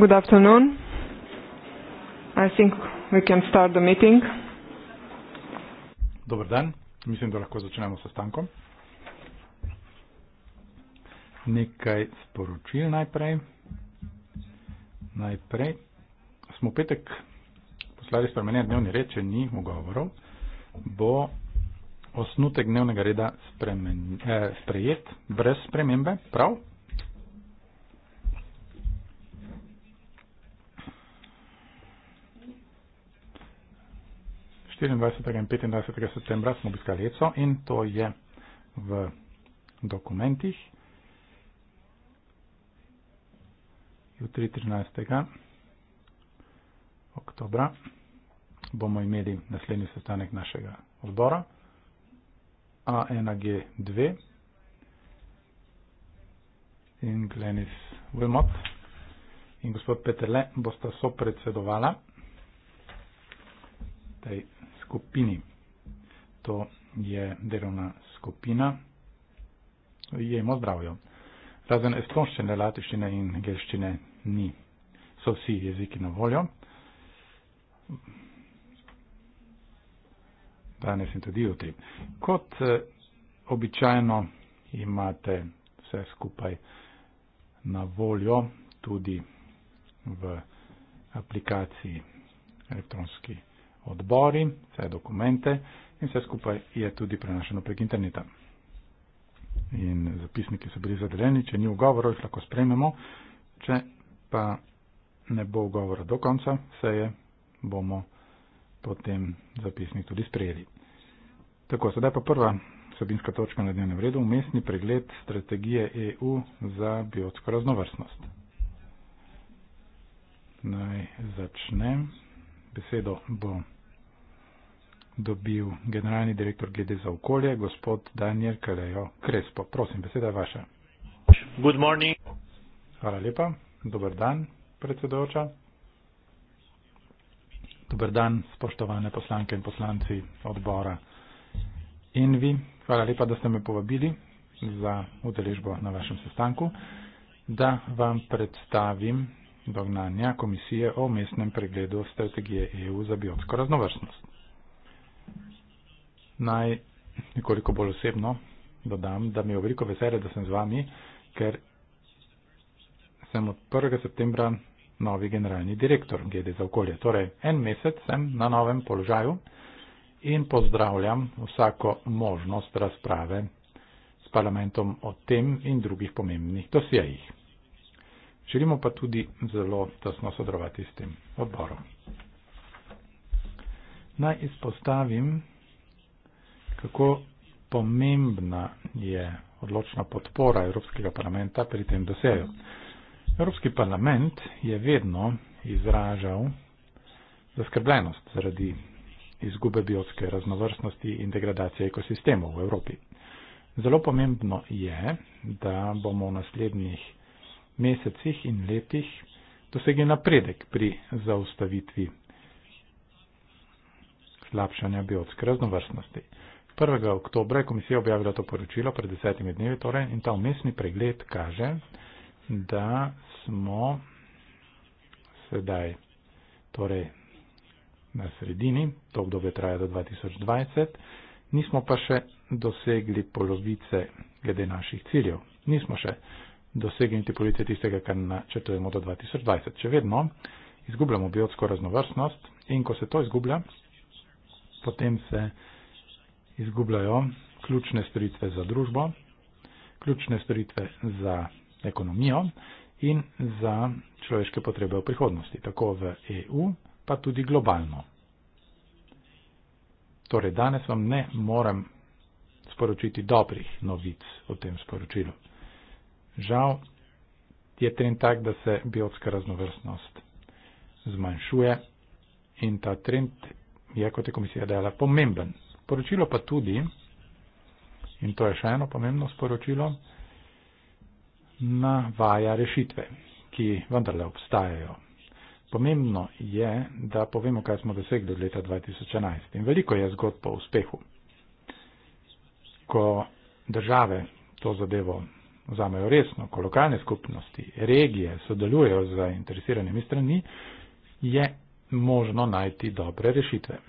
Good afternoon. I think we can start the meeting. Dober dan. Mislim, da lahko začnemo s sestankom. Nekaj sporočil najprej. Najprej smo petek poslali spremenjen dnevni red, če ni ugovorov, bo osnutek dnevnega reda spremen, eh, sprejet brez spremembe, prav? 24. in 25. septembra smo obiskali ECO in to je v dokumentih. Jutri 13. oktobra bomo imeli naslednji sestanek našega odbora A1G2 in Glenis Wilmot in gospod Peterle bosta sopredsedovala tej skupini. To je delovna skupina. Jemo zdravijo. Razen estonščine, latiščine in gelščine ni. So vsi jeziki na voljo. Danes in tudi jutri. Kot eh, običajno imate vse skupaj na voljo tudi v aplikaciji elektronskih odbori, vse dokumente in vse skupaj je tudi prenašeno prek interneta. In zapisniki so bili zadeljeni, če ni ugovorov, jih lahko sprejmemo, če pa ne bo ugovora do konca seje, bomo potem zapisnik tudi sprejeli. Tako, sedaj pa prva sobinska točka na dnevnem redu, umestni pregled strategije EU za biotsko raznovrstnost. Naj začnem. Besedo bo dobil generalni direktor glede za okolje, gospod Daniel Kalejo Krespo. Prosim, beseda je vaša. Good morning. Hvala lepa. Dobar dan, predsedojoča. Dobar dan, spoštovane poslanke in poslanci odbora Envi. Hvala lepa, da ste me povabili za udeležbo na vašem sestanku, da vam predstavim dognanja komisije o mestnem pregledu strategije EU za biotsko raznovrstnost naj nekoliko bolj osebno dodam, da mi je veliko veselje, da sem z vami, ker sem od 1. septembra novi generalni direktor GD za okolje. Torej, en mesec sem na novem položaju in pozdravljam vsako možnost razprave s parlamentom o tem in drugih pomembnih dosijajih. Želimo pa tudi zelo tesno sodelovati s tem odborom. Naj izpostavim, kako pomembna je odločna podpora Evropskega parlamenta pri tem dosegu. Evropski parlament je vedno izražal zaskrbljenost zaradi izgube biotske raznovrstnosti in degradacije ekosistemov v Evropi. Zelo pomembno je, da bomo v naslednjih mesecih in letih dosegli napredek pri zaustavitvi slabšanja biotske raznovrstnosti. 1. oktober je komisija objavila to poročilo, pred desetimi dnevi torej, in ta umestni pregled kaže, da smo sedaj torej, na sredini, to obdobje traja do 2020, nismo pa še dosegli polovice glede naših ciljev. Nismo še dosegli niti polovice tistega, kar načrtujemo do 2020. Če vedno izgubljamo biotsko raznovrstnost in ko se to izgublja, potem se izgubljajo ključne storitve za družbo, ključne storitve za ekonomijo in za človeške potrebe v prihodnosti, tako v EU, pa tudi globalno. Torej, danes vam ne morem sporočiti dobrih novic o tem sporočilu. Žal je trend tak, da se biotska raznovrstnost zmanjšuje in ta trend je, kot je komisija dejala, pomemben Sporočilo pa tudi, in to je še eno pomembno sporočilo, navaja rešitve, ki vendarle obstajajo. Pomembno je, da povemo, kaj smo dosegli od leta 2011. In veliko je zgodb o uspehu. Ko države to zadevo vzamejo resno, ko lokalne skupnosti, regije sodelujejo z zainteresiranimi strani, je možno najti dobre rešitve.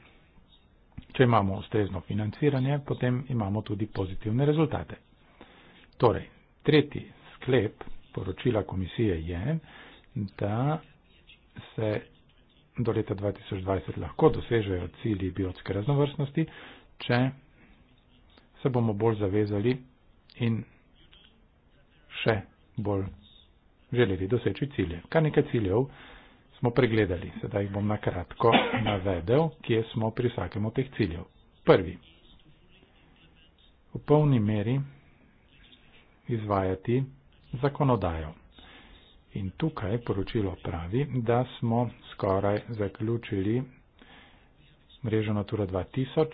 Če imamo ustrezno financiranje, potem imamo tudi pozitivne rezultate. Torej, tretji sklep poročila komisije je, da se do leta 2020 lahko dosežejo cilji biotske raznovrstnosti, če se bomo bolj zavezali in še bolj želeli doseči cilje. Kar nekaj ciljev smo pregledali. Sedaj jih bom na kratko navedel, kje smo pri vsakem od teh ciljev. Prvi. V polni meri izvajati zakonodajo. In tukaj poročilo pravi, da smo skoraj zaključili mrežo Natura 2000.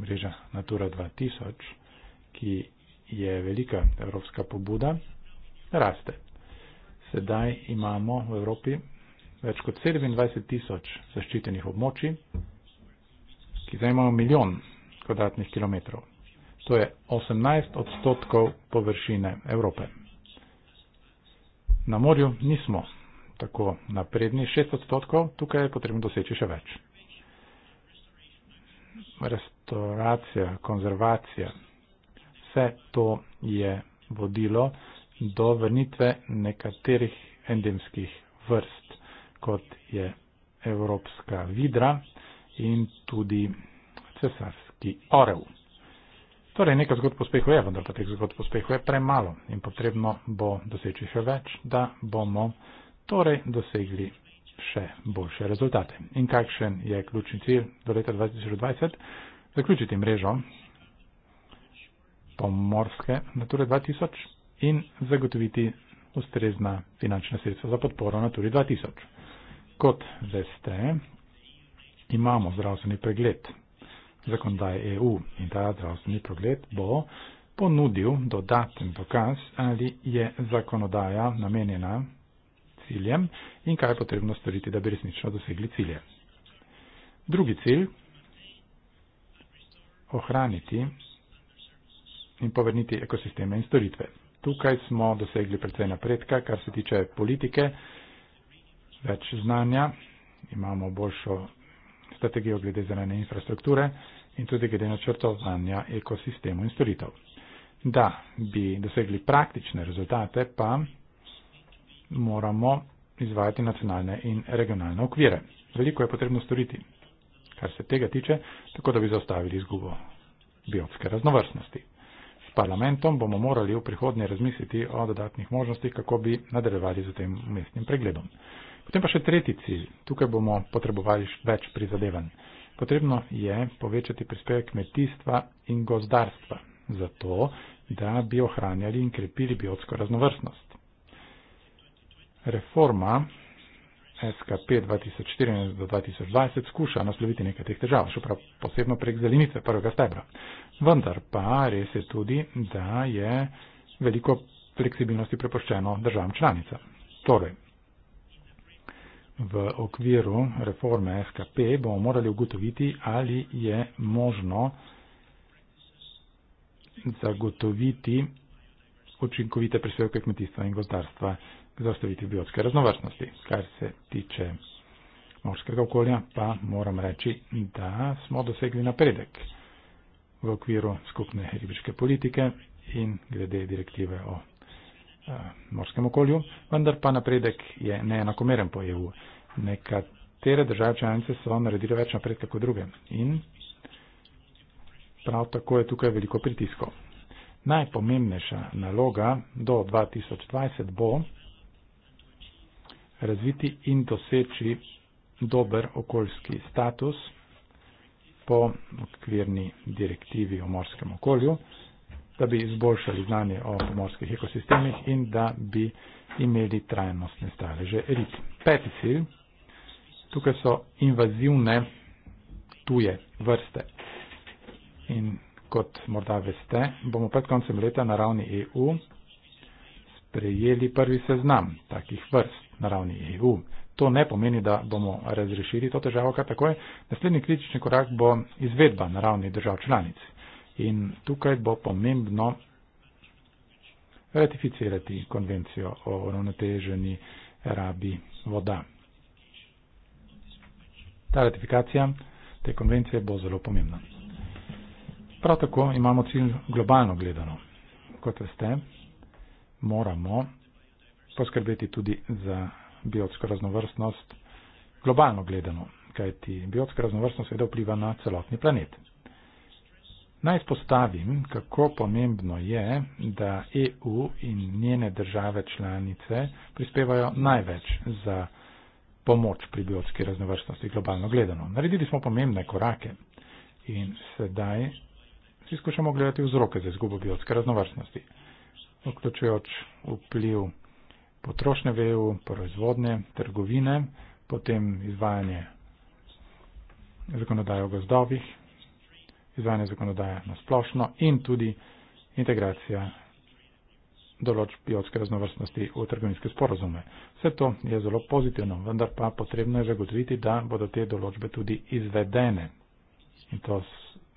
Mreža Natura 2000, ki je velika evropska pobuda, raste sedaj imamo v Evropi več kot 27 tisoč zaščitenih območij, ki zajemajo milijon kvadratnih kilometrov. To je 18 odstotkov površine Evrope. Na morju nismo tako napredni, 6 odstotkov, tukaj je potrebno doseči še več. Restauracija, konzervacija, vse to je vodilo do vrnitve nekaterih endemskih vrst, kot je evropska vidra in tudi cesarski orel. Torej, nekaj zgodb uspehu je, vendar pa teh zgodb uspehu je premalo in potrebno bo doseči še več, da bomo torej dosegli še boljše rezultate. In kakšen je ključni cilj do leta 2020? Zaključiti mrežo pomorske Nature 2000 in zagotoviti ustrezna finančna sredstva za podporo Naturi 2000. Kot veste, imamo zdravstveni pregled zakonodaje EU in ta zdravstveni pregled bo ponudil dodaten dokaz, ali je zakonodaja namenjena ciljem in kaj je potrebno storiti, da bi resnično dosegli cilje. Drugi cilj ohraniti in povrniti ekosisteme in storitve. Tukaj smo dosegli precej napredka, kar se tiče politike, več znanja, imamo boljšo strategijo glede zelene infrastrukture in tudi glede načrtovanja ekosistemov in storitev. Da bi dosegli praktične rezultate, pa moramo izvajati nacionalne in regionalne okvire. Veliko je potrebno storiti, kar se tega tiče, tako da bi zaustavili izgubo biotske raznovrstnosti parlamentom, bomo morali v prihodnje razmisliti o dodatnih možnostih, kako bi nadaljevali z tem mestnim pregledom. Potem pa še tretji cilj. Tukaj bomo potrebovali več prizadevanj. Potrebno je povečati prispevek kmetijstva in gozdarstva, zato da bi ohranjali in krepili biotsko raznovrstnost. Reforma SKP 2014-2020 skuša nasloviti nekaj teh težav, še prav posebno prek zelenice prvega stebra vendar pa res je tudi, da je veliko fleksibilnosti prepoščeno državam članicam. Torej, v okviru reforme SKP bomo morali ugotoviti, ali je možno zagotoviti učinkovite prispevke kmetijstva in gozdarstva za ostaviti biotske raznovrstnosti. Kar se tiče morskega okolja, pa moram reči, da smo dosegli napredek v okviru skupne ribiške politike in glede direktive o eh, morskem okolju, vendar pa napredek je neenakomeren po EU. Nekatere države članice so naredile več napredka kot druge in prav tako je tukaj veliko pritiskov. Najpomembnejša naloga do 2020 bo razviti in doseči dober okoljski status po okvirni direktivi o morskem okolju, da bi izboljšali znanje o morskih ekosistemih in da bi imeli trajnostne staleže rib. Peti cilj, tukaj so invazivne tuje vrste. In kot morda veste, bomo pred koncem leta na ravni EU sprejeli prvi seznam takih vrst na ravni EU. To ne pomeni, da bomo razrešili to težavo kar takoj. Naslednji kritični korak bo izvedba na ravni držav članic. In tukaj bo pomembno ratificirati konvencijo o ravnoteženi rabi voda. Ta ratifikacija te konvencije bo zelo pomembna. Prav tako imamo cilj globalno gledano. Kot veste, moramo poskrbeti tudi za biotsko raznovrstnost globalno gledano, kajti biotska raznovrstnost seveda vpliva na celotni planet. Naj spostavim, kako pomembno je, da EU in njene države članice prispevajo največ za pomoč pri biotski raznovrstnosti globalno gledano. Naredili smo pomembne korake in sedaj si skušamo gledati vzroke za izgubo biotske raznovrstnosti, vključujoč vpliv potrošne v EU, proizvodne, trgovine, potem izvajanje zakonodaje o gozdovih, izvajanje zakonodaje na splošno in tudi integracija določb biotske raznovrstnosti v trgovinske sporozume. Vse to je zelo pozitivno, vendar pa potrebno je zagotoviti, da bodo te določbe tudi izvedene. In to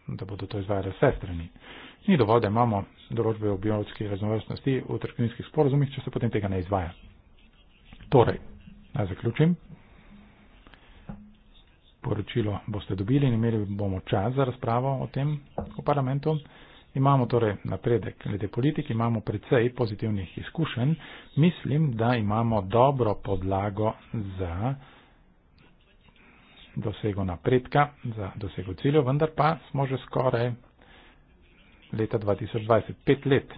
da bodo to izvajale vse strani. Ni dovolj, da imamo določbe o biotski raznovrstnosti v trgovinskih sporozumih, če se potem tega ne izvaja. Torej, naj zaključim. Poročilo boste dobili in imeli bomo čas za razpravo o tem v parlamentu. Imamo torej napredek glede politik, imamo precej pozitivnih izkušenj. Mislim, da imamo dobro podlago za dosego napredka, za dosego ciljev, vendar pa smo že skoraj leta 2020, pet let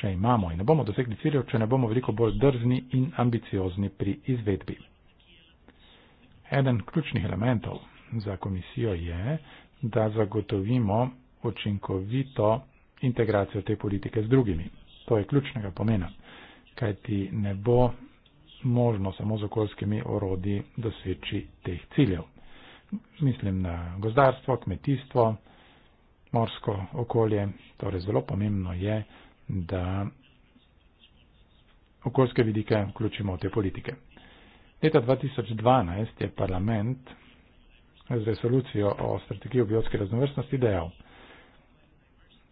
še imamo in ne bomo dosegli ciljev, če ne bomo veliko bolj drzni in ambiciozni pri izvedbi. Eden ključnih elementov za komisijo je, da zagotovimo učinkovito integracijo te politike z drugimi. To je ključnega pomena, kajti ne bo možno samo z okoljskimi orodji doseči teh ciljev. Mislim na gozdarstvo, kmetijstvo, morsko okolje. Torej zelo pomembno je, da okoljske vidike vključimo v te politike. Leta 2012 je parlament z resolucijo o strategiji biotske raznovrstnosti dejal.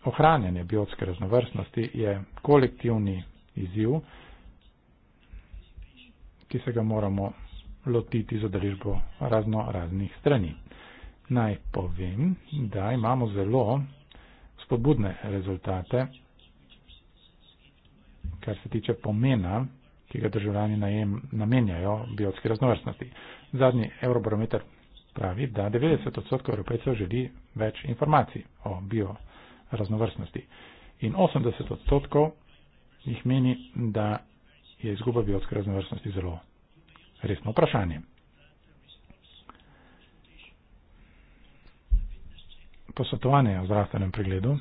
Ohranjanje biotske raznovrstnosti je kolektivni izziv, ki se ga moramo lotiti za deležbo razno raznih strani. Naj povem, da imamo zelo spodbudne rezultate, kar se tiče pomena, ki ga državljani najem namenjajo biotski raznovrstnosti. Zadnji eurobarometer pravi, da 90 odstotkov evropejcev želi več informacij o bioraznovrstnosti in 80 odstotkov jih meni, da je izguba biotske raznovrstnosti zelo resno vprašanje. Posvetovanje o zdravstvenem pregledu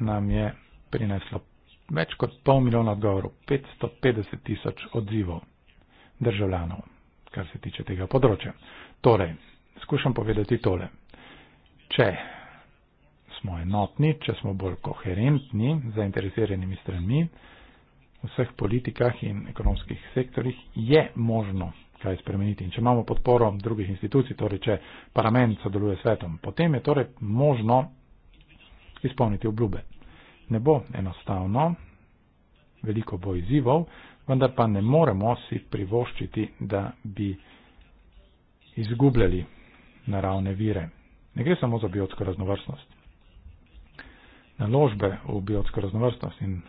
nam je prineslo več kot pol milijona odgovorov, 550 tisoč odzivov državljanov, kar se tiče tega področja. Torej, skušam povedati tole. Če smo enotni, če smo bolj koherentni z zainteresiranimi stranmi v vseh politikah in ekonomskih sektorjih, je možno kaj spremeniti. In če imamo podporo drugih institucij, torej če parlament sodeluje s svetom, potem je torej možno izpolniti obljube. Ne bo enostavno, veliko bo izzivov, vendar pa ne moremo si privoščiti, da bi izgubljali naravne vire. Ne gre samo za biotsko raznovrstnost naložbe v biotsko raznovrstnost in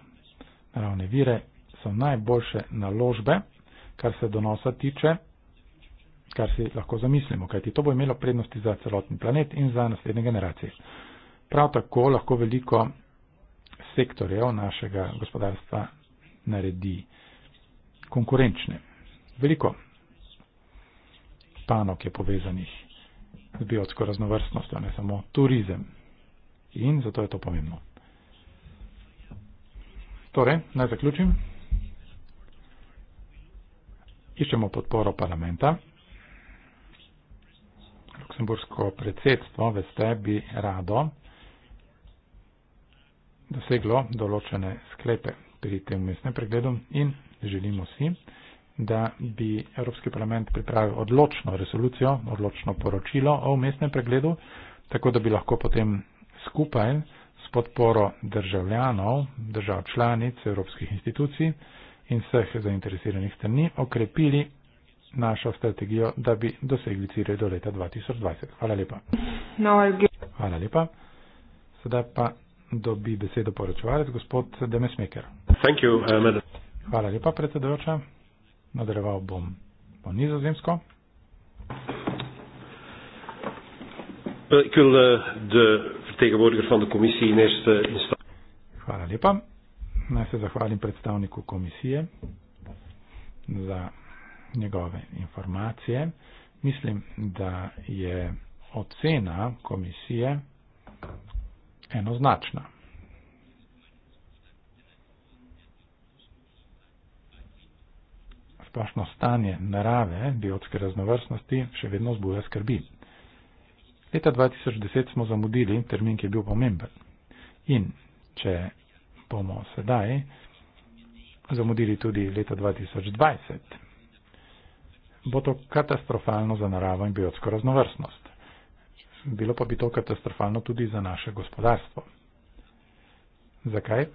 naravne vire so najboljše naložbe, kar se donosa tiče, kar si lahko zamislimo, kajti to bo imelo prednosti za celotni planet in za naslednje generacije. Prav tako lahko veliko sektorjev našega gospodarstva naredi konkurenčne. Veliko panok je povezanih z biotsko raznovrstnostjo, ne samo turizem in zato je to pomembno. Torej, naj zaključim. Iščemo podporo parlamenta. Luksemburško predsedstvo, veste, bi rado doseglo določene sklepe pri tem mestnem pregledu in želimo si, da bi Evropski parlament pripravil odločno resolucijo, odločno poročilo o mestnem pregledu, tako da bi lahko potem skupaj s podporo državljanov, držav članic, evropskih institucij in vseh zainteresiranih strani okrepili našo strategijo, da bi dosegli cilje do leta 2020. Hvala lepa. No, Hvala lepa. Sedaj pa dobi besedo poročevalec, gospod Demesmeker. Uh, Hvala lepa, predsedujoča. Nadaljeval bom po nizozemsko. Ik wil de vertegenwoordiger van de commissie in eerste instantie. Hvala lepa. Naj se zahvalim predstavniku komisije za njegove informacije. Mislim, da je ocena komisije enoznačna. Splošno stanje narave biotske raznovrstnosti še vedno zbuja skrbi. Leta 2010 smo zamudili termin, ki je bil pomemben. In če bomo sedaj zamudili tudi leta 2020, bo to katastrofalno za naravo in biotsko raznovrstnost. Bilo pa bi to katastrofalno tudi za naše gospodarstvo. Zakaj?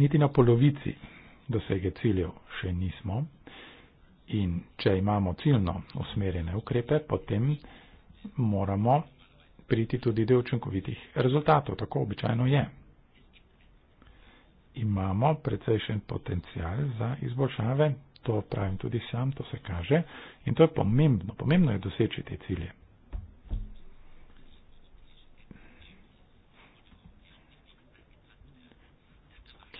Niti na polovici dosege ciljev še nismo. In če imamo ciljno usmerjene ukrepe, potem moramo priti tudi do učinkovitih rezultatov. Tako običajno je. Imamo precejšen potencial za izboljšave, to pravim tudi sam, to se kaže in to je pomembno. Pomembno je doseči te cilje.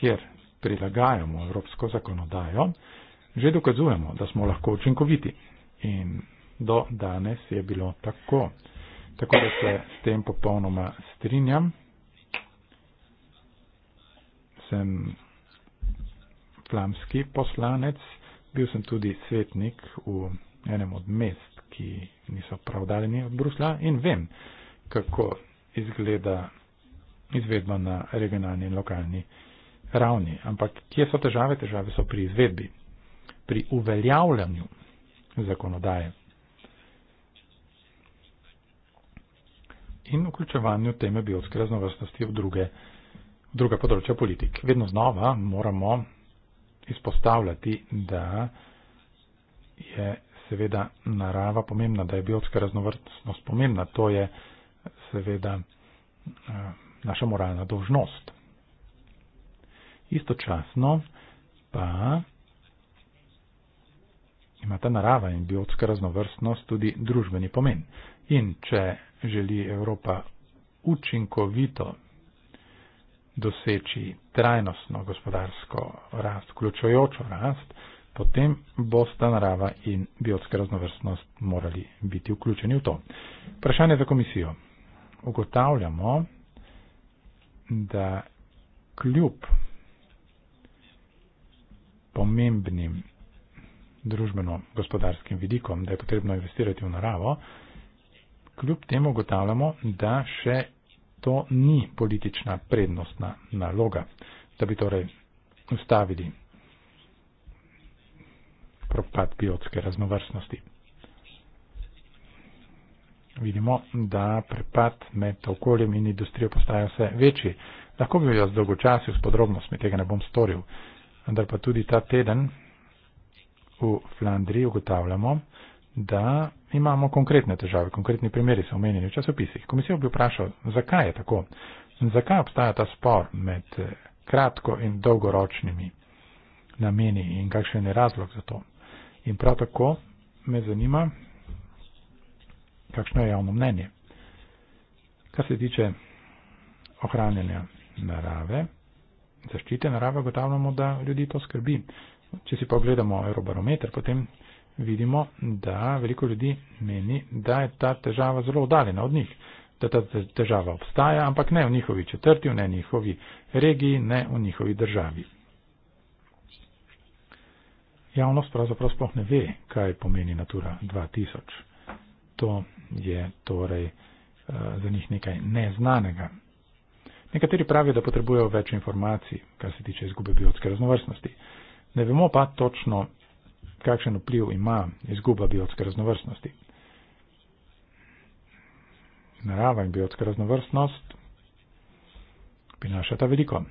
Kjer prilagajamo evropsko zakonodajo, že dokazujemo, da smo lahko učinkoviti. In do danes je bilo tako. Tako da se s tem popolnoma strinjam. Sem flamski poslanec, bil sem tudi svetnik v enem od mest, ki niso prav daljni od Brusla in vem, kako izgleda izvedba na regionalni in lokalni ravni. Ampak kje so težave? Težave so pri izvedbi pri uveljavljanju zakonodaje in vključevanju teme biotske raznovrstnosti v druge, v druga področja politik. Vedno znova moramo izpostavljati, da je seveda narava pomembna, da je biotska raznovrstnost pomembna. To je seveda eh, naša moralna dolžnost. Istočasno pa ima ta narava in biotska raznovrstnost tudi družbeni pomen. In če želi Evropa učinkovito doseči trajnostno gospodarsko rast, vključujočo rast, potem bo sta narava in biotska raznovrstnost morali biti vključeni v to. Vprašanje za komisijo. Ugotavljamo, da kljub pomembnim družbeno-gospodarskim vidikom, da je potrebno investirati v naravo, kljub temu ugotavljamo, da še to ni politična prednostna naloga, da bi torej ustavili propad biotske raznovrstnosti. Vidimo, da prepad med okoljem in industrijo postaja vse večji. Lahko bi jo zdolgočasil s podrobnostmi, tega ne bom storil. Vendar pa tudi ta teden v Flandriji ugotavljamo, da imamo konkretne težave, konkretni primeri so omenjeni v časopisih. Komisijo bi vprašal, zakaj je tako, zakaj obstaja ta spor med eh, kratko in dolgoročnimi nameni in kakšen je razlog za to. In prav tako me zanima, kakšno je javno mnenje. Kar se tiče ohranjanja narave, zaščite narave, gotavljamo, da ljudi to skrbi. Če si pa ogledamo Eurobarometer, potem vidimo, da veliko ljudi meni, da je ta težava zelo oddaljena od njih, da ta težava obstaja, ampak ne v njihovi četrti, ne v njihovi regiji, ne v njihovi državi. Javnost pravzaprav sploh ne ve, kaj pomeni Natura 2000. To je torej eh, za njih nekaj neznanega. Nekateri pravijo, da potrebujejo več informacij, kar se tiče izgube biotske raznovrstnosti. Ne vemo pa točno, kakšen vpliv ima izguba biotske raznovrstnosti. Narava in biotska raznovrstnost prinašata veliko.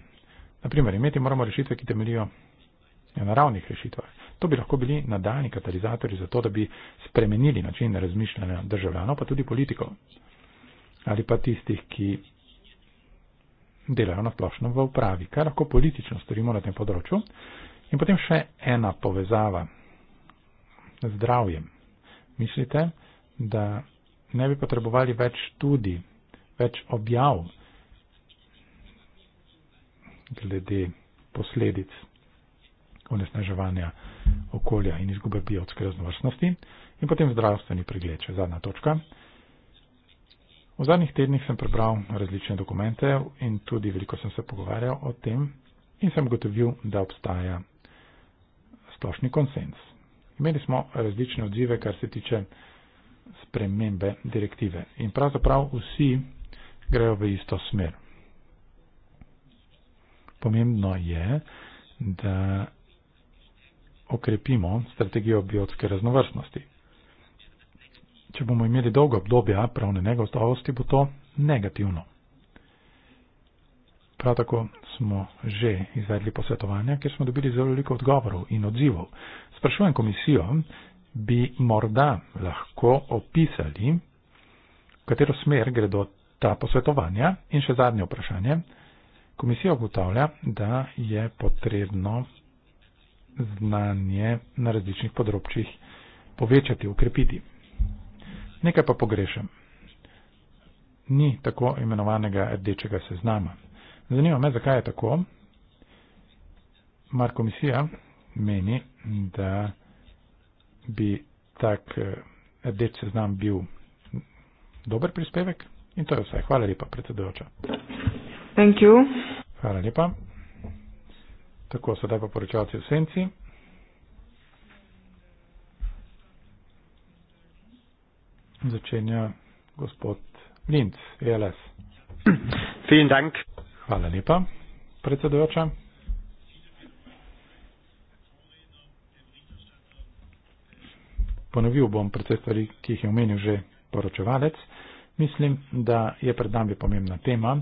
Naprimer, imeti moramo rešitve, ki temelijo na naravnih rešitvah. To bi lahko bili nadaljni katalizatori za to, da bi spremenili način razmišljanja državljanov, pa tudi politikov ali pa tistih, ki delajo na splošno v upravi. Kaj lahko politično storimo na tem področju? In potem še ena povezava. Zdravje. Mislite, da ne bi potrebovali več tudi, več objav glede posledic onesnaževanja okolja in izgube biotske raznovrstnosti. In potem zdravstveni pregled, še zadnja točka. V zadnjih tednih sem prebral različne dokumente in tudi veliko sem se pogovarjal o tem in sem gotovil, da obstaja splošni konsens. Imeli smo različne odzive, kar se tiče spremembe direktive in pravzaprav vsi grejo v isto smer. Pomembno je, da okrepimo strategijo biotske raznovrstnosti. Če bomo imeli dolgo obdobja pravne negotovosti, bo to negativno. Prav tako smo že izvedli posvetovanja, kjer smo dobili zelo veliko odgovorov in odzivov. Sprašujem komisijo, bi morda lahko opisali, v katero smer gredo ta posvetovanja. In še zadnje vprašanje. Komisija ugotavlja, da je potrebno znanje na različnih področjih povečati, ukrepiti. Nekaj pa pogrešam. Ni tako imenovanega rdečega seznama. Zanima me, zakaj je tako. Mar komisija meni, da bi tak eh, rdeč seznam bil dober prispevek. In to je vse. Hvala lepa, predsedujoča. Thank you. Hvala lepa. Tako, sedaj pa poročalci v senci. Začenja gospod Linz, ELS. Vielen Dank. Hvala lepa, predsedujoča. Ponovil bom predvsej stvari, ki jih je omenil že poročevalec. Mislim, da je pred nami pomembna tema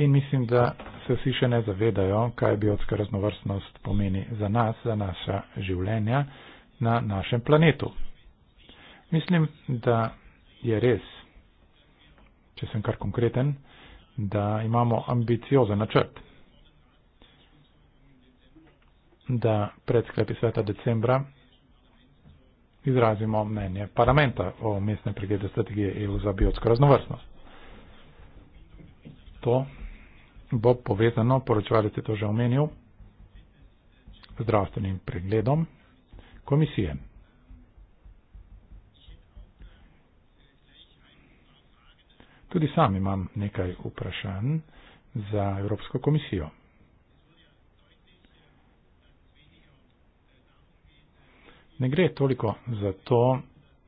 in mislim, da se vsi še ne zavedajo, kaj biotska raznovrstnost pomeni za nas, za naša življenja na našem planetu. Mislim, da je res, če sem kar konkreten, da imamo ambiciozan načrt da pred sklepi sveta decembra izrazimo mnenje parlamenta o mestnem pregledu strategije EU za biotsko raznovrstnost. To bo povezano, poročevalec je to že omenil, zdravstvenim pregledom komisije. Tudi sam imam nekaj vprašanj za Evropsko komisijo. Ne gre toliko za to,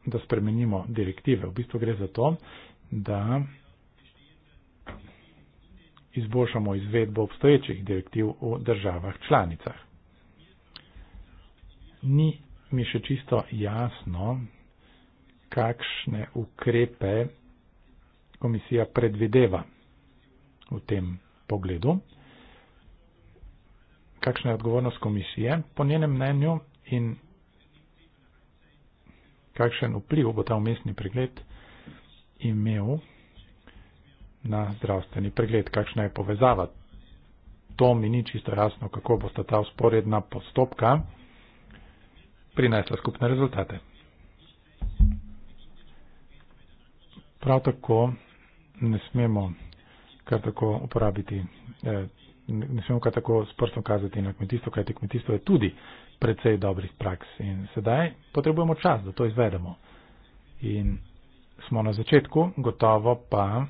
da spremenimo direktive. V bistvu gre za to, da izboljšamo izvedbo obstoječih direktiv v državah članicah. Ni mi še čisto jasno, kakšne ukrepe komisija predvideva v tem pogledu. Kakšna je odgovornost komisije po njenem mnenju in kakšen vpliv bo ta umestni pregled imel na zdravstveni pregled, kakšna je povezava. To mi ni čisto jasno, kako bo sta ta usporedna postopka prinesla skupne rezultate. Prav tako ne smemo kar tako uporabiti, eh, ne smemo kar tako s prstom kazati na kmetijstvo, kajti kmetijstvo je tudi precej dobrih praks in sedaj potrebujemo čas, da to izvedemo. In smo na začetku, gotovo pa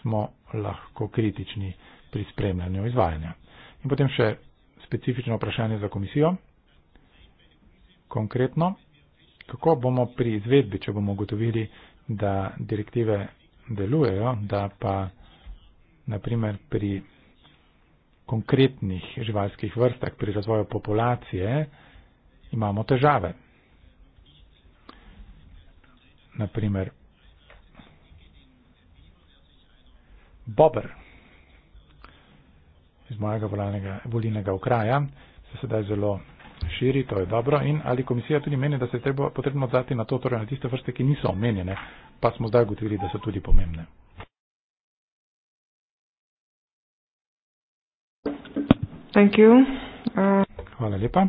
smo lahko kritični pri spremljanju izvajanja. In potem še specifično vprašanje za komisijo. Konkretno, kako bomo pri izvedbi, če bomo ugotovili, da direktive delujejo, da pa naprimer pri konkretnih živalskih vrstah, pri razvoju populacije imamo težave. Naprimer, bober iz mojega volilnega okraja se sedaj zelo širi, to je dobro. In ali komisija tudi meni, da se je treba, potrebno odzvati na to, torej na tiste vrste, ki niso omenjene, pa smo zdaj ugotovili, da so tudi pomembne. Thank you. Uh... Hvala lepa.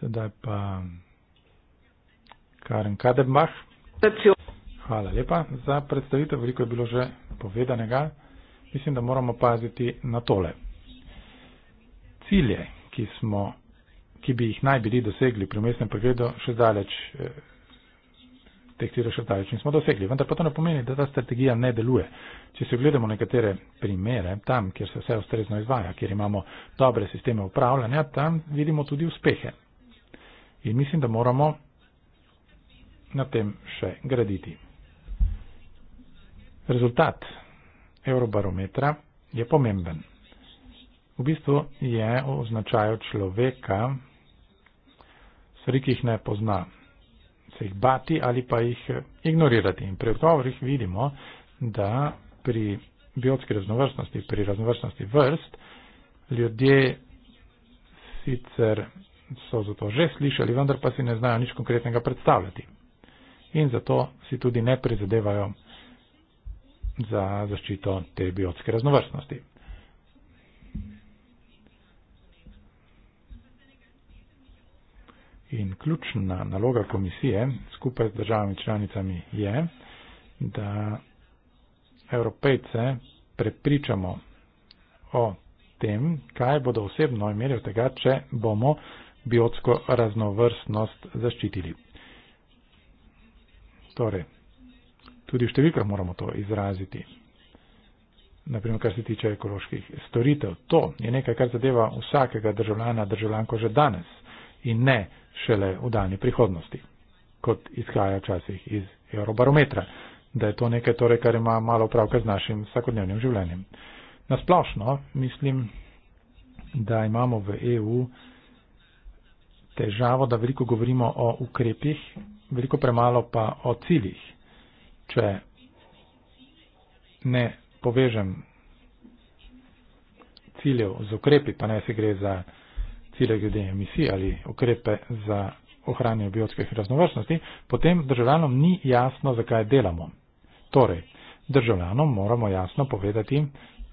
Sedaj pa Karen Kadebmah. Hvala lepa za predstavitev. Veliko je bilo že povedanega. Mislim, da moramo paziti na tole cilje, ki, smo, ki bi jih naj bili dosegli pri umestnem pregledu, še daleč, eh, teh ciljev še daleč nismo dosegli. Vendar pa to ne pomeni, da ta strategija ne deluje. Če se gledamo nekatere primere, tam, kjer se vse ustrezno izvaja, kjer imamo dobre sisteme upravljanja, tam vidimo tudi uspehe. In mislim, da moramo na tem še graditi. Rezultat Eurobarometra je pomemben v bistvu je v značaju človeka, stvari, ki jih ne pozna, se jih bati ali pa jih ignorirati. In pri odgovorih vidimo, da pri biotski raznovrstnosti, pri raznovrstnosti vrst, ljudje sicer so za to že slišali, vendar pa si ne znajo nič konkretnega predstavljati. In zato si tudi ne prizadevajo za zaščito te biotske raznovrstnosti. In ključna naloga komisije skupaj z državami članicami je, da evropejce prepričamo o tem, kaj bodo osebno imeli od tega, če bomo biotsko raznovrstnost zaščitili. Torej, tudi v številkah moramo to izraziti. Naprimer, kar se tiče ekoloških storitev. To je nekaj, kar zadeva vsakega državljana, državljanko že danes in ne šele v daljni prihodnosti, kot izhaja včasih iz eurobarometra, da je to nekaj, torej, kar ima malo pravka z našim vsakodnevnim življenjem. Nasplošno mislim, da imamo v EU težavo, da veliko govorimo o ukrepih, veliko premalo pa o ciljih. Če ne povežem ciljev z ukrepi, pa naj se gre za cilje glede emisij ali ukrepe za ohranjanje biotske raznovrstnosti, potem državljanom ni jasno, zakaj delamo. Torej, državljanom moramo jasno povedati,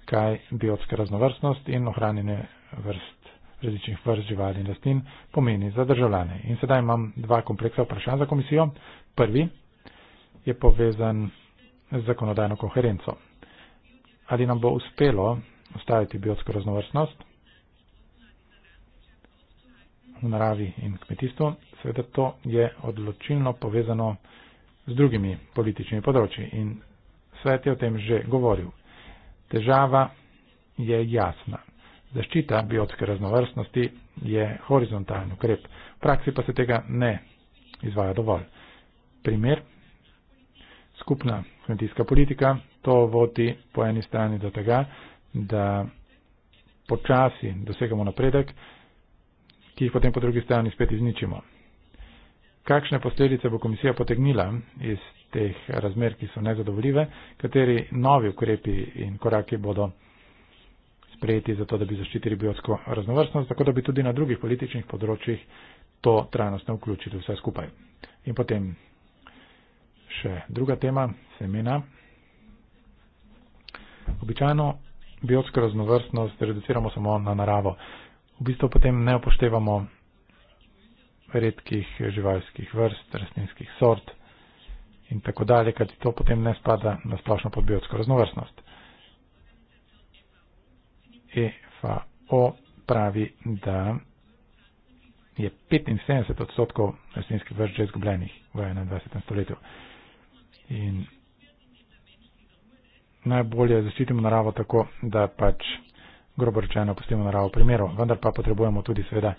kaj biotska raznovrstnost in ohranjanje vrst, različnih vrst živali in rastlin pomeni za državljane. In sedaj imam dva kompleksa vprašanj za komisijo. Prvi je povezan z zakonodajno koherenco. Ali nam bo uspelo ustaviti biotsko raznovrstnost? v naravi in kmetijstvu, seveda to je odločilno povezano z drugimi političnimi področji in svet je o tem že govoril. Težava je jasna. Zaščita biotske raznovrstnosti je horizontalni ukrep, v praksi pa se tega ne izvaja dovolj. Primer, skupna kmetijska politika, to vodi po eni strani do tega, da počasi dosegamo napredek, ki jih potem po drugi strani spet izničimo. Kakšne posledice bo komisija potegnila iz teh razmer, ki so nezadovoljive, kateri novi ukrepi in koraki bodo sprejeti za to, da bi zaščitili biotsko raznovrstnost, tako da bi tudi na drugih političnih področjih to trajnostno vključili vse skupaj. In potem še druga tema, semena. Običajno biotsko raznovrstnost reduciramo samo na naravo v bistvu potem ne upoštevamo redkih živalskih vrst, rastlinskih sort in tako dalje, kajti to potem ne spada na splošno pod biotsko raznovrstnost. EFAO pravi, da je 75 odstotkov rastlinskih vrst že izgubljenih v 21. stoletju. In najbolje zaščitimo naravo tako, da pač grobo rečeno, pustimo naravo primeru, vendar pa potrebujemo tudi seveda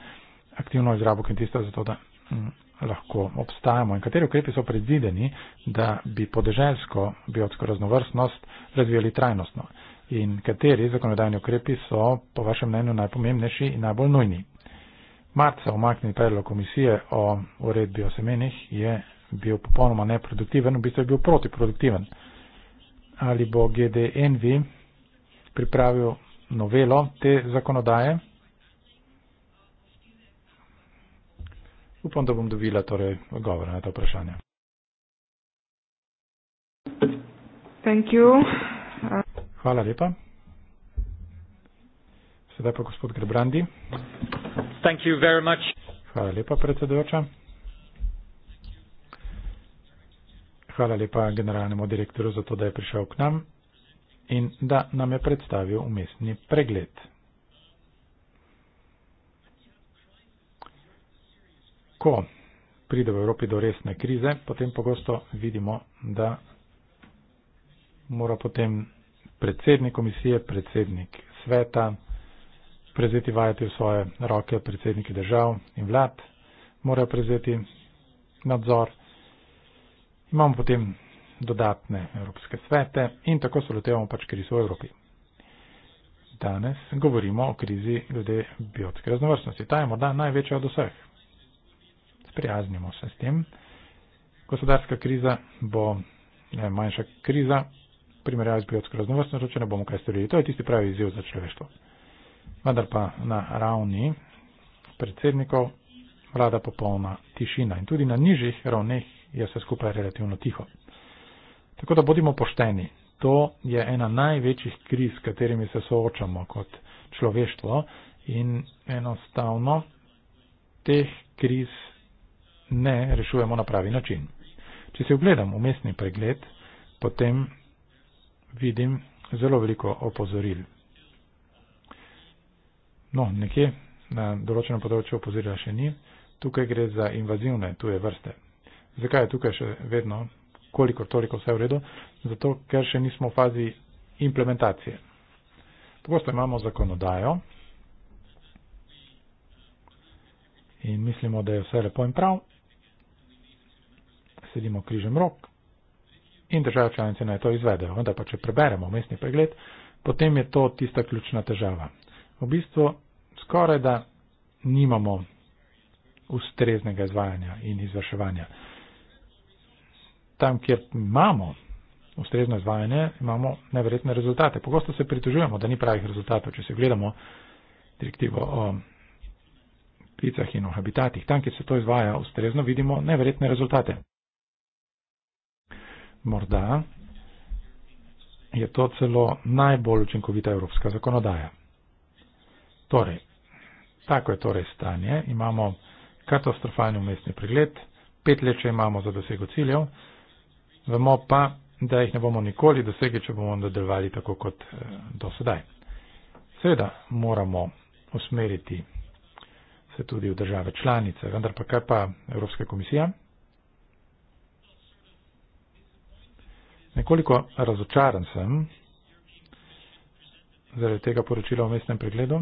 aktivno izrabo kmetijstva, zato da hm, lahko obstajamo. In kateri ukrepi so predvideni, da bi podeželsko biotsko raznovrstnost razvijali trajnostno? In kateri zakonodajni ukrepi so po vašem mnenju najpomembnejši in najbolj nujni? Marca omaknjen predlog komisije o uredbi o semenih je bil popolnoma neproduktiven, v bistvu je bil protiproduktiven. Ali bo GDNV pripravil novelo te zakonodaje. Upam, da bom dobila torej odgovor na to vprašanje. Hvala lepa. Sedaj pa gospod Grebrandi. Hvala lepa, predsedujoča. Hvala lepa generalnemu direktorju za to, da je prišel k nam in da nam je predstavil umestni pregled. Ko pride v Evropi do resne krize, potem pogosto vidimo, da mora potem predsednik komisije, predsednik sveta prezeti vajati v svoje roke, predsedniki držav in vlad morajo prezeti nadzor. Imamo potem dodatne evropske svete in tako se lotevamo pač krizo v Evropi. Danes govorimo o krizi glede biotske raznovrstnosti. Ta je morda največja od vseh. Sprijaznimo se s tem. Gospodarska kriza bo ne, manjša kriza, primerjava z biotsko raznovrstnostjo, če ne bomo kaj storili. To je tisti pravi izziv za človeštvo. Vendar pa na ravni predsednikov vlada popolna tišina in tudi na nižjih ravneh je vse skupaj relativno tiho. Tako da bodimo pošteni. To je ena največjih kriz, s katerimi se soočamo kot človeštvo in enostavno teh kriz ne rešujemo na pravi način. Če se ogledam v mestni pregled, potem vidim zelo veliko opozoril. No, nekje na določenem področju opozorila še ni. Tukaj gre za invazivne tuje vrste. Zakaj je tukaj še vedno kolikor toliko vse v redu, zato ker še nismo v fazi implementacije. Pogosto imamo zakonodajo in mislimo, da je vse lepo in prav. Sedimo križem rok in države članice naj to izvedejo. Vendar pa, če preberemo mestni pregled, potem je to tista ključna težava. V bistvu skoraj da nimamo ustreznega izvajanja in izvrševanja tam, kjer imamo ustrezno izvajanje, imamo neverjetne rezultate. Pogosto se pritožujemo, da ni pravih rezultatov, če se gledamo direktivo o pticah in o habitatih. Tam, kjer se to izvaja ustrezno, vidimo neverjetne rezultate. Morda je to celo najbolj učinkovita evropska zakonodaja. Torej, tako je torej stanje. Imamo katastrofalni umestni pregled, pet let, če imamo za dosego ciljev vemo pa, da jih ne bomo nikoli dosegli, če bomo nadaljevali tako kot eh, do sedaj. Seveda moramo usmeriti se tudi v države članice, vendar pa kaj pa Evropska komisija? Nekoliko razočaran sem zaradi tega poročila o mestnem pregledu.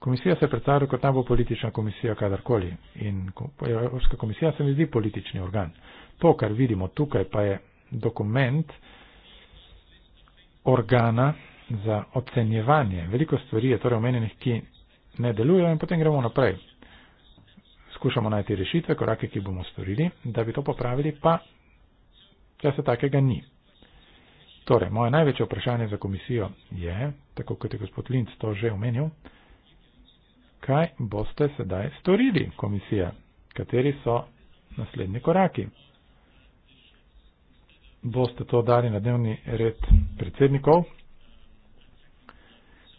Komisija se predstavlja kot najbolj politična komisija kadarkoli in Evropska komisija se mi zdi politični organ. To, kar vidimo tukaj, pa je dokument organa za ocenjevanje. Veliko stvari je torej omenjenih, ki ne delujejo in potem gremo naprej. Skušamo najti rešitve, korake, ki bomo storili, da bi to popravili, pa časa takega ni. Torej, moje največje vprašanje za komisijo je, tako kot je gospod Linz to že omenil, kaj boste sedaj storili, komisija, kateri so naslednji koraki. Boste to dali na dnevni red predsednikov,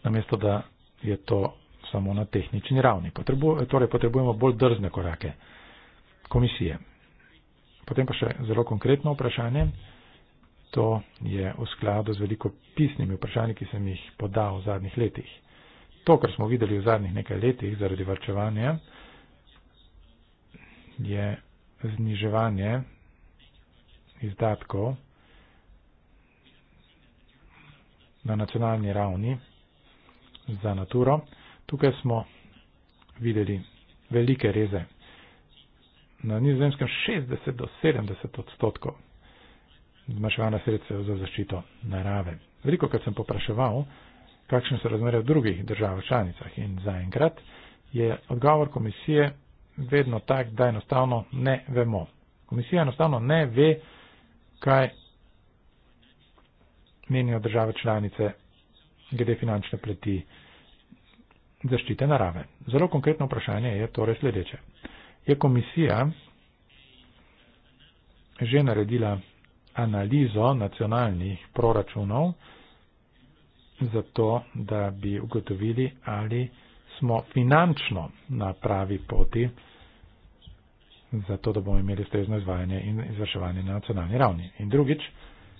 namesto da je to samo na tehnični ravni. Potrebu, torej potrebujemo bolj drzne korake komisije. Potem pa še zelo konkretno vprašanje. To je v skladu z veliko pisnimi vprašanji, ki sem jih podal v zadnjih letih to, kar smo videli v zadnjih nekaj letih zaradi varčevanja, je zniževanje izdatkov na nacionalni ravni za naturo. Tukaj smo videli velike reze. Na nizozemskem 60 do 70 odstotkov zmaševanja sredstev za zaščito narave. Veliko, kar sem popraševal, kakšne so razmere v drugih državah članicah in zaenkrat je odgovor komisije vedno tak, da enostavno ne vemo. Komisija enostavno ne ve, kaj menijo države članice glede finančne pleti zaščite narave. Zelo konkretno vprašanje je torej sledeče. Je komisija že naredila analizo nacionalnih proračunov, za to, da bi ugotovili, ali smo finančno na pravi poti, zato da bomo imeli ustrezno izvajanje in izvrševanje na nacionalni ravni. In drugič,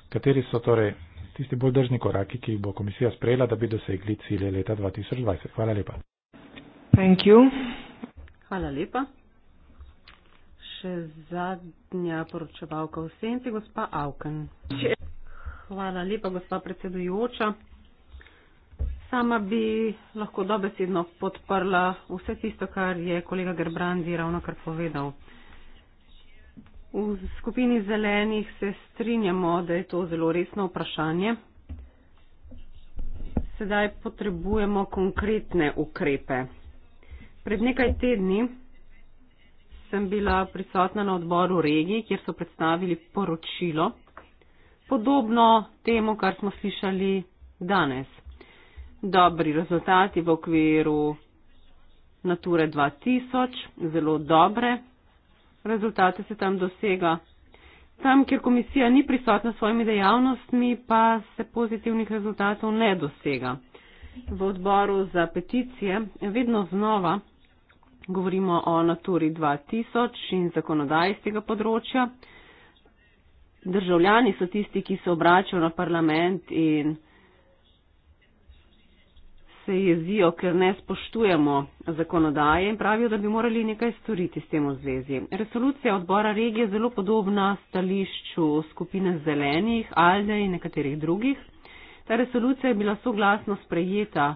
kateri so torej tisti bolj držni koraki, ki jih bo komisija sprejela, da bi dosegli cilje leta 2020. Hvala lepa. Thank you. Hvala lepa. Še zadnja poročevalka v senci, gospa Avken. Hvala lepa, gospa predsedujoča. Sama bi lahko dobesedno podprla vse tisto, kar je kolega Gerbrandi ravno kar povedal. V skupini zelenih se strinjamo, da je to zelo resno vprašanje. Sedaj potrebujemo konkretne ukrepe. Pred nekaj tedni sem bila prisotna na odboru regij, kjer so predstavili poročilo, podobno temu, kar smo slišali danes dobri rezultati v okviru Nature 2000, zelo dobre rezultate se tam dosega. Tam, kjer komisija ni prisotna s svojimi dejavnostmi, pa se pozitivnih rezultatov ne dosega. V odboru za peticije vedno znova govorimo o Naturi 2000 in zakonodaji z tega področja. Državljani so tisti, ki se obračajo na parlament in se jezijo, ker ne spoštujemo zakonodaje in pravijo, da bi morali nekaj storiti s tem v zvezi. Resolucija odbora regije je zelo podobna stališču skupine zelenih, Alde in nekaterih drugih. Ta resolucija je bila soglasno sprejeta.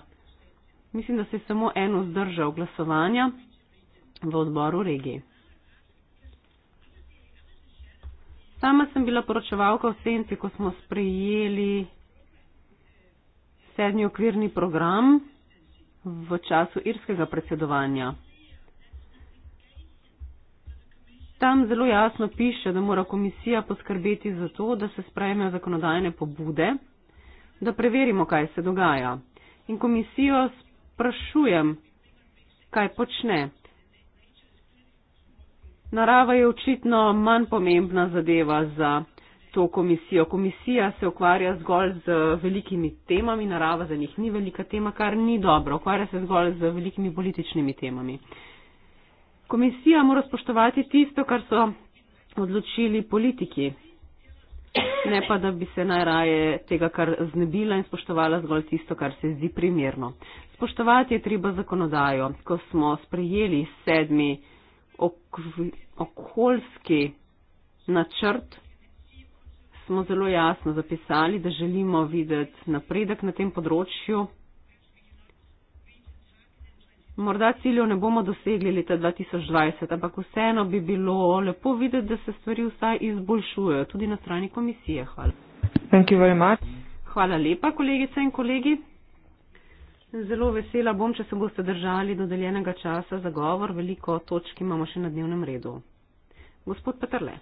Mislim, da se je samo eno zdržal glasovanja v odboru regije. Sama sem bila poročevalka v senci, ko smo sprejeli sedmi okvirni program v času irskega predsedovanja. Tam zelo jasno piše, da mora komisija poskrbeti za to, da se sprejme zakonodajne pobude, da preverimo, kaj se dogaja. In komisijo sprašujem, kaj počne. Narava je očitno manj pomembna zadeva za to komisijo. Komisija se ukvarja zgolj z velikimi temami, narava za njih ni velika tema, kar ni dobro. Ukvarja se zgolj z velikimi političnimi temami. Komisija mora spoštovati tisto, kar so odločili politiki. Ne pa, da bi se najraje tega, kar znebila in spoštovala zgolj tisto, kar se zdi primerno. Spoštovati je treba zakonodajo. Ko smo sprejeli sedmi okoljski načrt, smo zelo jasno zapisali, da želimo videti napredek na tem področju. Morda ciljev ne bomo dosegli leta 2020, ampak vseeno bi bilo lepo videti, da se stvari vsaj izboljšujejo tudi na strani komisije. Hvala. Hvala lepa, kolegice in kolegi. Zelo vesela bom, če se boste držali dodeljenega časa za govor. Veliko točk imamo še na dnevnem redu. Gospod Petrle.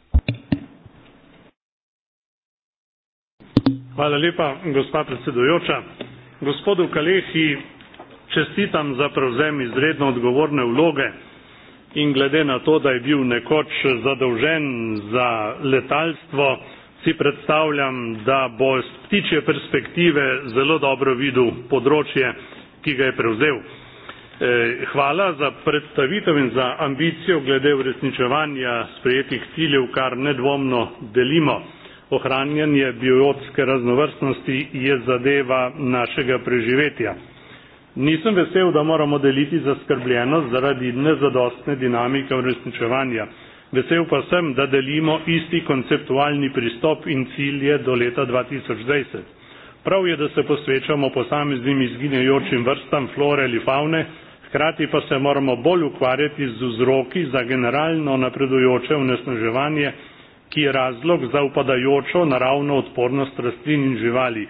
Hvala lepa, gospa predsedujoča. Gospodu Kalehi čestitam za prevzem izredno odgovorne vloge in glede na to, da je bil nekoč zadolžen za letalstvo, si predstavljam, da bo iz ptičje perspektive zelo dobro videl področje, ki ga je prevzel. E, hvala za predstavitev in za ambicijo glede uresničevanja sprejetih ciljev, kar nedvomno delimo ohranjanje biotske raznovrstnosti je zadeva našega preživetja. Nisem vesel, da moramo deliti zaskrbljenost zaradi nezadostne dinamike uresničevanja. Vesel pa sem, da delimo isti konceptualni pristop in cilje do leta 2020. Prav je, da se posvečamo posameznim izginjajočim vrstam flore ali faune, hkrati pa se moramo bolj ukvarjati z vzroki za generalno napredujoče onesnaževanje ki je razlog za upadajočo naravno odpornost rastlin in živali,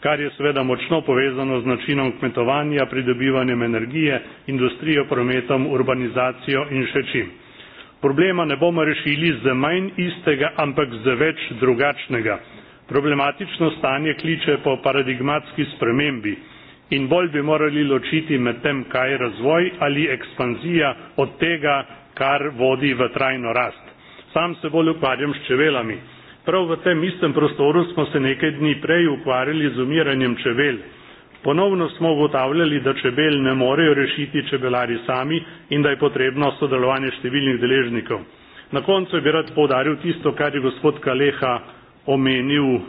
kar je seveda močno povezano z načinom kmetovanja, pridobivanjem energije, industrijo, prometom, urbanizacijo in še čim. Problema ne bomo rešili z manj istega, ampak z več drugačnega. Problematično stanje kliče po paradigmatski spremembi in bolj bi morali ločiti med tem, kaj je razvoj ali ekspanzija od tega, kar vodi v trajno rast sam se bolj ukvarjam s čevelami. Prav v tem istem prostoru smo se nekaj dni prej ukvarjali z umiranjem čevel. Ponovno smo ugotavljali, da čebel ne morejo rešiti čebelari sami in da je potrebno sodelovanje številnih deležnikov. Na koncu bi rad povdaril tisto, kar je gospod Kaleha omenil eh,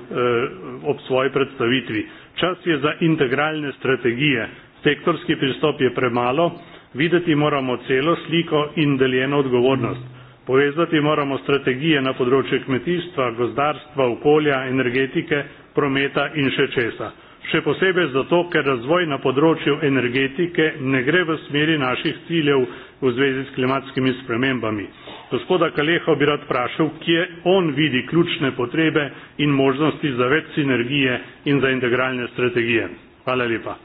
ob svoji predstavitvi. Čas je za integralne strategije. Sektorski pristop je premalo, videti moramo celo sliko in deljeno odgovornost. Mm -hmm. Povezati moramo strategije na področju kmetijstva, gozdarstva, okolja, energetike, prometa in še česa. Še posebej zato, ker razvoj na področju energetike ne gre v smeri naših ciljev v zvezi s klimatskimi spremembami. Gospoda Kaleha bi rad vprašal, kje on vidi ključne potrebe in možnosti za več sinergije in za integralne strategije. Hvala lepa.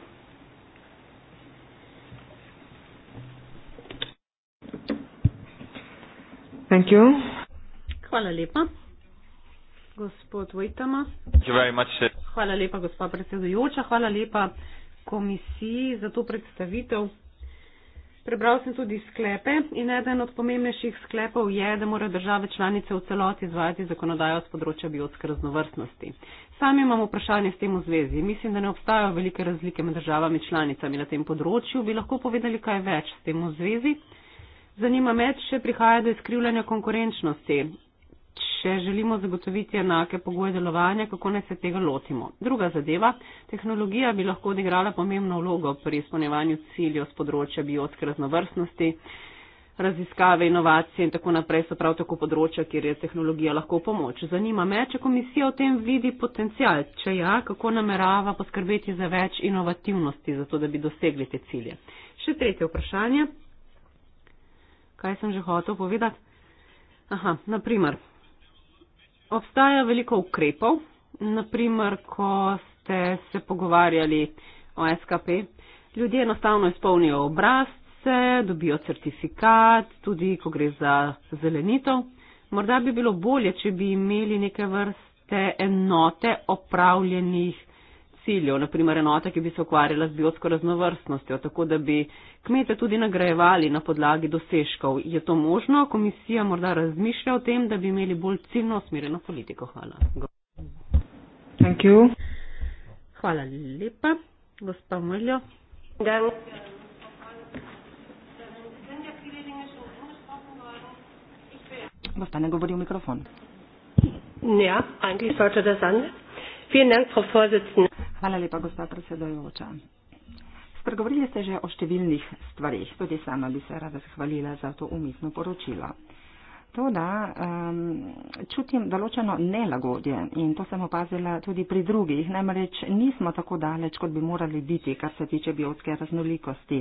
Thank you. Hvala lepa. Gospod Vojtama. Hvala lepa, gospod predsedujoča. Hvala lepa komisiji za to predstavitev. Prebral sem tudi sklepe in eden od pomembnejših sklepov je, da mora države članice v celoti izvajati zakonodajo z področja biotske raznovrstnosti. Sam imam vprašanje s tem v zvezi. Mislim, da ne obstajajo velike razlike med državami članicami na tem področju. Bi lahko povedali kaj več s tem v zvezi? Zanima me, če prihaja do izkrivljanja konkurenčnosti. Če želimo zagotoviti enake pogoje delovanja, kako naj se tega lotimo? Druga zadeva, tehnologija bi lahko odigrala pomembno vlogo pri izpolnjevanju ciljev z področja biotske raznovrstnosti. Raziskave, inovacije in tako naprej so prav tako področja, kjer je tehnologija lahko pomoč. Zanima me, če komisija v tem vidi potencial, če ja, kako namerava poskrbeti za več inovativnosti, zato da bi dosegli te cilje. Še tretje vprašanje kaj sem že hotel povedati? Aha, naprimer, obstaja veliko ukrepov, naprimer, ko ste se pogovarjali o SKP, ljudje enostavno izpolnijo obrazce, dobijo certifikat, tudi ko gre za zelenitev. Morda bi bilo bolje, če bi imeli neke vrste enote opravljenih ciljev, naprimer enota, ki bi se ukvarjala z biotsko raznovrstnostjo, tako da bi kmete tudi nagrajevali na podlagi dosežkov. Je to možno? Komisija morda razmišlja o tem, da bi imeli bolj ciljno usmerjeno politiko. Hvala. Hvala lepa, gospa Mrljo. Gospa ne govori v mikrofon. Ja, eigentlich sollte das anders. Vielen Dank, Frau Vorsitzende. Hvala lepa, gospod predsedojoča. Spregovorili ste že o številnih stvarih, tudi sama bi se rada zahvalila za to umetno poročilo. To, da um, čutim določeno nelagodje in to sem opazila tudi pri drugih, namreč nismo tako daleč, kot bi morali biti, kar se tiče biotske raznolikosti.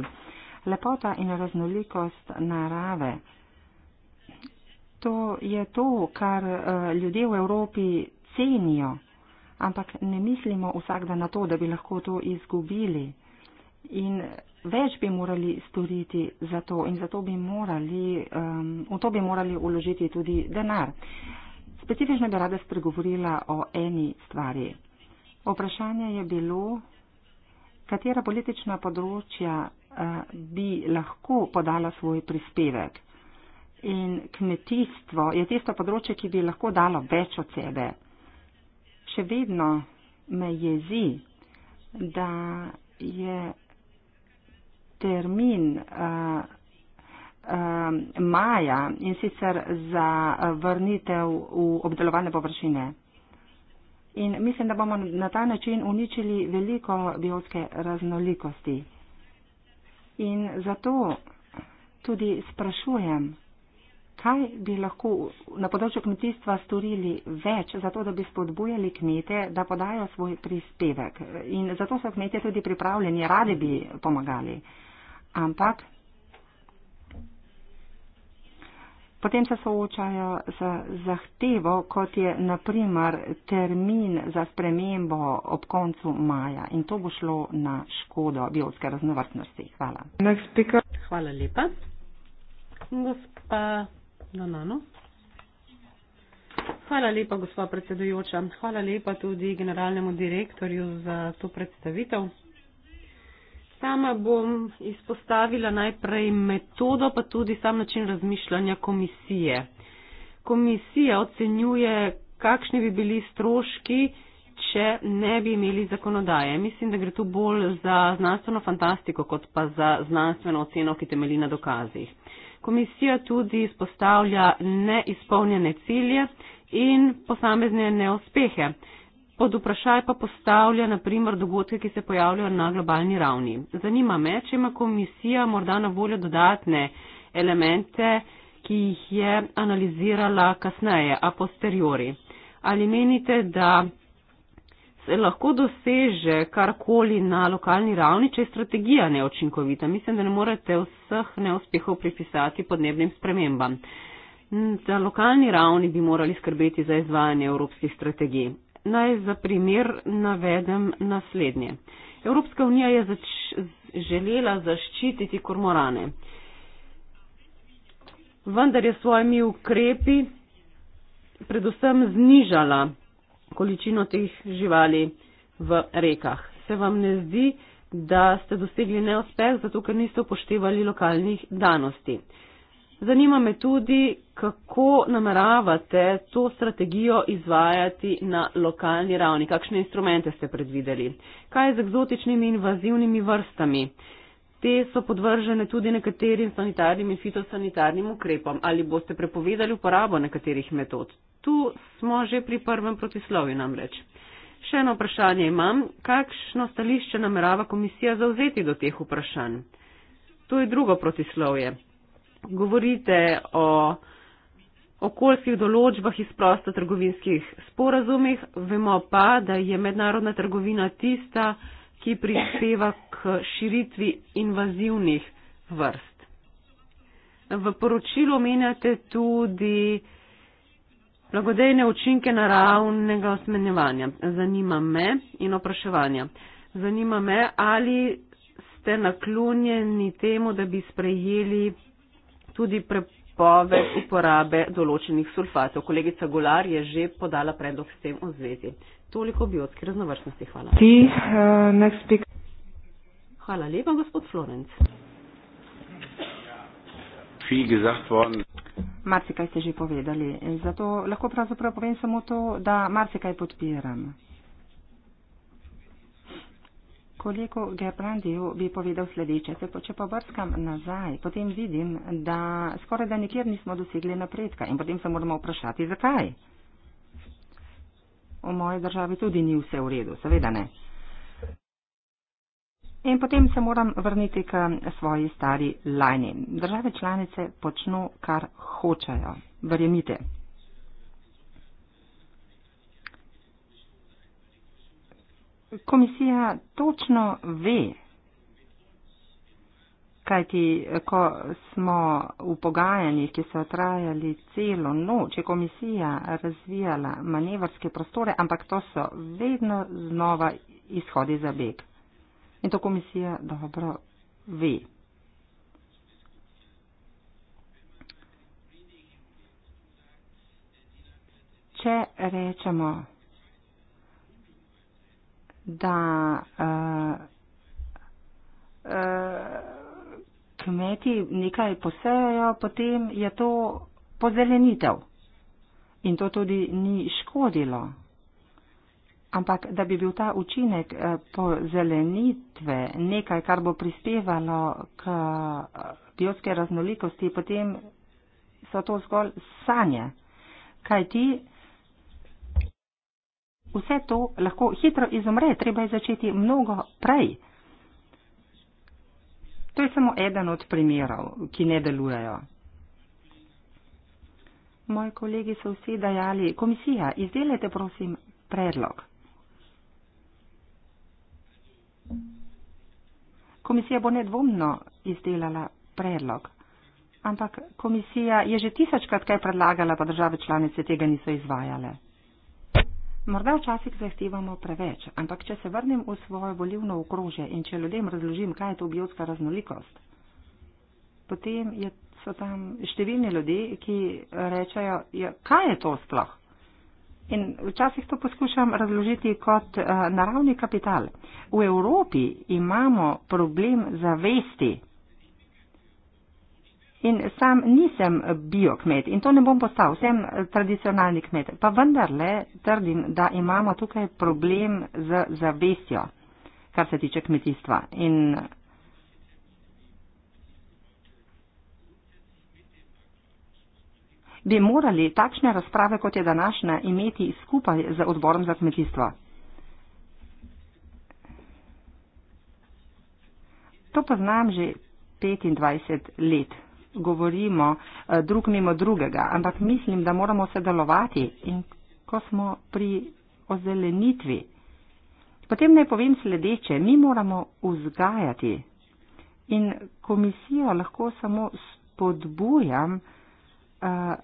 Lepota in raznolikost narave, to je to, kar uh, ljudje v Evropi cenijo ampak ne mislimo vsak dan na to, da bi lahko to izgubili. In več bi morali storiti za to in za to bi morali, um, v to bi morali uložiti tudi denar. Specifično bi rada spregovorila o eni stvari. Vprašanje je bilo, katera politična področja eh, bi lahko podala svoj prispevek. In kmetijstvo je tisto področje, ki bi lahko dalo več od sebe. Še vedno me jezi, da je termin uh, uh, maja in sicer za eh, vrnitev v obdelovalne površine. In mislim, da bomo na ta način uničili veliko biotske raznolikosti. In zato tudi sprašujem, kaj bi lahko na področju kmetijstva storili več, zato da bi spodbujali kmete, da podajo svoj prispevek. In zato so kmete tudi pripravljeni, radi bi pomagali. Ampak potem se soočajo z zahtevo, kot je naprimer termin za spremembo ob koncu maja. In to bo šlo na škodo biotske raznovrstnosti. Hvala. Hvala lepa. Gospa na nano. Hvala lepa, gospod predsedujoča. Hvala lepa tudi generalnemu direktorju za to predstavitev. Sama bom izpostavila najprej metodo, pa tudi sam način razmišljanja komisije. Komisija ocenjuje, kakšni bi bili stroški, če ne bi imeli zakonodaje. Mislim, da gre tu bolj za znanstveno fantastiko, kot pa za znanstveno oceno, ki temelji na dokazih. Komisija tudi izpostavlja neizpolnjene cilje in posamezne neuspehe. Pod vprašaj pa postavlja naprimer dogodke, ki se pojavljajo na globalni ravni. Zanima me, če ima komisija morda na voljo dodatne elemente, ki jih je analizirala kasneje, a posteriori. Ali menite, da se lahko doseže karkoli na lokalni ravni, če je strategija neočinkovita. Mislim, da ne morete vseh neuspehov pripisati podnebnim spremembam. Na lokalni ravni bi morali skrbeti za izvajanje evropskih strategij. Naj za primer navedem naslednje. Evropska unija je zač želela zaščititi kormorane, vendar je svojimi ukrepi predvsem znižala količino teh živali v rekah. Se vam ne zdi, da ste dosegli neuspeh, zato ker niste upoštevali lokalnih danosti? Zanima me tudi, kako nameravate to strategijo izvajati na lokalni ravni, kakšne instrumente ste predvideli, kaj z eksotičnimi invazivnimi vrstami, Te so podvržene tudi nekaterim sanitarnim in fitosanitarnim ukrepom. Ali boste prepovedali uporabo nekaterih metod? Tu smo že pri prvem protislovju namreč. Še eno vprašanje imam. Kakšno stališče namerava komisija zauzeti do teh vprašanj? To je drugo protislovje. Govorite o okoljskih določbah iz prostotrgovinskih sporazumih, vemo pa, da je mednarodna trgovina tista, ki prispeva k širitvi invazivnih vrst. V poročilu menjate tudi blagodejne učinke naravnega osmenjevanja. Zanima me in opraševanja. Zanima me, ali ste naklonjeni temu, da bi sprejeli tudi prepoved uporabe določenih sulfatov. Kolegica Golar je že podala predlog s tem v zvezi. Toliko o biotski raznovrstnosti. Hvala. Ti, uh, hvala lepa, gospod Florenc. Marsikaj ste že povedali. Zato lahko pravzaprav povem samo to, da marsikaj podpiram. Koliko Gerbrandijo bi povedal sledeče, se če pa brskam nazaj, potem vidim, da skoraj da nikjer nismo dosegli napredka in potem se moramo vprašati, zakaj v moji državi tudi ni vse v redu, seveda ne. In potem se moram vrniti k svoji stari lajni. Države članice počno, kar hočejo, verjemite. Komisija točno ve, kajti ko smo v pogajanjih, ki so trajali celo noč, je komisija razvijala manevrske prostore, ampak to so vedno znova izhodi za beg. In to komisija dobro ve. Če rečemo, da uh, uh, kmeti nekaj posejajo, potem je to pozelenitev. In to tudi ni škodilo. Ampak da bi bil ta učinek eh, pozelenitve nekaj, kar bo prispevalo k eh, biotske raznolikosti, potem so to zgolj sanje. Kaj ti? Vse to lahko hitro izumre, treba je začeti mnogo prej. To je samo eden od primerov, ki ne delujejo. Moji kolegi so vsi dajali, komisija, izdelajte prosim predlog. Komisija bo nedvomno izdelala predlog, ampak komisija je že tisočkrat kaj predlagala, pa države članice tega niso izvajale. Morda včasih zahtevamo preveč, ampak če se vrnem v svojo volivno okrožje in če ljudem razložim, kaj je to biotska raznolikost, potem je, so tam številni ljudje, ki rečejo, ja, kaj je to sploh. In včasih to poskušam razložiti kot uh, naravni kapital. V Evropi imamo problem zavesti, In sam nisem bio kmet in to ne bom postal, sem tradicionalni kmet. Pa vendarle trdim, da imamo tukaj problem z zavestjo, kar se tiče kmetijstva. In bi morali takšne razprave, kot je današnja, imeti skupaj z odborom za kmetijstvo. To poznam že 25 let govorimo eh, drug mimo drugega, ampak mislim, da moramo sodelovati in ko smo pri ozelenitvi. Potem naj povem sledeče, mi moramo vzgajati in komisijo lahko samo spodbujam, eh,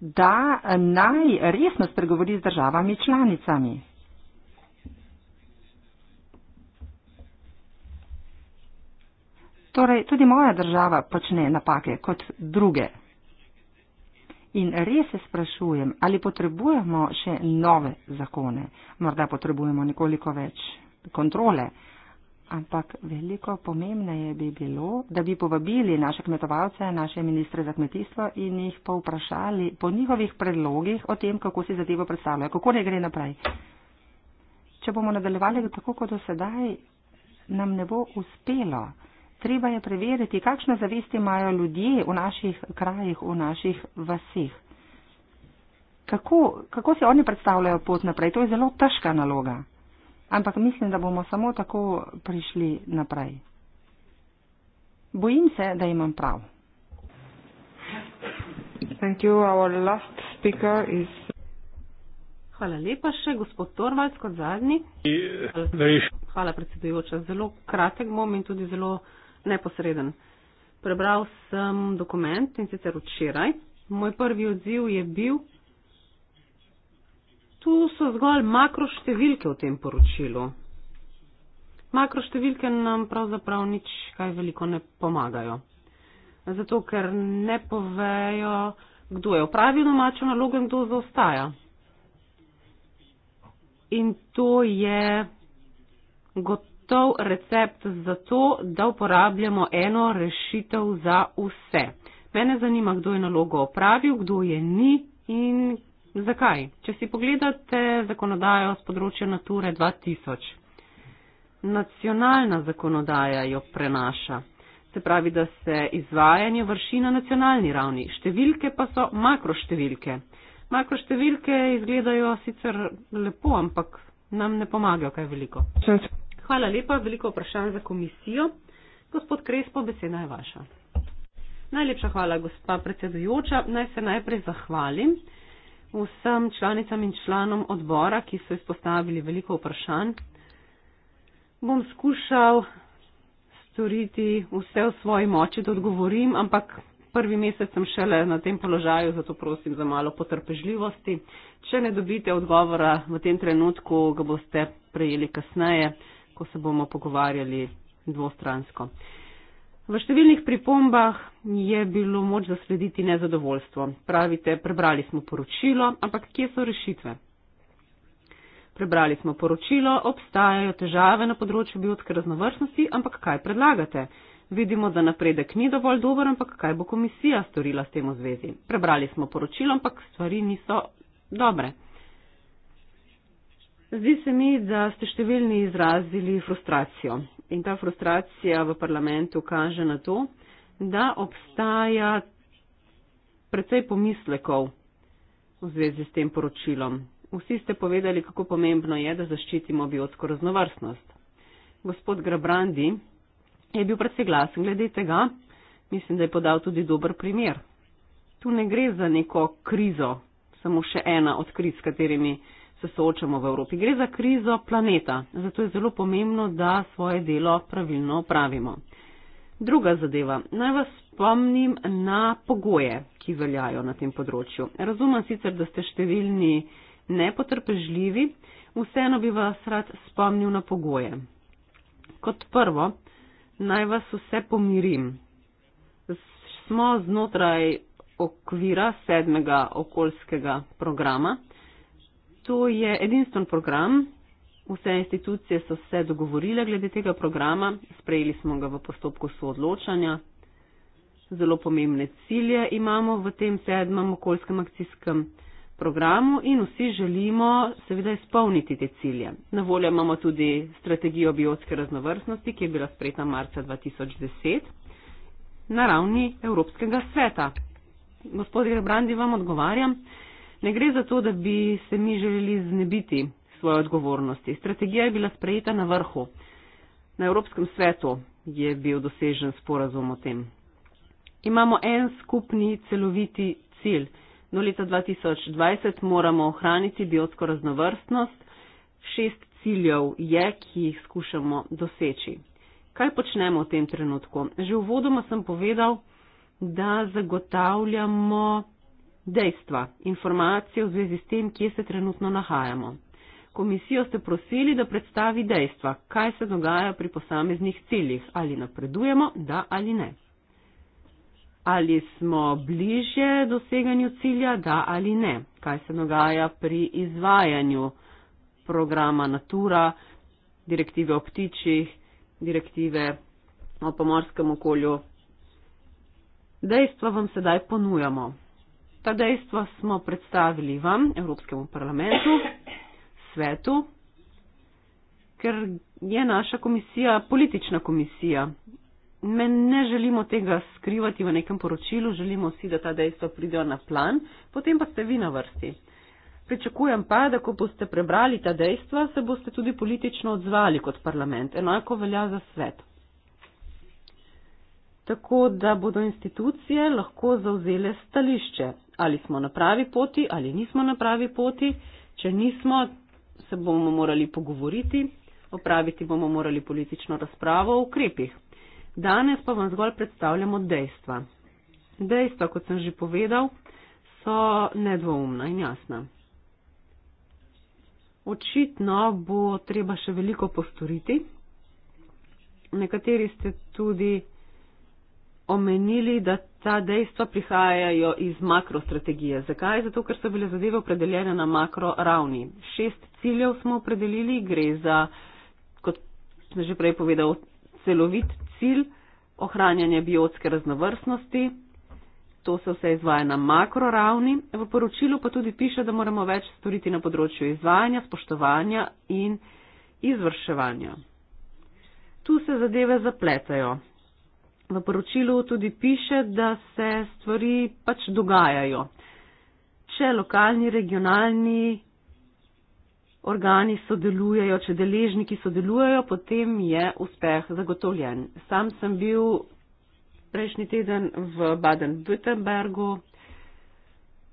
da naj resno spregovori z državami članicami. Torej, tudi moja država počne napake kot druge. In res se sprašujem, ali potrebujemo še nove zakone. Morda potrebujemo nekoliko več kontrole. Ampak veliko pomembneje bi bilo, da bi povabili naše kmetovalce, naše ministre za kmetijstvo in jih povprašali po njihovih predlogih o tem, kako si zadevo predstavljajo, kako ne gre naprej. Če bomo nadaljevali tako kot do sedaj, nam ne bo uspelo treba je preveriti, kakšno zavest imajo ljudje v naših krajih, v naših vasih. Kako, kako si oni predstavljajo pot naprej? To je zelo težka naloga. Ampak mislim, da bomo samo tako prišli naprej. Bojim se, da imam prav. Hvala lepa še, gospod Torvalds, kot zadnji. Hvala predsedujoča. Zelo kratek bom in tudi zelo neposreden. Prebral sem dokument in sicer včeraj. Moj prvi odziv je bil, tu so zgolj makroštevilke v tem poročilu. Makroštevilke nam pravzaprav nič kaj veliko ne pomagajo. Zato, ker ne povejo, kdo je opravil domačo nalogo in kdo zaostaja. In to je gotovo gotov recept za to, da uporabljamo eno rešitev za vse. Mene zanima, kdo je nalogo opravil, kdo je ni in zakaj. Če si pogledate zakonodajo z področja Nature 2000, nacionalna zakonodaja jo prenaša. Se pravi, da se izvajanje vrši na nacionalni ravni, številke pa so makroštevilke. Makroštevilke izgledajo sicer lepo, ampak nam ne pomagajo kaj veliko. Če se hvala lepa, veliko vprašanj za komisijo. Gospod Krespo, beseda je vaša. Najlepša hvala, gospa predsedujoča. Naj se najprej zahvalim vsem članicam in članom odbora, ki so izpostavili veliko vprašanj. Bom skušal storiti vse v svoji moči, da odgovorim, ampak prvi mesec sem šele na tem položaju, zato prosim za malo potrpežljivosti. Če ne dobite odgovora v tem trenutku, ga boste prejeli kasneje ko se bomo pogovarjali dvostransko. V številnih pripombah je bilo moč zaslediti nezadovoljstvo. Pravite, prebrali smo poročilo, ampak kje so rešitve? Prebrali smo poročilo, obstajajo težave na področju biotske raznovrstnosti, ampak kaj predlagate? Vidimo, da napredek ni dovolj dober, ampak kaj bo komisija storila s tem v zvezi? Prebrali smo poročilo, ampak stvari niso dobre. Zdi se mi, da ste številni izrazili frustracijo in ta frustracija v parlamentu kaže na to, da obstaja precej pomislekov v zvezi s tem poročilom. Vsi ste povedali, kako pomembno je, da zaščitimo biotsko raznovrstnost. Gospod Grabrandi je bil precej glasen glede tega, mislim, da je podal tudi dober primer. Tu ne gre za neko krizo, samo še ena od kriz, s katerimi se soočamo v Evropi. Gre za krizo planeta, zato je zelo pomembno, da svoje delo pravilno opravimo. Druga zadeva. Naj vas spomnim na pogoje, ki veljajo na tem področju. Razumem sicer, da ste številni nepotrpežljivi, vseeno bi vas rad spomnil na pogoje. Kot prvo, naj vas vse pomirim. Smo znotraj okvira sedmega okoljskega programa to je edinstven program. Vse institucije so se dogovorile glede tega programa, sprejeli smo ga v postopku soodločanja. Zelo pomembne cilje imamo v tem sedmem okoljskem akcijskem programu in vsi želimo seveda izpolniti te cilje. Na voljo imamo tudi strategijo biotske raznovrstnosti, ki je bila sprejeta marca 2010 na ravni Evropskega sveta. Gospod Grebrandi, vam odgovarjam. Ne gre za to, da bi se mi želeli znebiti svoje odgovornosti. Strategija je bila sprejeta na vrhu. Na Evropskem svetu je bil dosežen sporazum o tem. Imamo en skupni celoviti cilj. Do leta 2020 moramo ohraniti biotsko raznovrstnost. Šest ciljev je, ki jih skušamo doseči. Kaj počnemo v tem trenutku? Že v vodoma sem povedal, da zagotavljamo dejstva, informacije v zvezi s tem, kje se trenutno nahajamo. Komisijo ste prosili, da predstavi dejstva, kaj se dogaja pri posameznih ciljih, ali napredujemo, da ali ne. Ali smo bliže doseganju cilja, da ali ne, kaj se dogaja pri izvajanju programa Natura, direktive o ptičjih, direktive o pomorskem okolju. Dejstva vam sedaj ponujamo. Ta dejstva smo predstavili vam, Evropskemu parlamentu, svetu, ker je naša komisija politična komisija. Me ne želimo tega skrivati v nekem poročilu, želimo vsi, da ta dejstva pridejo na plan, potem pa ste vi na vrsti. Pričakujem pa, da ko boste prebrali ta dejstva, se boste tudi politično odzvali kot parlament. Enako velja za svet. Tako da bodo institucije lahko zauzele stališče ali smo na pravi poti ali nismo na pravi poti. Če nismo, se bomo morali pogovoriti, opraviti bomo morali politično razpravo o ukrepih. Danes pa vam zgolj predstavljamo dejstva. Dejstva, kot sem že povedal, so nedvoumna in jasna. Očitno bo treba še veliko postoriti. Nekateri ste tudi omenili, da ta dejstva prihajajo iz makrostrategije. Zakaj? Zato, ker so bile zadeve opredeljene na makroravni. Šest ciljev smo opredelili, gre za, kot sem že prej povedal, celovit cilj ohranjanja biotske raznovrstnosti. To se vse izvaja na makroravni. V poročilu pa tudi piše, da moramo več storiti na področju izvajanja, spoštovanja in izvrševanja. Tu se zadeve zapletajo v poročilu tudi piše, da se stvari pač dogajajo. Če lokalni, regionalni organi sodelujejo, če deležniki sodelujejo, potem je uspeh zagotovljen. Sam sem bil prejšnji teden v Baden-Württembergu,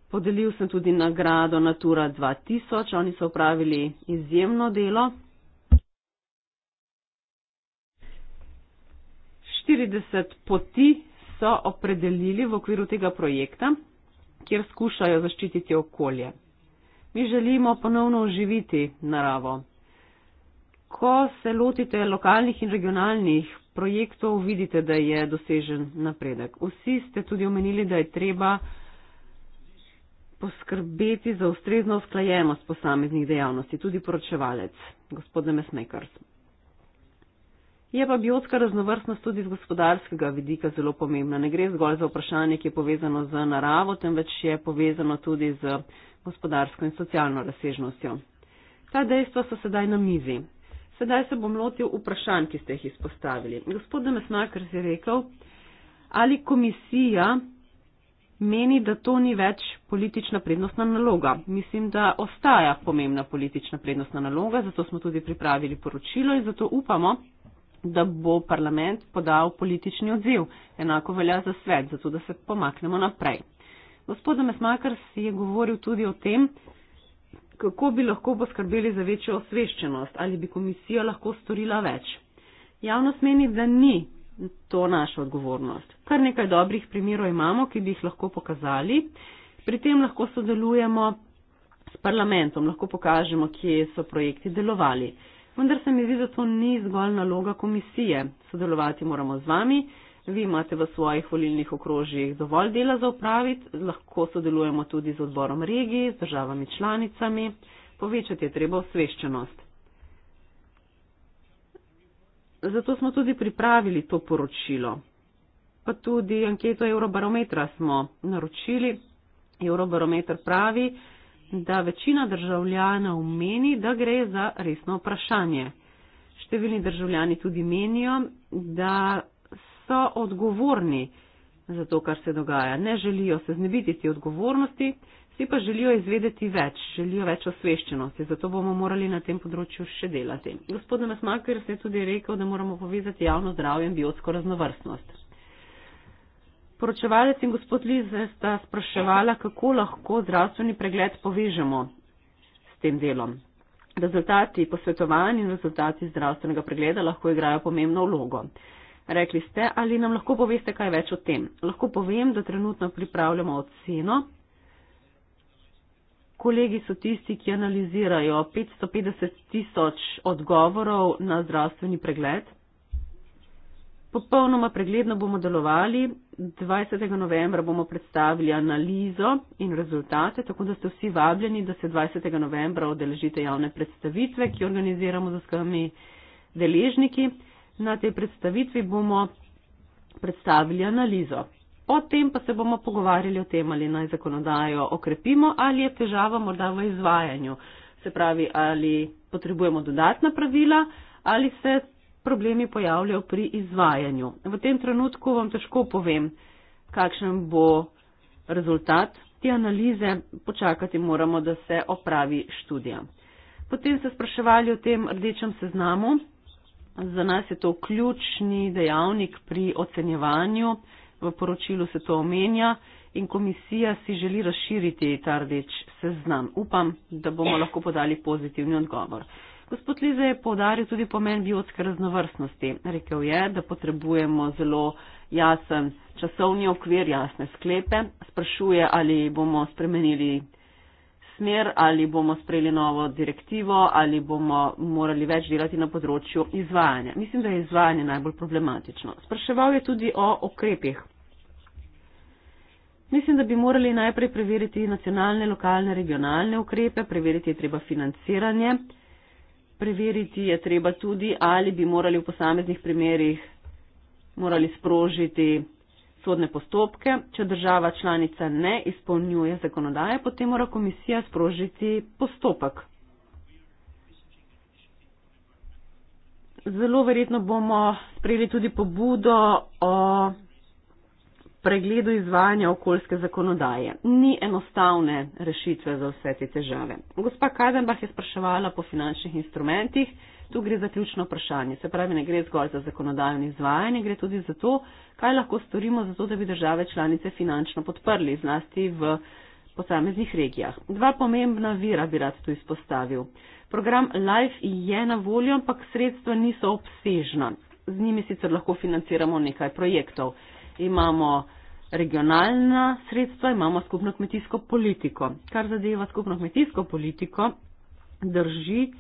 podelil sem tudi nagrado Natura 2000, oni so upravili izjemno delo. 40 poti so opredelili v okviru tega projekta, kjer skušajo zaščititi okolje. Mi želimo ponovno oživiti naravo. Ko se lotite lokalnih in regionalnih projektov, vidite, da je dosežen napredek. Vsi ste tudi omenili, da je treba poskrbeti za ustrezno usklajenost posameznih dejavnosti, tudi poročevalec, gospod Demesmekars. Je pa biotska raznovrstnost tudi z gospodarskega vidika zelo pomembna. Ne gre zgolj za vprašanje, ki je povezano z naravo, temveč je povezano tudi z gospodarsko in socialno razsežnostjo. Ta dejstva so sedaj na mizi. Sedaj se bom lotil vprašanj, ki ste jih izpostavili. Gospod Demesnaker je rekel, ali komisija meni, da to ni več politična prednostna naloga. Mislim, da ostaja pomembna politična prednostna naloga, zato smo tudi pripravili poročilo in zato upamo, da bo parlament podal politični odziv. Enako velja za svet, zato da se pomaknemo naprej. Gospod Mesmakar si je govoril tudi o tem, kako bi lahko poskrbeli za večjo osveščenost, ali bi komisija lahko storila več. Javnost meni, da ni to naša odgovornost. Kar nekaj dobrih primerov imamo, ki bi jih lahko pokazali. Pri tem lahko sodelujemo s parlamentom, lahko pokažemo, kje so projekti delovali vendar se mi zdi, da to ni zgolj naloga komisije. Sodelovati moramo z vami, vi imate v svojih volilnih okrožjih dovolj dela za upraviti, lahko sodelujemo tudi z odborom regiji, z državami članicami, povečati je treba osveščenost. Zato smo tudi pripravili to poročilo. Pa tudi anketo Eurobarometra smo naročili. Eurobarometer pravi, da večina državljanov meni, da gre za resno vprašanje. Številni državljani tudi menijo, da so odgovorni za to, kar se dogaja. Ne želijo se znebiti te odgovornosti, si pa želijo izvedeti več, želijo več osveščenosti. Zato bomo morali na tem področju še delati. Gospod Nesmaker se je tudi rekel, da moramo povezati javno zdravje in biotsko raznovrstnost. Poročevalec in gospod Lize sta spraševala, kako lahko zdravstveni pregled povežemo s tem delom. Rezultati posvetovanj in rezultati zdravstvenega pregleda lahko igrajo pomembno vlogo. Rekli ste, ali nam lahko poveste kaj več o tem. Lahko povem, da trenutno pripravljamo oceno. Kolegi so tisti, ki analizirajo 550 tisoč odgovorov na zdravstveni pregled. Popolnoma pregledno bomo delovali. 20. novembra bomo predstavili analizo in rezultate, tako da ste vsi vabljeni, da se 20. novembra odeležite javne predstavitve, ki organiziramo z vsemi deležniki. Na tej predstavitvi bomo predstavili analizo. Potem pa se bomo pogovarjali o tem, ali naj zakonodajo okrepimo, ali je težava morda v izvajanju. Se pravi, ali potrebujemo dodatna pravila, ali se problemi pojavljajo pri izvajanju. V tem trenutku vam težko povem, kakšen bo rezultat te analize, počakati moramo, da se opravi študija. Potem se spraševali o tem rdečem seznamu. Za nas je to ključni dejavnik pri ocenjevanju, v poročilu se to omenja in komisija si želi razširiti ta rdeč seznam. Upam, da bomo lahko podali pozitivni odgovor. Gospod Lize je povdaril tudi pomen biotske raznovrstnosti. Rekel je, da potrebujemo zelo jasen časovni okvir, jasne sklepe. Sprašuje, ali bomo spremenili smer, ali bomo sprejeli novo direktivo, ali bomo morali več delati na področju izvajanja. Mislim, da je izvajanje najbolj problematično. Spraševal je tudi o okrepih. Mislim, da bi morali najprej preveriti nacionalne, lokalne, regionalne ukrepe, preveriti je treba financiranje. Preveriti je treba tudi, ali bi morali v posameznih primerjih morali sprožiti sodne postopke. Če država članica ne izpolnjuje zakonodaje, potem mora komisija sprožiti postopek. Zelo verjetno bomo sprejeli tudi pobudo o pregledu izvajanja okoljske zakonodaje. Ni enostavne rešitve za vse te težave. Gospa Kadenbach je spraševala po finančnih instrumentih. Tu gre za ključno vprašanje. Se pravi, ne gre zgolj za zakonodajno izvajanje, gre tudi za to, kaj lahko storimo za to, da bi države članice finančno podprli, zlasti v posameznih regijah. Dva pomembna vira bi rad tu izpostavil. Program LIFE je na voljo, ampak sredstva niso obsežna. Z njimi sicer lahko financiramo nekaj projektov imamo regionalna sredstva, imamo skupno kmetijsko politiko. Kar zadeva skupno kmetijsko politiko, drži,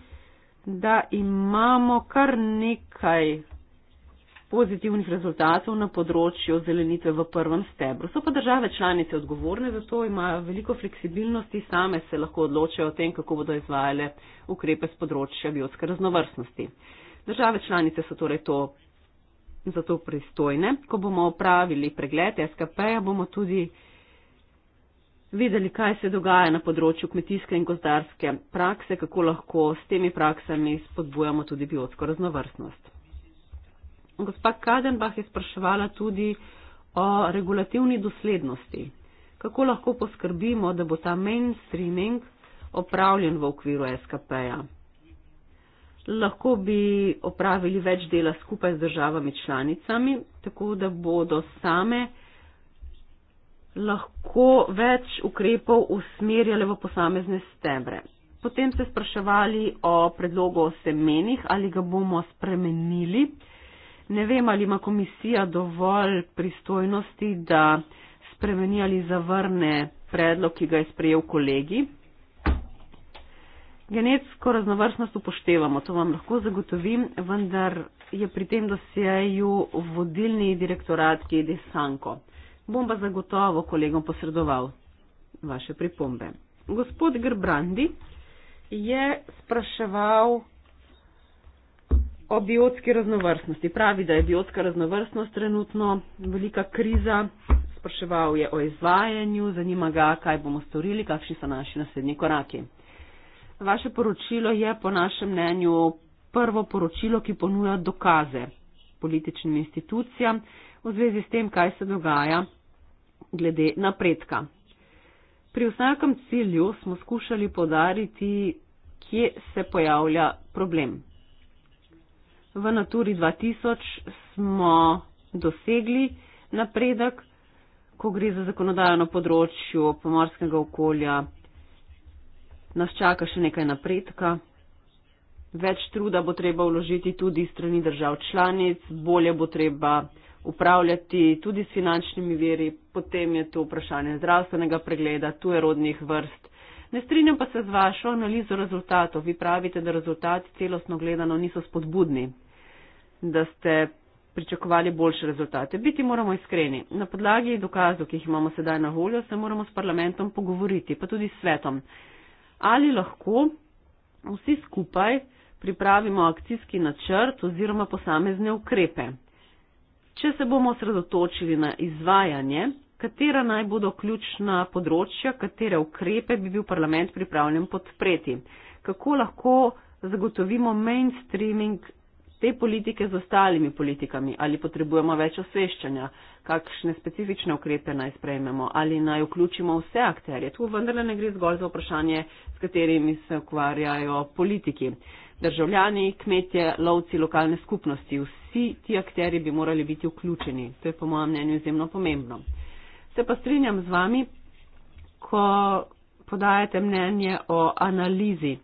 da imamo kar nekaj pozitivnih rezultatov na področju zelenitve v prvem stebru. So pa države članice odgovorne za to, imajo veliko fleksibilnosti, same se lahko odločajo o tem, kako bodo izvajale ukrepe z področja biotske raznovrstnosti. Države članice so torej to za to pristojne. Ko bomo opravili pregled SKP-ja, bomo tudi videli, kaj se dogaja na področju kmetijske in gozdarske prakse, kako lahko s temi praksami spodbujamo tudi biotsko raznovrstnost. Gospa Kadenbach je spraševala tudi o regulativni doslednosti. Kako lahko poskrbimo, da bo ta mainstreaming opravljen v okviru SKP-ja? lahko bi opravili več dela skupaj z državami članicami, tako da bodo same lahko več ukrepov usmerjale v posamezne stebre. Potem ste spraševali o predlogu o semenih, ali ga bomo spremenili. Ne vem, ali ima komisija dovolj pristojnosti, da spremeni ali zavrne predlog, ki ga je sprejel kolegi genetsko raznovrstnost upoštevamo, to vam lahko zagotovim, vendar je pri tem dosjeju vodilni direktorat Kedi Sanko. Bom pa zagotovo kolegom posredoval vaše pripombe. Gospod Grbrandi je spraševal o biotski raznovrstnosti. Pravi, da je biotska raznovrstnost trenutno velika kriza. Spraševal je o izvajanju, zanima ga, kaj bomo storili, kakšni so naši naslednji koraki. Vaše poročilo je po našem mnenju prvo poročilo, ki ponuja dokaze političnim institucijam v zvezi s tem, kaj se dogaja glede napredka. Pri vsakem cilju smo skušali podariti, kje se pojavlja problem. V Naturi 2000 smo dosegli napredek, ko gre za zakonodajno področje pomorskega okolja nas čaka še nekaj napredka. Več truda bo treba vložiti tudi strani držav članic, bolje bo treba upravljati tudi s finančnimi veri, potem je to vprašanje zdravstvenega pregleda, tu je rodnih vrst. Ne strinjam pa se z vašo analizo rezultatov. Vi pravite, da rezultati celostno gledano niso spodbudni, da ste pričakovali boljše rezultate. Biti moramo iskreni. Na podlagi dokazov, ki jih imamo sedaj na voljo, se moramo s parlamentom pogovoriti, pa tudi s svetom ali lahko vsi skupaj pripravimo akcijski načrt oziroma posamezne ukrepe. Če se bomo sredotočili na izvajanje, katera naj bodo ključna področja, katere ukrepe bi bil parlament pripravljen podpreti, kako lahko zagotovimo mainstreaming te politike z ostalimi politikami, ali potrebujemo več osveščanja, kakšne specifične ukrepe naj sprejmemo, ali naj vključimo vse akterje. Tu vendarle ne gre zgolj za vprašanje, s katerimi se ukvarjajo politiki. Državljani, kmetje, lovci, lokalne skupnosti, vsi ti akteri bi morali biti vključeni. To je po mojem mnenju izjemno pomembno. Se pa strinjam z vami, ko podajate mnenje o analizi.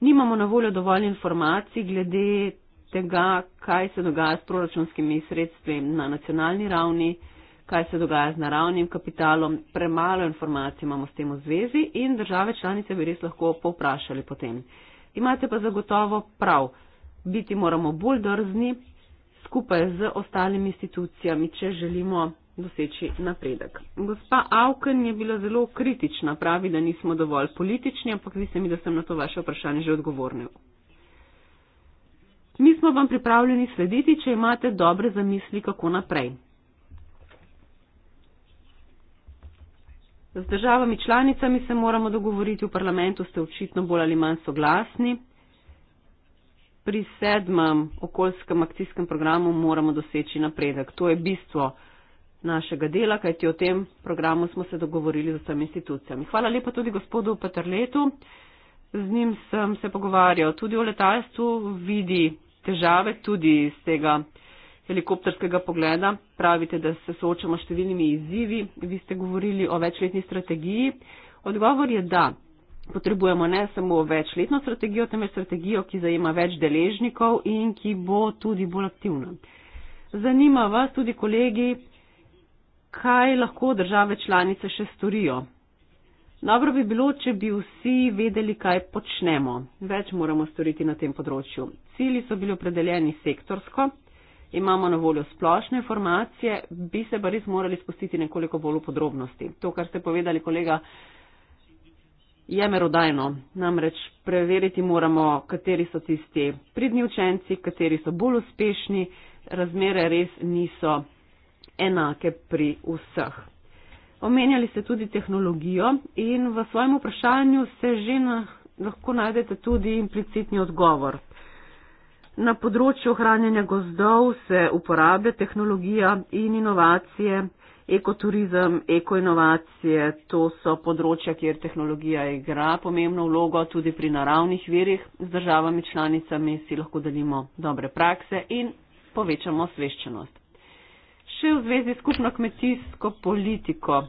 Nimamo na voljo dovolj informacij glede tega, kaj se dogaja s proračunskimi sredstvi na nacionalni ravni, kaj se dogaja z naravnim kapitalom, premalo informacij imamo s tem v zvezi in države članice bi res lahko povprašali potem. Imate pa zagotovo prav, biti moramo bolj drzni skupaj z ostalimi institucijami, če želimo doseči napredek. Gospa Auken je bila zelo kritična, pravi, da nismo dovolj politični, ampak mislim, da sem na to vaše vprašanje že odgovornil. Mi smo vam pripravljeni slediti, če imate dobre zamisli, kako naprej. Z državami članicami se moramo dogovoriti, v parlamentu ste očitno bolj ali manj soglasni. Pri sedmem okoljskem akcijskem programu moramo doseči napredek. To je bistvo našega dela, kajti o tem programu smo se dogovorili z vsemi institucijami. Hvala lepa tudi gospodu Petrletu. Z njim sem se pogovarjal tudi o letalstvu, vidi težave tudi z tega helikopterskega pogleda. Pravite, da se soočamo s številnimi izzivi. Vi ste govorili o večletni strategiji. Odgovor je da. Potrebujemo ne samo večletno strategijo, temveč strategijo, ki zajema več deležnikov in ki bo tudi bolj aktivna. Zanima vas tudi, kolegi, kaj lahko države članice še storijo. Dobro bi bilo, če bi vsi vedeli, kaj počnemo. Več moramo storiti na tem področju cilji so bili opredeljeni sektorsko, imamo na voljo splošne informacije, bi se pa res morali spustiti nekoliko bolj v podrobnosti. To, kar ste povedali, kolega, je merodajno. Namreč preveriti moramo, kateri so tisti pridni učenci, kateri so bolj uspešni, razmere res niso enake pri vseh. Omenjali ste tudi tehnologijo in v svojem vprašanju se že na, lahko najdete tudi implicitni odgovor. Na področju ohranjanja gozdov se uporablja tehnologija in inovacije, ekoturizem, ekoinovacije, to so področja, kjer tehnologija igra pomembno vlogo tudi pri naravnih virih. Z državami članicami si lahko delimo dobre prakse in povečamo sveščenost. Še v zvezi s skupno kmetijsko politiko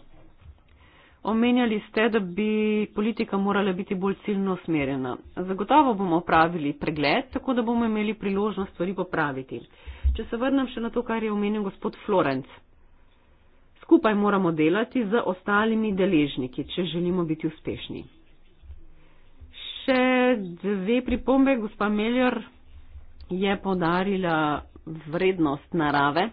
Omenjali ste, da bi politika morala biti bolj ciljno usmerjena. Zagotovo bomo opravili pregled, tako da bomo imeli priložnost stvari popraviti. Če se vrnem še na to, kar je omenil gospod Florenc. Skupaj moramo delati z ostalimi deležniki, če želimo biti uspešni. Še dve pripombe. Gospa Meljer je podarila vrednost narave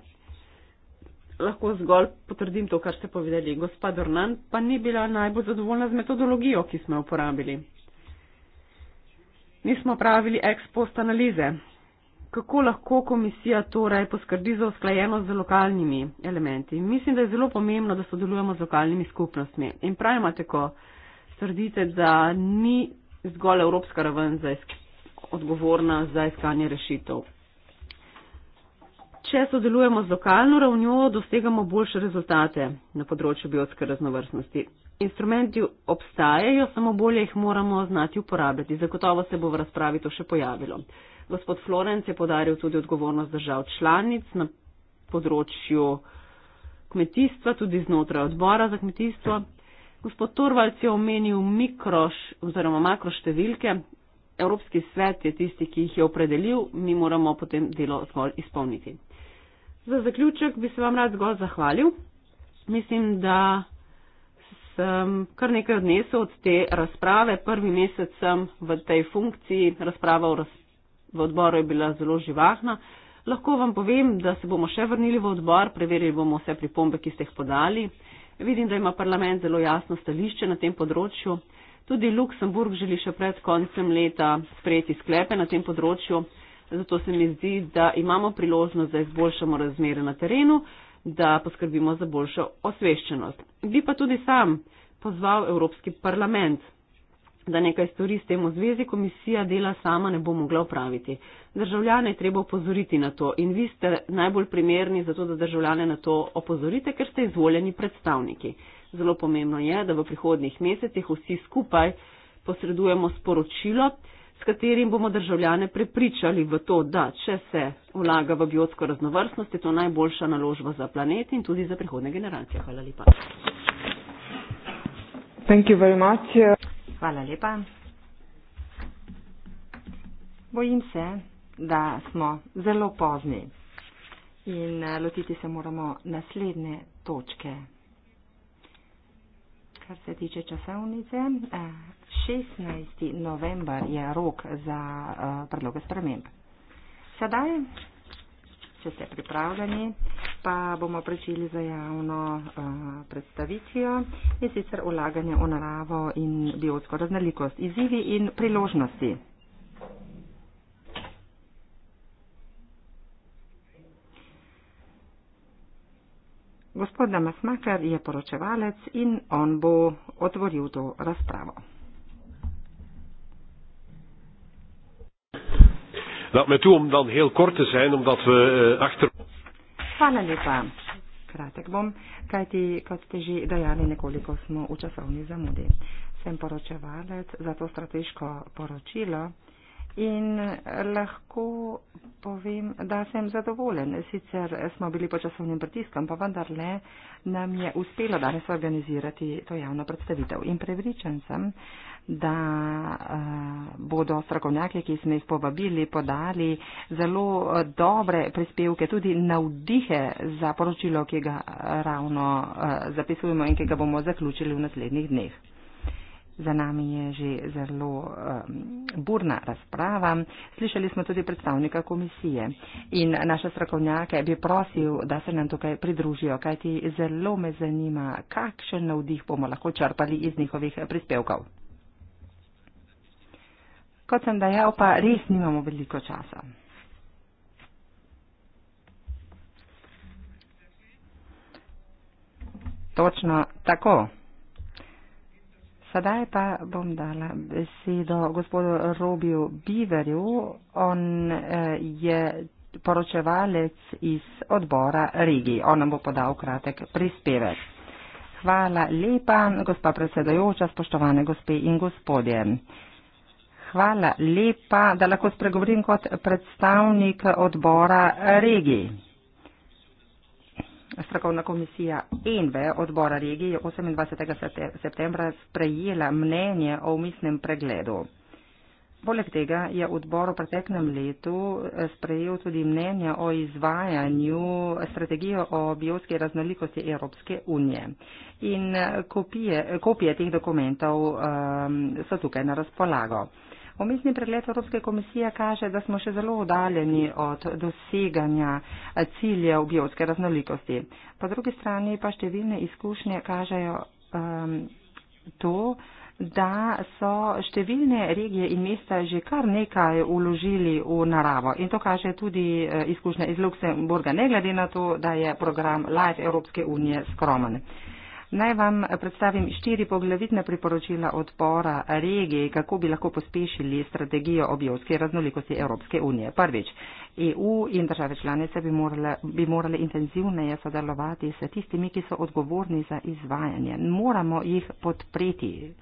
lahko zgolj potrdim to, kar ste povedali. Gospa Dornan pa ni bila najbolj zadovoljna z metodologijo, ki smo jo uporabili. Nismo pravili ex post analize. Kako lahko komisija torej poskrbi za usklajenost z lokalnimi elementi? Mislim, da je zelo pomembno, da sodelujemo z lokalnimi skupnostmi. In pravimo tako, srdite, da ni zgolj evropska raven za odgovorna za iskanje rešitev. Če sodelujemo z lokalno ravnjo, dosegamo boljše rezultate na področju biotske raznovrstnosti. Instrumenti obstajajo, samo bolje jih moramo znati uporabljati. Zagotovo se bo v razpravi to še pojavilo. Gospod Florenc je podaril tudi odgovornost držav članic na področju kmetijstva, tudi znotraj odbora za kmetijstvo. Gospod Torvalc je omenil mikroš oziroma makroštevilke. Evropski svet je tisti, ki jih je opredelil, mi moramo potem delo zgolj izpolniti. Za zaključek bi se vam rad zgolj zahvalil. Mislim, da sem kar nekaj odnesel od te razprave. Prvi mesec sem v tej funkciji, razprava v, raz, v odboru je bila zelo živahna. Lahko vam povem, da se bomo še vrnili v odbor, preverili bomo vse pripombe, ki ste jih podali. Vidim, da ima parlament zelo jasno stališče na tem področju. Tudi Luksemburg želi še pred koncem leta sprejeti sklepe na tem področju. Zato se mi zdi, da imamo priložnost, da izboljšamo razmere na terenu, da poskrbimo za boljšo osveščenost. Bi pa tudi sam pozval Evropski parlament, da nekaj stori s tem v zvezi, komisija dela sama ne bo mogla upraviti. Državljane je treba opozoriti na to in vi ste najbolj primerni za to, da državljane na to opozorite, ker ste izvoljeni predstavniki. Zelo pomembno je, da v prihodnih mesecih vsi skupaj posredujemo sporočilo, s katerim bomo državljane prepričali v to, da če se vlaga v biotsko raznovrstnost, je to najboljša naložba za planet in tudi za prihodne generacije. Hvala lepa. Hvala lepa. Bojim se, da smo zelo pozni in eh, lotiti se moramo naslednje točke. Kar se tiče časovnice, eh, 16. november je rok za eh, predloge sprememb. Sedaj, če ste pripravljeni, pa bomo pričeli za javno eh, predstavitvijo in sicer ulaganje v naravo in biotsko raznolikost, izzivi in priložnosti. Gospod Damasmakar je poročevalec in on bo otvoril to razpravo. Laat mij toe om dan heel kort te zijn, omdat we uh, achter. Hvala lepa. Kratek bom, kajti, kot ste že dejali, nekoliko smo v časovni zamudi. Sem poročevalec za to strateško poročilo in lahko povem, da sem zadovoljen. Sicer smo bili pod časovnim pritiskom, pa vendar le nam je uspelo danes organizirati to javno predstavitev. In prevričan sem, da uh, bodo strokovnjaki, ki smo jih povabili, podali zelo eh, dobre prispevke, tudi navdihe za poročilo, ki ga ravno uh, zapisujemo in ki ga bomo zaključili v naslednjih dneh. Za nami je že zelo um, burna razprava. Slišali smo tudi predstavnika komisije in naše strokovnjake bi prosil, da se nam tukaj pridružijo, kajti zelo me zanima, kakšen navdih bomo lahko črpali iz njihovih eh, prispevkov. Kot sem dejal, pa res nimamo veliko časa. Točno tako. Sedaj pa bom dala besedo gospodu Robiju Biverju. On eh, je poročevalec iz odbora Rigi. On nam bo podal kratek prispevek. Hvala lepa, gospa predsedojoča, spoštovane gospe in gospodje. Hvala lepa, da lahko spregovorim kot predstavnik odbora Rigi strokovna komisija ENVE odbora regije 28. septembra sprejela mnenje o umisnem pregledu. Poleg tega je odbor v preteklem letu eh, sprejel tudi mnenje o izvajanju strategije o biotski raznolikosti Evropske unije. In eh, kopije, kopije teh dokumentov um, so tukaj na razpolago. Uh, Omestni pregled Evropske komisije kaže, da smo še zelo odaljeni od doseganja ciljev biotske raznolikosti. Po drugi strani pa številne izkušnje kažejo um, to, da so številne regije in mesta že kar nekaj uložili v naravo. In to kaže tudi eh, izkušnja iz Luksemburga, ne glede na to, da je program Life Evropske unije skromen. Uh, Naj vam predstavim štiri poglavitna priporočila odbora regije, kako bi lahko pospešili strategijo o biotski raznolikosti Evropske unije. Prvič, EU in države članice bi morale, bi morale intenzivneje sodelovati s tistimi, ki so odgovorni za izvajanje. Moramo jih podpreti.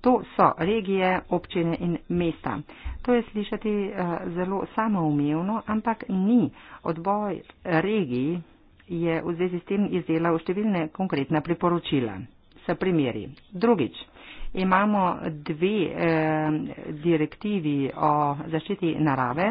To so regije, občine in mesta. To je slišati eh, zelo samoumevno, ampak ni odboj regiji je v zvezi s tem izdelal številne konkretna priporočila. Sa primeri. Drugič, imamo dve eh, direktivi o zaščiti narave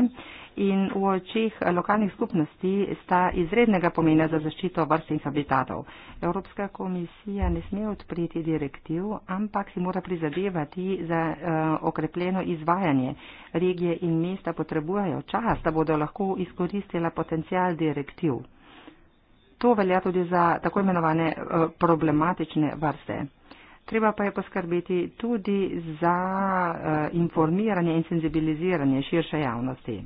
in v očeh lokalnih skupnosti sta izrednega pomena za zaščito vrst in habitatov. Evropska komisija ne sme odpreti direktiv, ampak si mora prizadevati za eh, okrepljeno izvajanje. Regije in mesta potrebujejo čas, da bodo lahko izkoristila potencial direktiv. To velja tudi za tako imenovane eh, problematične vrste. Treba pa je poskrbeti tudi za eh, informiranje in senzibiliziranje širše javnosti.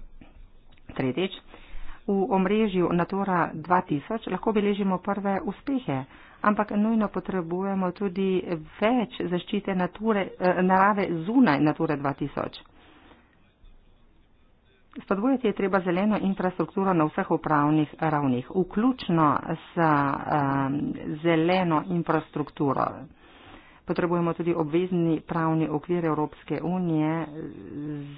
Tretjič, v omrežju Natura 2000 lahko beležimo prve uspehe, ampak nujno potrebujemo tudi več zaščite nature, eh, narave zunaj Natura 2000. Spodbujati je treba zeleno infrastrukturo na vseh upravnih ravnih, vključno s um, zeleno infrastrukturo. Potrebujemo tudi obvezni pravni okvir Evropske unije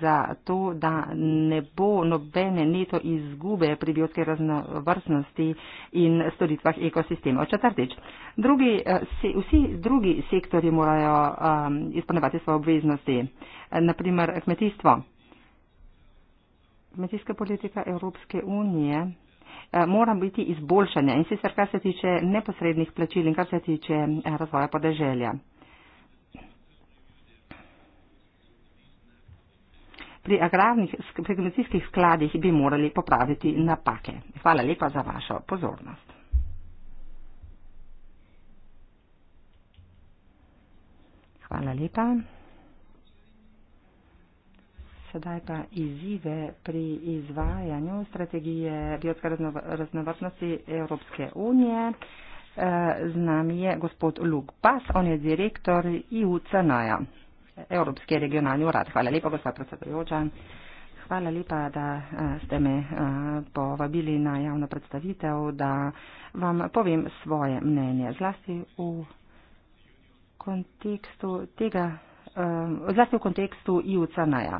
za to, da ne bo nobene neto izgube pri biotske raznovrstnosti in storitvah ekosistema. Četrtič, drugi, eh, se, vsi drugi sektori morajo um, izpolnevati svoje obveznosti, naprimer kmetijstvo kmetijska politika Evropske unije eh, mora biti izboljšanja in sicer kar se tiče neposrednih plačil in kar se tiče eh, razvoja podeželja. Pri agravnih, pri kmetijskih skladih bi morali popraviti napake. Hvala lepa za vašo pozornost. Hvala lepa. Sedaj pa izzive pri izvajanju strategije biotske raznovrstnosti Evropske unije. Eh, z nami je gospod Luk Pas, on je direktor IUCN-a, Evropski regionalni urad. Hvala lepa, gospod predsedujoča. Hvala lepa, da eh, ste me eh, povabili na javno predstavitev, da vam povem svoje mnenje. Zlasti v kontekstu tega, zlasti v kontekstu IUCN-a.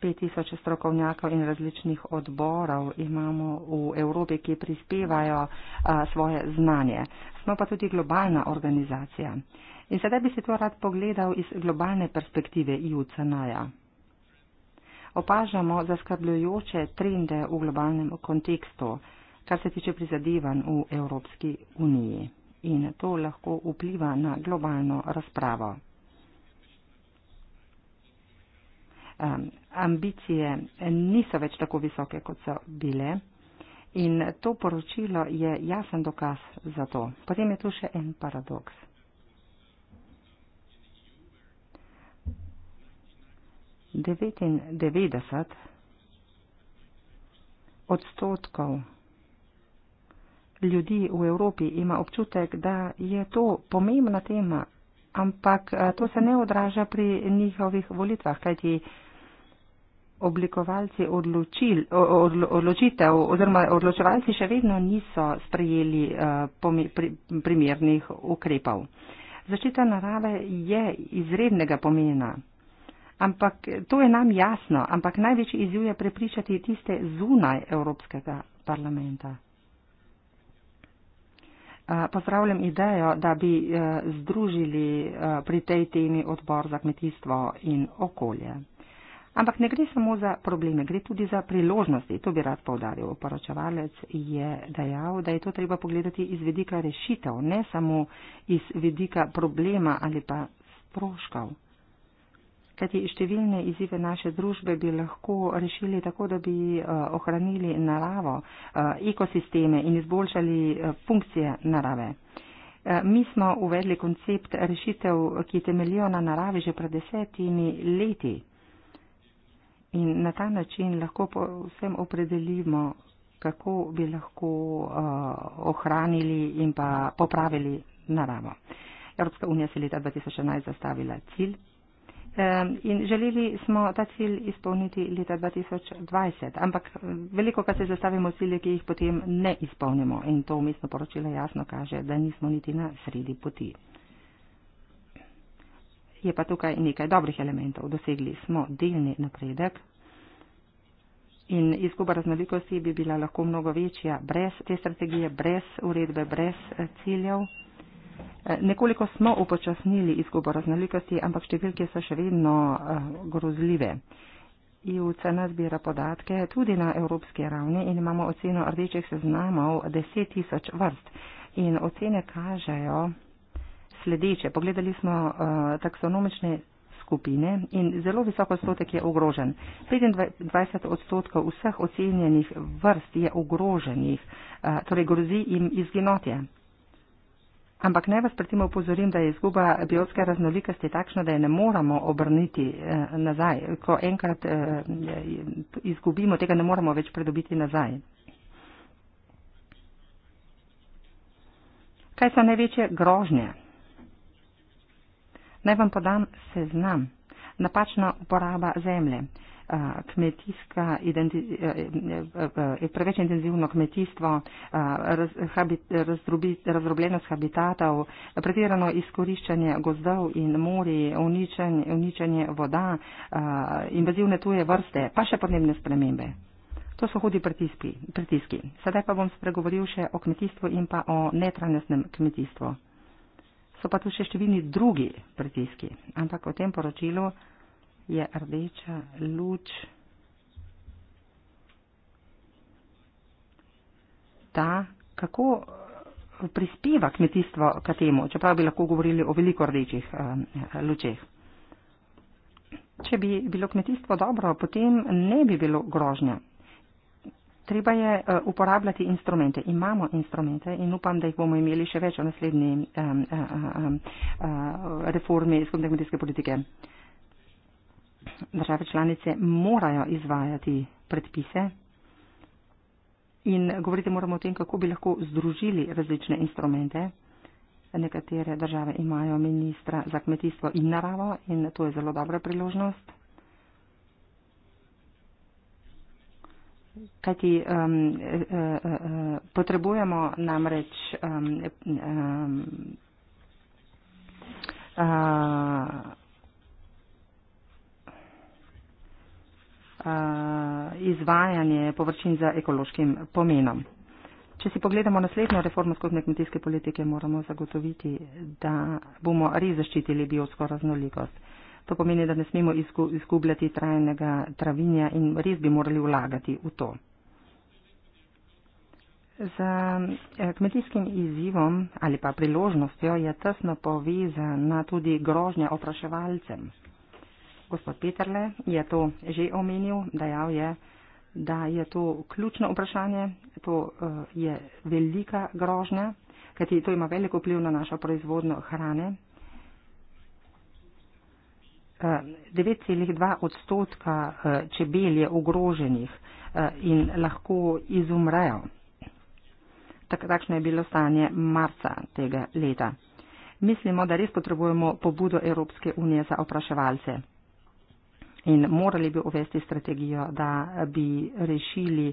5000 strokovnjakov in različnih odborov imamo v Evropi, ki prispevajo a, svoje znanje. Smo pa tudi globalna organizacija. In sedaj bi si to rad pogledal iz globalne perspektive IUCN-ja. Opažamo zaskrbljujoče trende v globalnem kontekstu, kar se tiče prizadevanj v Evropski uniji. In to lahko vpliva na globalno razpravo. ambicije niso več tako visoke, kot so bile. In to poročilo je jasen dokaz za to. Potem je tu še en paradoks. Devetindevetdeset odstotkov ljudi v Evropi ima občutek, da je to pomembna tema, ampak eh, to se ne odraža pri njihovih volitvah, kajti oblikovalci odločil, odlo, odločitev oziroma odločevalci še vedno niso sprejeli uh, pomi, primernih ukrepov. Zaščita narave je izrednega pomena. Ampak to je nam jasno, ampak največji izziv je prepričati tiste zunaj Evropskega parlamenta. Eh, pozdravljam idejo, da bi eh, združili pri tej temi odbor za kmetijstvo in okolje. Ampak ne gre samo za probleme, gre tudi za priložnosti. To bi rad povdaril. Poročevalec je dejal, da je to treba pogledati iz vedika rešitev, ne samo iz vedika problema ali pa stroškov. Kajti številne izzive naše družbe bi lahko rešili tako, da bi eh, ohranili naravo, eh, ekosisteme in izboljšali eh, funkcije narave. Mi smo uvedli koncept rešitev, ki temeljijo na naravi že pred desetimi leti. In na ta način lahko povsem opredelimo, kako bi lahko uh, ohranili in pa popravili naravo. Evropska unija se leta 2011 zastavila cilj um, in želeli smo ta cilj izpolniti leta 2020, ampak um, veliko, kar se zastavimo cilje, ki jih potem ne izpolnimo in to umestno poročilo jasno kaže, da nismo niti na sredi poti je pa tukaj nekaj dobrih elementov. Dosegli smo delni napredek in izguba raznolikosti bi bila lahko mnogo večja brez te strategije, brez uredbe, brez eh, ciljev. Eh, nekoliko smo upočasnili izgubo raznolikosti, ampak številke so še vedno eh, grozljive. IUCN zbira podatke tudi na evropski ravni in imamo oceno rdečih seznamov 10 tisoč vrst. In ocene kažejo, sledeče. Pogledali smo uh, taksonomične skupine in zelo visok odstotek je ogrožen. 25 odstotkov vseh ocenjenih vrst je ogroženih, uh, torej grozi jim izginotje. Ampak naj vas pri tem upozorim, da je izguba biotske raznolikosti takšna, da je ne moramo obrniti eh, nazaj. Ko enkrat eh, izgubimo, tega ne moramo več pridobiti nazaj. Kaj so največje grožnje? Naj vam podam seznam. Napačna uporaba zemlje, kmetijska, identi, e, e, e, preveč intenzivno kmetijstvo, raz, habit, razdrubi, razdrobljenost habitatov, pretirano izkoriščanje gozdov in morij, uničen, uničenje voda, invazivne tuje vrste, pa še podnebne spremembe. To so hudi pritiski. Sedaj pa bom spregovoril še o kmetijstvu in pa o netrajnostnem kmetijstvu so pa tu še številni drugi pritiski. Ampak v tem poročilu je rdeča luč ta, kako eh, prispeva kmetijstvo k temu, čeprav bi lahko govorili o veliko rdečih eh, lučeh. Če bi bilo kmetijstvo dobro, potem ne bi bilo grožnja treba je eh, uporabljati instrumente. Imamo instrumente in upam, da jih bomo imeli še več v naslednji um, um, um, reformi skupne kmetijske politike. Države članice morajo izvajati predpise in govoriti moramo o tem, kako bi lahko združili različne instrumente. Nekatere države imajo ministra za kmetijstvo in naravo in to je zelo dobra priložnost. Kajti um, uh, uh, uh, potrebujemo namreč um, um, uh, uh, izvajanje površin za ekološkim pomenom. Če si pogledamo naslednjo reformo skupne kmetijske politike, moramo zagotoviti, da bomo res zaščitili biotsko raznolikost. Uh, To pomeni, da ne smemo izgubljati trajnega travinja in res bi morali vlagati v to. Za eh, kmetijskim izzivom ali pa priložnostjo je tesno povezana tudi grožnja opraševalcem. Gospod Peterle je to že omenil, dejal je, da je to ključno vprašanje, to eh, je velika grožnja, kajti to ima veliko vpliv na našo proizvodno hrane, 9,2 odstotka eh, čebel je ogroženih eh, in lahko izumrejo. Takšno je bilo stanje marca tega leta. Mislimo, da res potrebujemo pobudo Evropske unije za opraševalce in morali bi uvesti strategijo, da bi rešili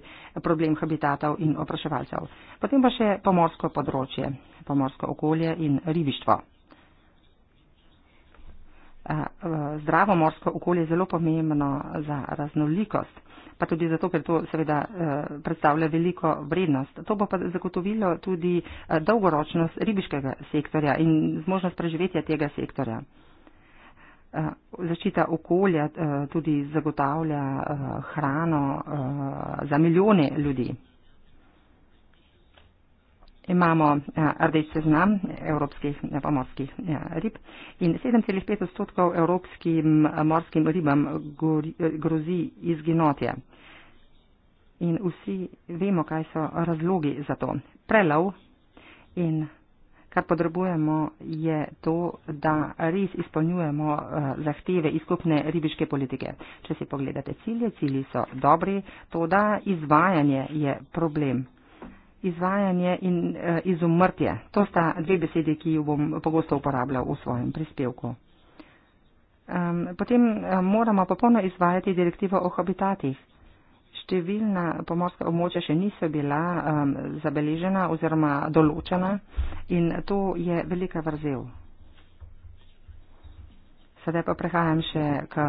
problem habitatov in opraševalcev. Potem pa še pomorsko področje, pomorsko okolje in ribištvo zdravo morsko okolje zelo pomembno za raznolikost, pa tudi zato, ker to seveda e, predstavlja veliko vrednost. To bo pa zagotovilo tudi e, dolgoročnost ribiškega sektorja in možnost preživetja tega sektorja. E, zaščita okolja tudi zagotavlja hrano za milijone ljudi imamo eh, rdeč seznam evropskih eh, pomorskih eh, rib in 7,5 odstotkov evropskim morskim ribam grozi izginotje. In vsi vemo, kaj so razlogi za to. Prelov in. Kar potrebujemo je to, da res izpolnjujemo zahteve izkupne ribiške politike. Če si pogledate cilje, cilji so dobri, to da izvajanje je problem izvajanje in eh, izumrtje. To sta dve besedi, ki jo bom pogosto uporabljal v svojem prispevku. Potem eh, moramo popolno izvajati direktivo o habitatih. Številna pomorska območja še niso bila zabeležena oziroma določena in to je velika vrzel. Sedaj pa prehajam še k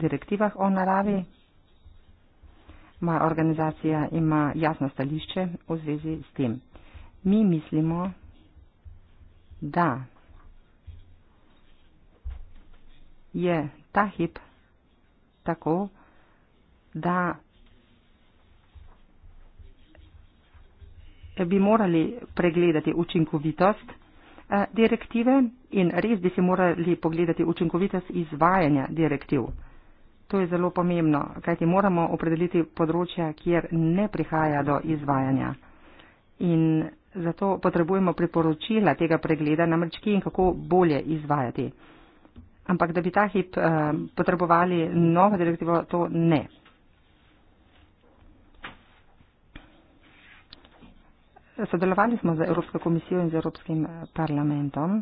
direktivah o naravi. Moja organizacija ima jasno stališče v zvezi s tem. Mi mislimo, da je ta hip tako, da bi morali pregledati učinkovitost eh, direktive in res bi si morali pogledati učinkovitost izvajanja direktiv. To je zelo pomembno, kajti moramo opredeliti področja, kjer ne prihaja do izvajanja. In zato potrebujemo priporočila tega pregleda, namreč ki in kako bolje izvajati. Ampak da bi ta hip uh, potrebovali novo direktivo, to ne. Sodelovali smo z Evropsko komisijo in z Evropskim eh, parlamentom.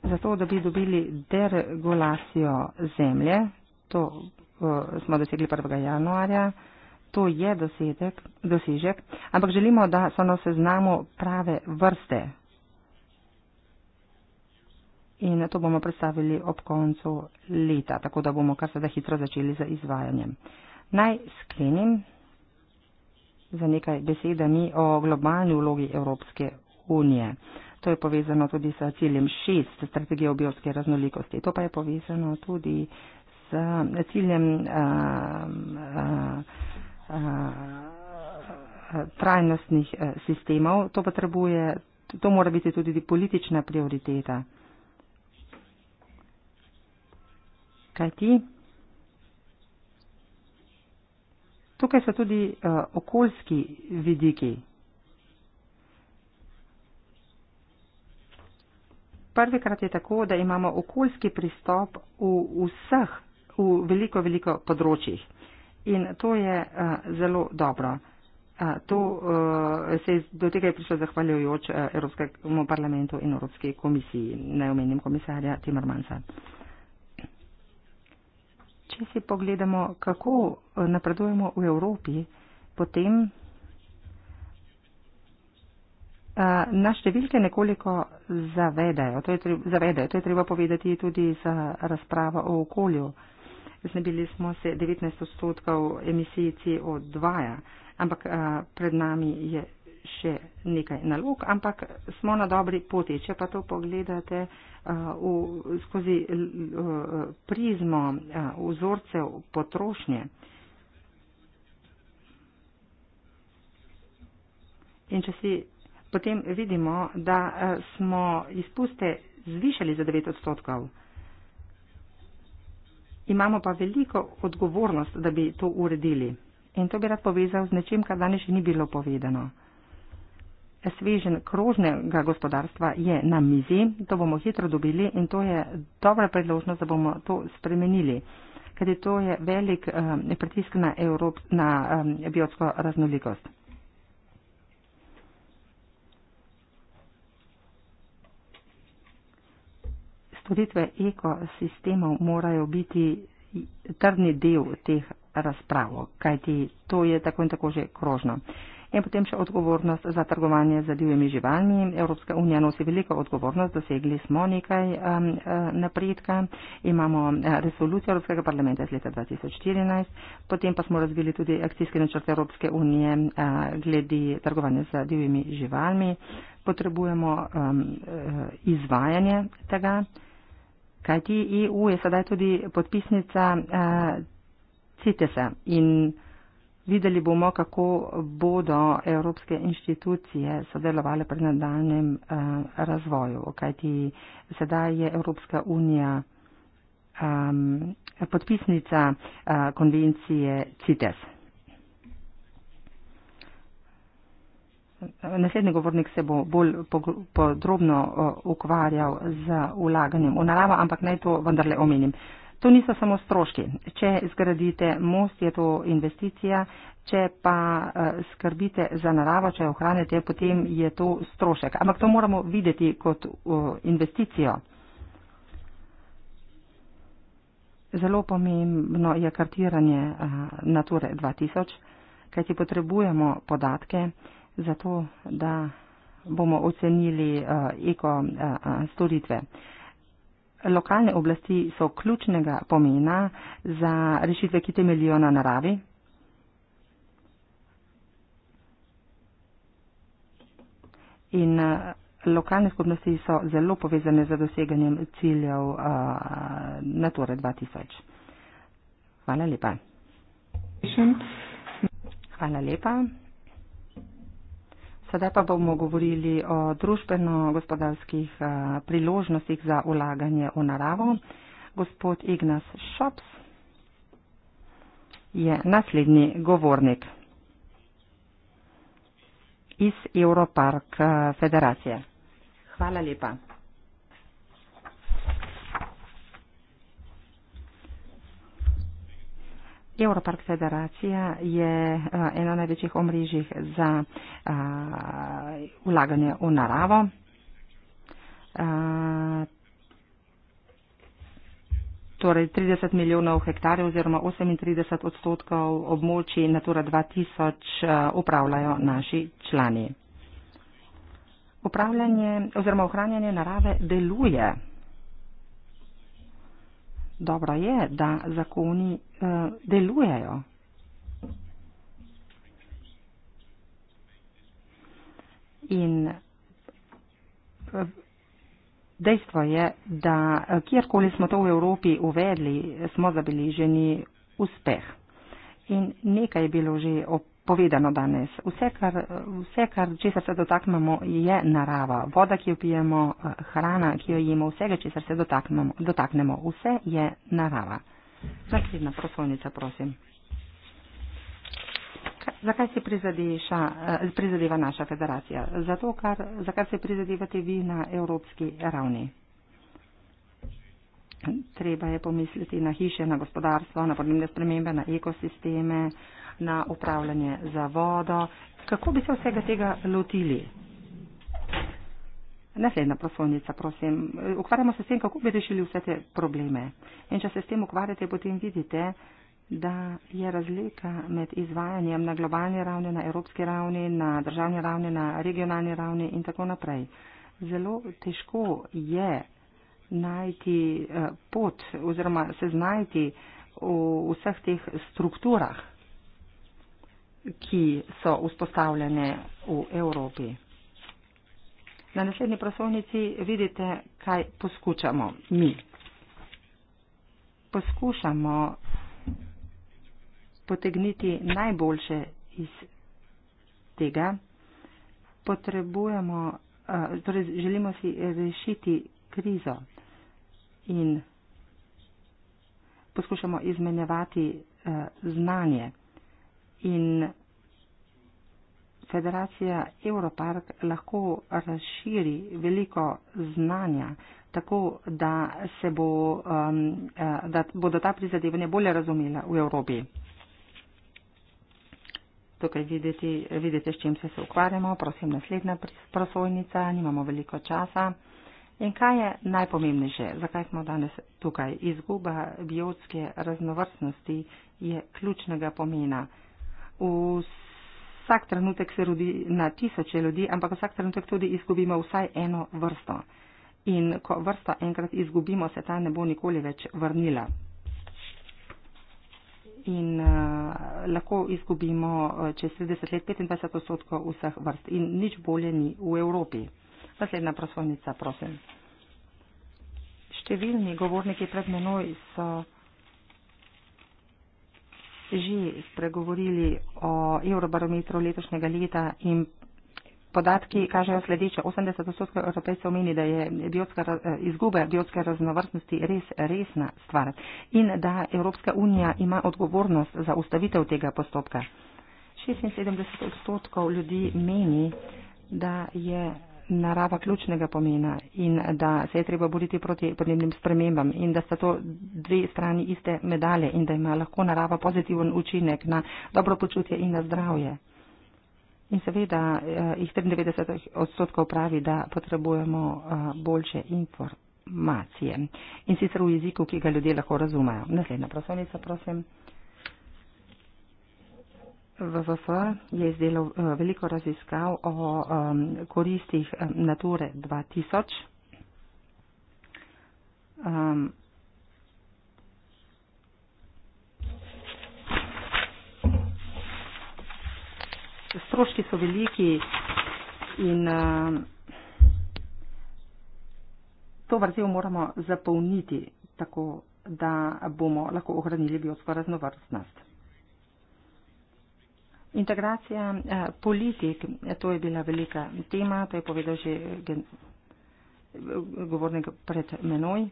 zato, da bi dobili deregulacijo zemlje. To eh, smo dosegli 1. januarja. To je dosedek, dosežek, ampak želimo, da so na seznamu prave vrste. In to bomo predstavili ob koncu leta, tako da bomo kar sedaj hitro začeli z izvajanjem. Naj sklenim za nekaj besedami o globalni vlogi Evropske unije. To je povezano tudi s ciljem 6 strategije obiotske raznolikosti. To pa je povezano tudi s ciljem um, uh, uh, trajnostnih uh, sistemov. To potrebuje, to mora biti tudi politična prioriteta. Kaj ti? Tukaj so tudi uh, okoljski vidiki. prvikrat je tako, da imamo okoljski pristop v vseh, v veliko, veliko področjih. In to je uh, zelo dobro. Uh, to, uh, se, do tega je prišlo zahvaljujoč uh, Evropskemu parlamentu in Evropski komisiji, najomenim komisarja Timmermansa. Če si pogledamo, kako napredujemo v Evropi, potem Na številke nekoliko zavedajo, to je, treba, zavedajo. To je treba povedati tudi za razpravo o okolju. Znebili smo se 19 odstotkov emisij CO2, ampak pred nami je še nekaj nalog, ampak smo na dobri poti. Če pa to pogledate v, skozi prizmo vzorcev potrošnje. In če si potem vidimo, da eh, smo izpuste zvišali za 9 odstotkov. Imamo pa veliko odgovornost, da bi to uredili. In to bi rad povezal z nečim, kar danes še ni bilo povedano. Svežen krožnega gospodarstva je na mizi, to bomo hitro dobili in to je dobra priložnost, da bomo to spremenili, ker je to velik um, pritisk na, Evrop, na um, biotsko raznolikost. vzpostavitve ekosistemov morajo biti trdni del teh razprav, kajti to je tako in tako že krožno. In potem še odgovornost za trgovanje z divjimi živalmi. Evropska unija nosi veliko odgovornost, dosegli smo nekaj um, eh, napredka. Imamo eh, resolucijo Evropskega parlamenta iz leta 2014, potem pa smo razvili tudi akcijski načrt Evropske unije uh, glede trgovanja z divjimi živalmi. Potrebujemo um, izvajanje tega kajti EU je sedaj tudi podpisnica uh, CITES-a in videli bomo, kako bodo evropske inštitucije sodelovali pri nadaljem uh, eh, razvoju, kajti sedaj je Evropska unija um, podpisnica uh, konvencije CITES. Naslednji govornik se bo bolj podrobno ukvarjal z ulaganjem v naravo, ampak naj to vendarle omenim. To niso samo stroški. Če zgradite most, je to investicija. Če pa e, skrbite za naravo, če jo ohranite, potem je to strošek. Ampak to moramo videti kot investicijo. Zelo pomembno je kartiranje e, Nature 2000, kajti potrebujemo podatke zato, da bomo ocenili eh, eko eh, eh, storitve. Lokalne oblasti so ključnega pomena za rešitve, ki temeljijo na naravi. In lokalne skupnosti so zelo povezane za doseganjem ciljev Nature 2000. Hvala lepa. Hvala lepa. Sedaj pa bomo govorili o družbeno-gospodarskih eh, priložnostih za ulaganje v naravo. Gospod Ignas Šops je naslednji govornik iz Europark eh, Federacije. Hvala lepa. Europark Federacija je eh, ena največjih omrežjih za eh, vlaganje v naravo. Eh, torej 30 milijonov hektarjev oziroma 38 odstotkov območij Natura 2000 upravljajo naši člani. Upravljanje oziroma ohranjanje narave deluje dobro je, da zakoni uh, delujejo. In eh, dejstvo je, da eh, kjerkoli smo to v Evropi uvedli, smo zabeleženi uspeh. In nekaj je bilo že opisano povedano danes. Vse, kar, vse, kar česar se dotaknemo, je narava. Voda, ki jo pijemo, hrana, ki jo jemo, vsega, česar se dotaknemo, dotaknemo. vse je narava. Naslednja prosovnica, prosim. Zakaj se prizadeša, eh, prizadeva naša federacija? Zato, kar, za kar se prizadevate vi na evropski ravni? Treba je pomisliti na hiše, na gospodarstvo, na podnebne spremembe, na ekosisteme, na upravljanje za vodo. Kako bi se vsega tega lotili? Naslednja prosovnica, prosim. Ukvarjamo se s tem, kako bi rešili vse te probleme. In če se s tem ukvarjate, potem vidite, da je razlika med izvajanjem na globalni ravni, na evropski ravni, na državni ravni, na regionalni ravni in tako naprej. Zelo težko je najti eh, pot oziroma se znajti v vseh teh strukturah ki so vzpostavljene v Evropi. Na naslednji prosovnici vidite, kaj poskušamo mi. Poskušamo potegniti najboljše iz tega. Potrebujemo, eh, torej želimo si rešiti krizo in poskušamo izmenjevati eh, znanje in federacija Europark lahko razširi veliko znanja, tako da, bo, um, eh, da bodo ta prizadevanja bolje razumela v Evropi. Tukaj vidite, vidite, s čim se, se ukvarjamo. Prosim, naslednja prosojnica, nimamo veliko časa. In kaj je najpomembnejše, zakaj smo danes tukaj? Izguba biotske raznovrstnosti je ključnega pomena. Vse Vsak trenutek se rodi na tisoče ljudi, ampak vsak trenutek tudi izgubimo vsaj eno vrsto. In ko vrsto enkrat izgubimo, se ta ne bo nikoli več vrnila. In uh, lahko izgubimo eh, čez 30 let 25 odstotkov vseh vrst. In nič bolje ni v Evropi. Naslednja prosovnica, prosim. Številni govorniki pred menoj so že spregovorili o eurobarometru letošnjega leta in podatki kažejo sledeče. 80 odstotkov evropejcev meni, da je biotska, eh, izguba biotske raznovrstnosti res resna stvar in da Evropska unija ima odgovornost za ustavitev tega postopka. 76 odstotkov ljudi meni, da je narava ključnega pomena in da se je treba boriti proti podnebnim spremembam in da sta to dve strani iste medalje in da ima lahko narava pozitiven učinek na dobro počutje in na zdravje. In seveda eh, jih 93 odstotkov pravi, da potrebujemo eh, boljše informacije in sicer v jeziku, ki ga ljudje lahko razumejo. Naslednja prosovnica, prosim. WWF je izdelal eh, veliko raziskav o koristih Nature 2000. Um, stroški so veliki in uh, to vrzel moramo zapolniti tako, da bomo lahko ohranili biotsko raznovrstnost. Integracija eh, politik, to je bila velika tema, to je povedal že govornik pred menoj.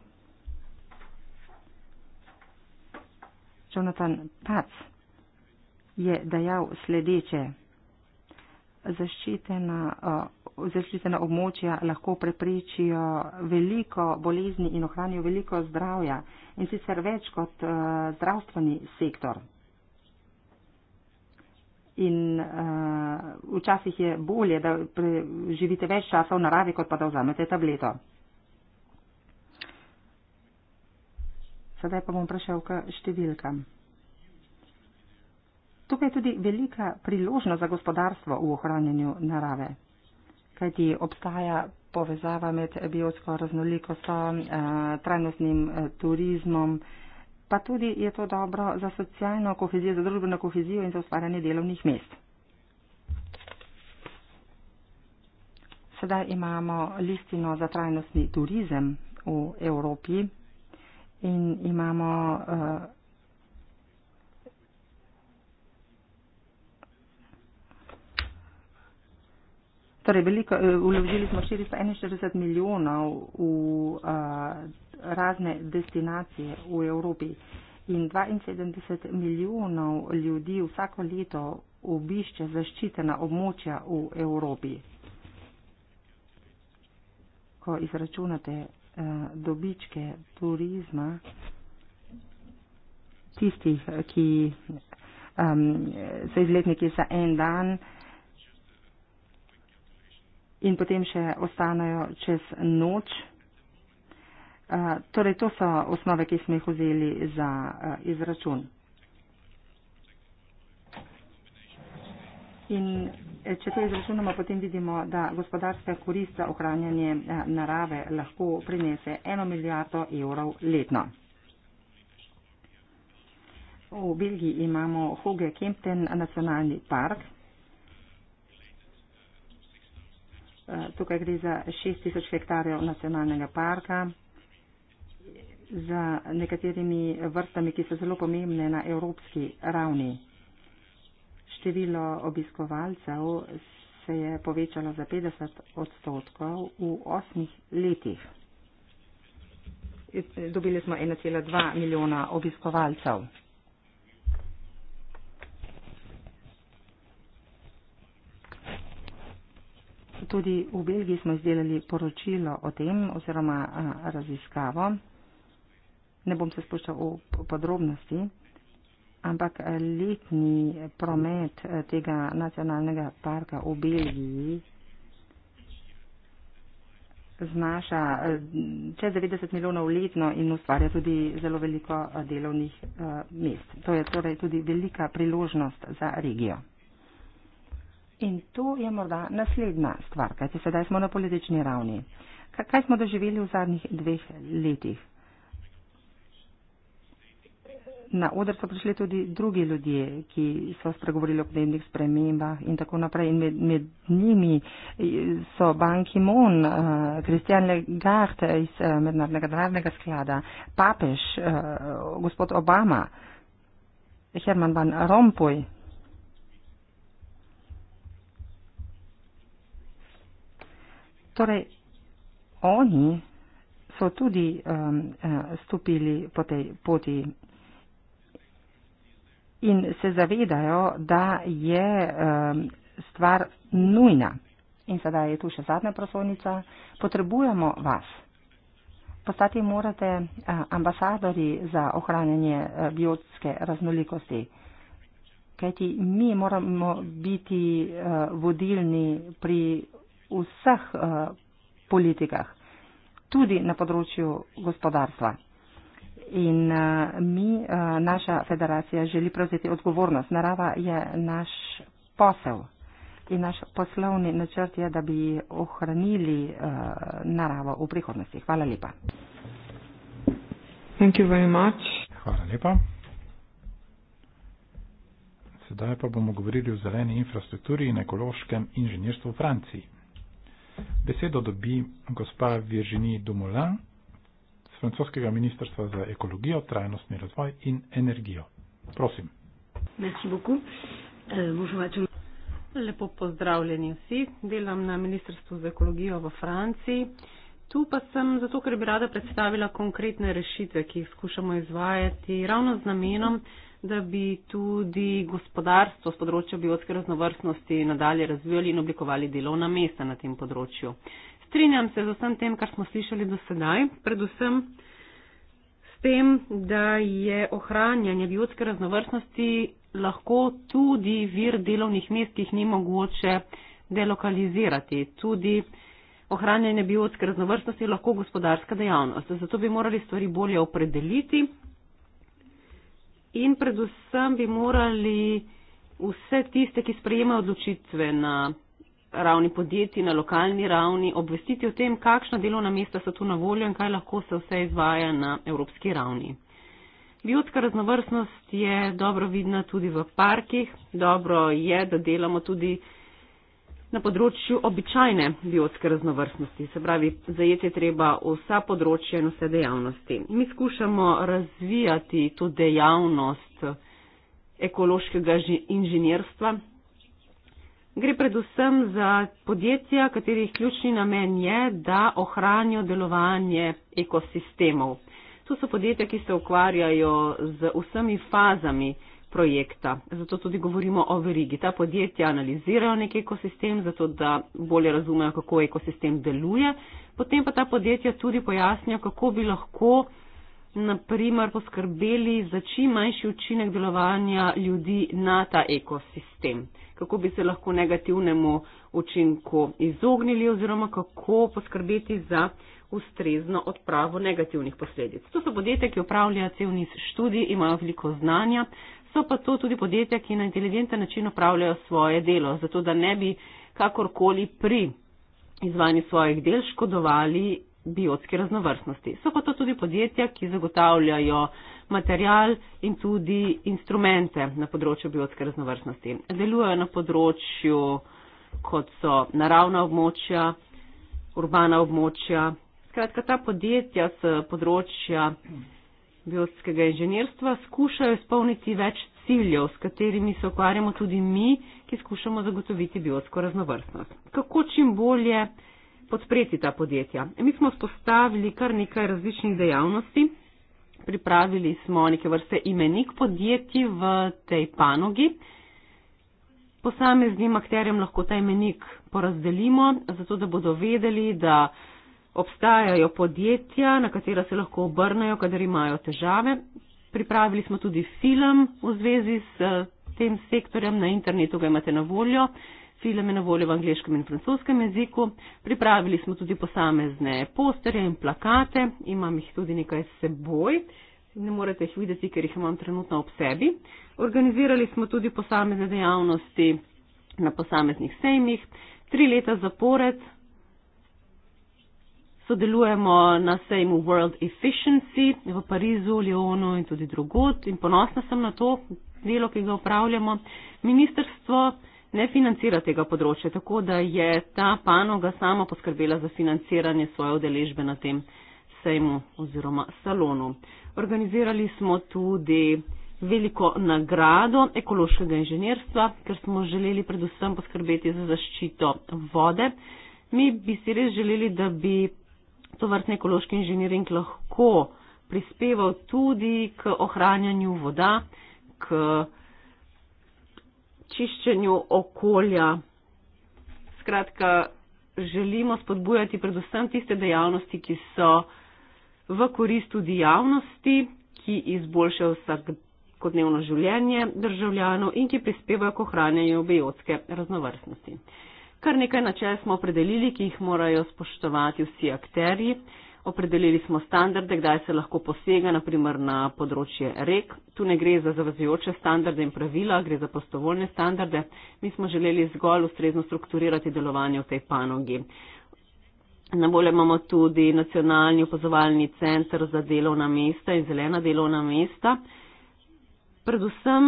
Jonathan Pac je dejal sledeče. Zaščitena, eh, zaščitena območja lahko preprečijo veliko bolezni in ohranijo veliko zdravja in sicer več kot eh, zdravstveni sektor in uh, včasih je bolje, da živite več časa v naravi, kot pa da vzamete tableto. Sedaj pa bom prešel k številkam. Tukaj je tudi velika priložnost za gospodarstvo v ohranjanju narave, kajti obstaja povezava med biotsko raznolikostjo, eh, trajnostnim eh, turizmom pa tudi je to dobro za socialno kohezijo, za družbeno kohezijo in za ustvarjanje delovnih mest. Sedaj imamo listino za trajnostni turizem v Evropi in imamo uh, torej veliko, uh, vložili smo 441 milijonov v uh, razne destinacije v Evropi in 72 milijonov ljudi vsako leto obišče zaščitena območja v Evropi. Ko izračunate eh, dobičke turizma, tistih, ki um, so izletniki za en dan in potem še ostanejo čez noč, Eh, torej, to so osnove, ki smo jih vzeli za uh, izračun. In eh, če to izračunamo, potem vidimo, da gospodarska korist za ohranjanje narave lahko prinese eno milijardo evrov letno. V Belgiji imamo Hoge Kempten nacionalni park. Tukaj gre za 6000 hektarjev nacionalnega parka z nekaterimi vrstami, ki so zelo pomembne na evropski ravni. Število obiskovalcev se je povečalo za 50 odstotkov v osmih letih. Dobili smo 1,2 milijona obiskovalcev. Tudi v Belgiji smo izdelali poročilo o tem oziroma raziskavo ne bom se spuščal v podrobnosti, ampak letni promet eh, tega nacionalnega parka v Belgiji znaša eh, čez 90 milijonov letno in ustvarja tudi zelo veliko eh, delovnih mest. To je torej tudi velika priložnost za regijo. In to je morda naslednja stvar, kajti sedaj smo na politični ravni. Kaj smo doživeli v zadnjih dveh letih? na oder so prišli tudi drugi ljudje, ki so spregovorili o podnebnih spremembah in tako naprej. In med, med njimi so Ban Ki-moon, uh, Christian Legarde iz uh, Mednarodnega zdravnega sklada, papež, uh, gospod Obama, Herman Van Rompuy. Torej, oni so tudi um, stopili po tej poti in se zavedajo, da je stvar nujna. In sedaj je tu še zadnja prosovnica. Potrebujemo vas. Postati morate ambasadori za ohranjanje biotske raznolikosti. Kajti mi moramo biti vodilni pri vseh politikah, tudi na področju gospodarstva in eh, mi, eh, naša federacija, želi prevzeti odgovornost. Narava je naš posel in naš poslovni načrt je, da bi ohranili eh, naravo v prihodnosti. Hvala lepa. Hvala lepa. Sedaj pa bomo govorili o zeleni infrastrukturi in ekološkem inženirstvu v Franciji. Besedo dobi gospa Virginie Dumoulin, francoskega ministrstva za ekologijo, trajnostni razvoj in energijo. Prosim. Euh, Lepo pozdravljeni vsi. Delam na Ministrstvu za ekologijo v Franciji. Tu pa sem zato, ker bi rada predstavila konkretne rešitve, ki jih skušamo izvajati, ravno z namenom, da bi tudi gospodarstvo z področja biotske raznovrstnosti nadalje razvijali in oblikovali delovna mesta na tem področju. Uh, Strinjam se z vsem tem, kar smo slišali do sedaj, predvsem s tem, da je ohranjanje biotske raznovrstnosti lahko tudi vir delovnih mest, ki jih ni mogoče delokalizirati. Tudi ohranjanje biotske raznovrstnosti je lahko gospodarska dejavnost. Zato bi morali stvari bolje opredeliti in predvsem bi morali vse tiste, ki sprejemajo odločitve na ravni podjetij, na lokalni ravni, obvestiti o tem, kakšna delovna mesta so tu na voljo in kaj lahko se vse izvaja na evropski ravni. Biotska raznovrstnost je dobro vidna tudi v parkih. Dobro je, da delamo tudi na področju običajne biotske raznovrstnosti, se pravi, zajeti je treba vsa področja in vse dejavnosti. Mi skušamo razvijati to dejavnost ekološkega inženirstva, Gre predvsem za podjetja, katerih ključni namen je, da ohranijo delovanje ekosistemov. To so podjetja, ki se ukvarjajo z vsemi fazami projekta. Zato tudi govorimo o verigi. Ta podjetja analizirajo nek ekosistem, zato da bolje razumejo, kako ekosistem deluje. Potem pa ta podjetja tudi pojasnijo, kako bi lahko naprimer poskrbeli za čim manjši učinek delovanja ljudi na ta ekosistem kako bi se lahko negativnemu učinku izognili oziroma kako poskrbeti za ustrezno odpravo negativnih posledic. To so podjetja, ki upravljajo cel niz študij, imajo veliko znanja, so pa to tudi podjetja, ki na inteligenten način upravljajo svoje delo, zato da ne bi kakorkoli pri izvajanju svojih del škodovali biotske raznovrstnosti. So pa to tudi podjetja, ki zagotavljajo material in tudi instrumente na področju biotske raznovrstnosti. Delujejo na področju, kot so naravna območja, urbana območja. Skratka, ta podjetja z področja biotskega inženirstva skušajo izpolniti več ciljev, s katerimi se ukvarjamo tudi mi, ki skušamo zagotoviti biotsko raznovrstnost. Kako čim bolje podpreti ta podjetja? Mi smo spostavili kar nekaj različnih dejavnosti, pripravili smo neke vrste imenik podjetij v tej panogi. Posameznim akterjem lahko ta imenik porazdelimo, zato da bodo vedeli, da obstajajo podjetja, na katera se lahko obrnajo, kadar imajo težave. Pripravili smo tudi film v zvezi s eh, tem sektorjem, na internetu ga imate na voljo film je na voljo v angliškem in francoskem jeziku. Pripravili smo tudi posamezne posterje in plakate, imam jih tudi nekaj s seboj. Ne morete jih videti, ker jih imam trenutno ob sebi. Organizirali smo tudi posamezne dejavnosti na posameznih sejmih. Tri leta zapored sodelujemo na sejmu World Efficiency v Parizu, Lyonu in tudi drugod. In ponosna sem na to delo, ki ga upravljamo. Ministrstvo ne financira tega področja, tako da je ta panoga sama poskrbela za financiranje svoje udeležbe na tem sejmu oziroma salonu. Organizirali smo tudi veliko nagrado ekološkega inženirstva, ker smo želeli predvsem poskrbeti za zaščito vode. Mi bi si res želeli, da bi to vrstni ekološki inženiring lahko prispeval tudi k ohranjanju voda, k čiščenju okolja. Skratka, želimo spodbujati predvsem tiste dejavnosti, ki so v korist tudi javnosti, ki izboljšajo vsakodnevno življenje državljanov in ki prispevajo k ohranjanju biotske raznovrstnosti. Kar nekaj načel smo opredelili, ki jih morajo spoštovati vsi akteri. Opredelili smo standarde, kdaj se lahko posega, naprimer na področje rek. Tu ne gre za zavezujoče standarde in pravila, gre za prostovoljne standarde. Mi smo želeli zgolj ustrezno strukturirati delovanje v tej panogi. Na voljo imamo tudi nacionalni opazovalni center za delovna mesta in zelena delovna mesta. Predvsem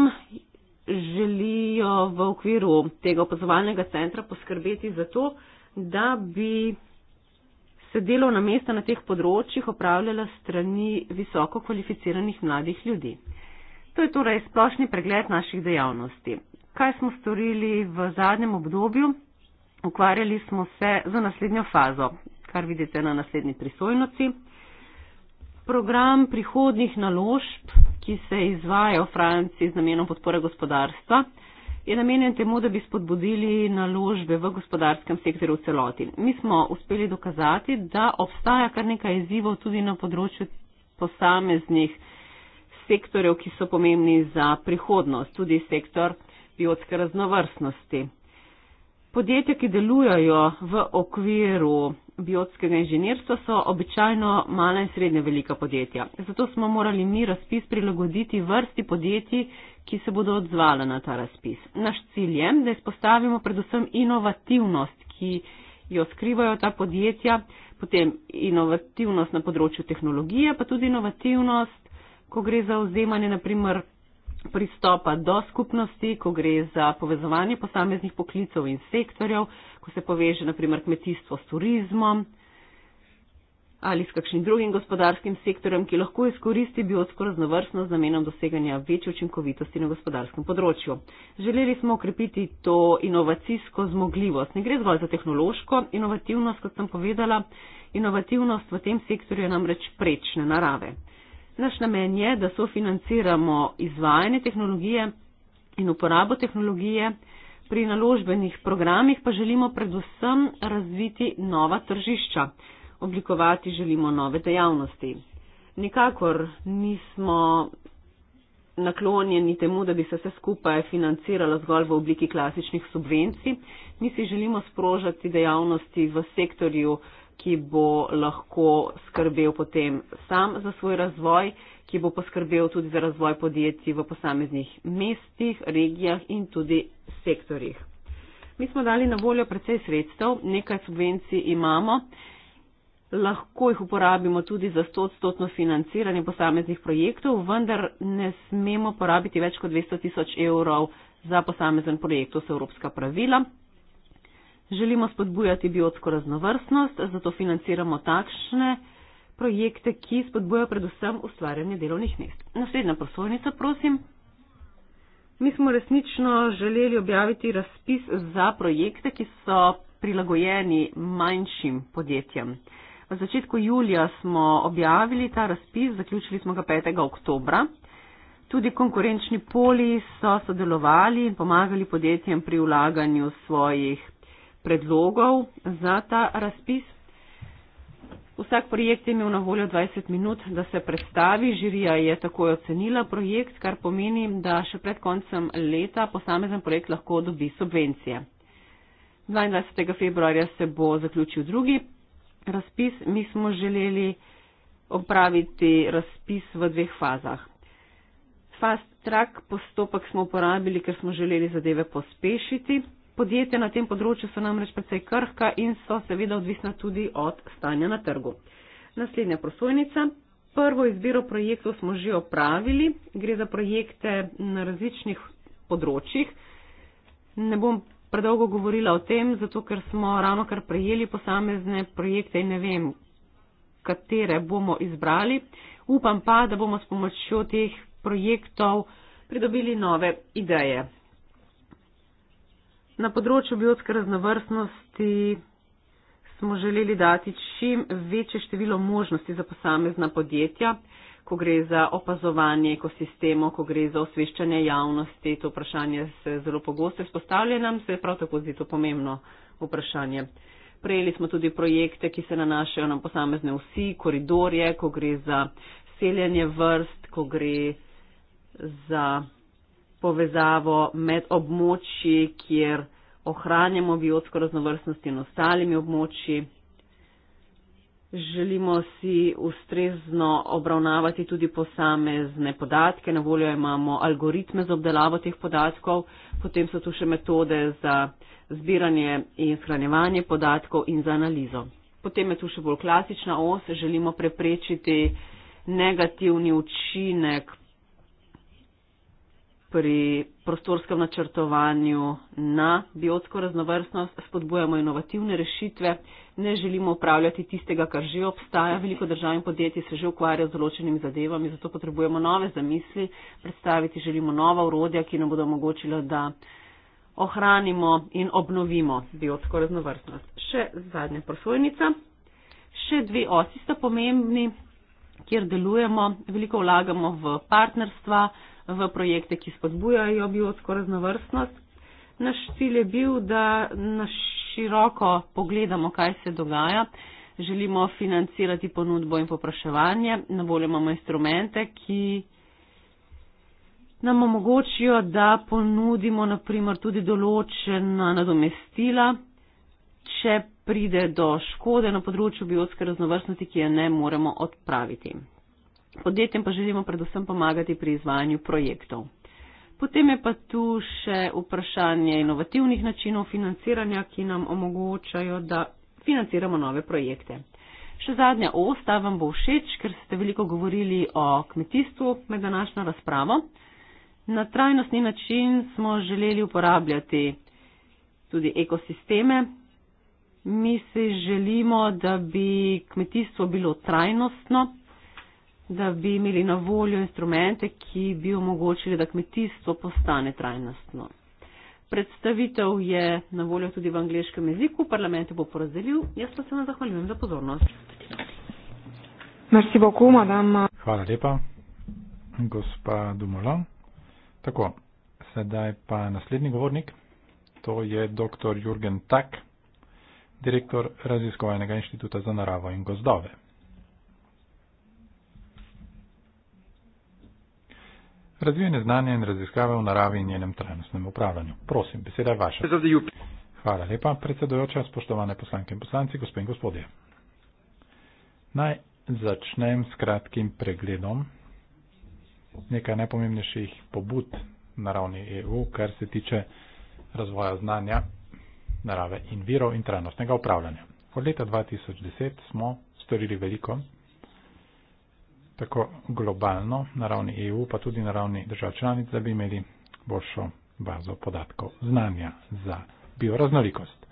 želijo v okviru tega opazovalnega centra poskrbeti za to, da bi se delovna mesta na teh področjih opravljala strani visoko kvalificiranih mladih ljudi. To je torej splošni pregled naših dejavnosti. Kaj smo storili v zadnjem obdobju? Ukvarjali smo se za naslednjo fazo, kar vidite na naslednji prisojnici. Program prihodnih naložb, ki se izvaja v Franciji z namenom podpore gospodarstva, je namenjen temu, da bi spodbudili naložbe v gospodarskem sektorju v celoti. Mi smo uspeli dokazati, da obstaja kar nekaj izzivov tudi na področju posameznih sektorjev, ki so pomembni za prihodnost, tudi sektor biotske raznovrstnosti. Podjetja, ki delujejo v okviru biotskega inženirstva, so običajno mala in srednje velika podjetja. Zato smo morali mi razpis prilagoditi vrsti podjetij, ki se bodo odzvala na ta razpis. Naš cilj je, da izpostavimo predvsem inovativnost, ki jo skrivajo ta podjetja, potem inovativnost na področju tehnologije, pa tudi inovativnost, ko gre za vzemanje naprimer pristopa do skupnosti, ko gre za povezovanje posameznih poklicov in sektorjev, ko se poveže naprimer kmetijstvo s turizmom ali s kakšnim drugim gospodarskim sektorjem, ki lahko izkoristi biotsko raznovrstnost z namenom doseganja večje učinkovitosti na gospodarskem področju. Želeli smo okrepiti to inovacijsko zmogljivost. Ne gre zgolj za tehnološko inovativnost, kot sem povedala. Inovativnost v tem sektorju je namreč prečne narave. Naš namen je, da sofinanciramo izvajanje tehnologije in uporabo tehnologije. Pri naložbenih programih pa želimo predvsem razviti nova tržišča, oblikovati želimo nove dejavnosti. Nikakor nismo naklonjeni temu, da bi se vse skupaj financiralo zgolj v obliki klasičnih subvencij. Mi si želimo sprožati dejavnosti v sektorju ki bo lahko skrbel potem sam za svoj razvoj, ki bo poskrbel tudi za razvoj podjetij v posameznih mestih, regijah in tudi sektorjih. Mi smo dali na voljo precej sredstev, nekaj subvencij imamo, lahko jih uporabimo tudi za 100-stotno financiranje posameznih projektov, vendar ne smemo porabiti več kot 200 tisoč evrov za posamezen projekt, to so evropska pravila. Želimo spodbujati biotsko raznovrstnost, zato financiramo takšne projekte, ki spodbujajo predvsem ustvarjanje delovnih mest. Naslednja prosojnica, prosim. Mi smo resnično želeli objaviti razpis za projekte, ki so prilagojeni manjšim podjetjem. V začetku julija smo objavili ta razpis, zaključili smo ga 5. oktobra. Tudi konkurenčni poli so sodelovali in pomagali podjetjem pri vlaganju svojih predlogov za ta razpis. Vsak projekt je imel na voljo 20 minut, da se predstavi. Žirija je takoj ocenila projekt, kar pomeni, da še pred koncem leta posamezen projekt lahko dobi subvencije. 22. februarja se bo zaključil drugi razpis. Mi smo želeli opraviti razpis v dveh fazah. Fast track postopek smo uporabili, ker smo želeli zadeve pospešiti. Podjetja na tem področju so namreč precej krhka in so seveda odvisna tudi od stanja na trgu. Naslednja prosojnica. Prvo izbiro projektov smo že opravili. Gre za projekte na različnih področjih. Ne bom predolgo govorila o tem, zato ker smo ravno kar prejeli posamezne projekte in ne vem, katere bomo izbrali. Upam pa, da bomo s pomočjo teh projektov pridobili nove ideje. Na področju biotske raznovrstnosti smo želeli dati čim večje število možnosti za posamezna podjetja, ko gre za opazovanje ekosistemov, ko gre za osveščanje javnosti. To vprašanje se zelo pogosto izpostavlja nam, se prav tako zdi to pomembno vprašanje. Prejeli smo tudi projekte, ki se nanašajo na posamezne vsi, koridorje, ko gre za seljanje vrst, ko gre za povezavo med območji, kjer ohranjamo biotsko raznovrstnost in ostalimi območji. Želimo si ustrezno obravnavati tudi posamezne podatke. Na voljo imamo algoritme za obdelavo teh podatkov, potem so tu še metode za zbiranje in shranjevanje podatkov in za analizo. Potem je tu še bolj klasična os, želimo preprečiti negativni učinek pri prostorskem načrtovanju na biotsko raznovrstnost, spodbujamo inovativne rešitve, ne želimo upravljati tistega, kar že obstaja. Veliko držav in podjetij se že ukvarja z določenimi zadevami, zato potrebujemo nove zamisli, predstaviti želimo nova urodja, ki nam bodo omogočila, da ohranimo in obnovimo biotsko raznovrstnost. Še zadnja prosojnica. Še dve osi sta pomembni, kjer delujemo, veliko vlagamo v partnerstva, v projekte, ki spodbujajo biotsko raznovrstnost. Naš cilj je bil, da na široko pogledamo, kaj se dogaja. Želimo financirati ponudbo in popraševanje. Na voljo imamo instrumente, ki nam omogočijo, da ponudimo naprimer tudi določena nadomestila, če pride do škode na področju biotske raznovrstnosti, ki je ne moremo odpraviti podjetjem pa želimo predvsem pomagati pri izvajanju projektov. Potem je pa tu še vprašanje inovativnih načinov financiranja, ki nam omogočajo, da financiramo nove projekte. Še zadnja osta vam bo všeč, ker ste veliko govorili o kmetijstvu med današnjo razpravo. Na trajnostni način smo želeli uporabljati tudi ekosisteme. Mi si želimo, da bi kmetijstvo bilo trajnostno da bi imeli na voljo instrumente, ki bi omogočili, da kmetijstvo postane trajnostno. Predstavitev je na voljo tudi v angliškem jeziku, parlament jo bo porazdelil, jaz pa se vam zahvaljujem za pozornost. Beaucoup, Hvala lepa, gospa Dumola. Tako, sedaj pa naslednji govornik, to je dr. Jürgen Tak, direktor Raziskovalnega inštituta za naravo in gozdove. Razvijanje znanja in raziskave v naravi in njenem trajnostnem upravljanju. Prosim, beseda je vaša. Hvala lepa, predsedojoča, spoštovane poslanke in poslanci, gospod in gospodje. Naj začnem s kratkim pregledom nekaj najpomembnejših pobud na ravni EU, kar se tiče razvoja znanja, narave in virov in trajnostnega upravljanja. Od leta 2010 smo storili veliko tako globalno na ravni EU, pa tudi na ravni držav članic, da bi imeli boljšo bazo podatkov znanja za bioraznolikost.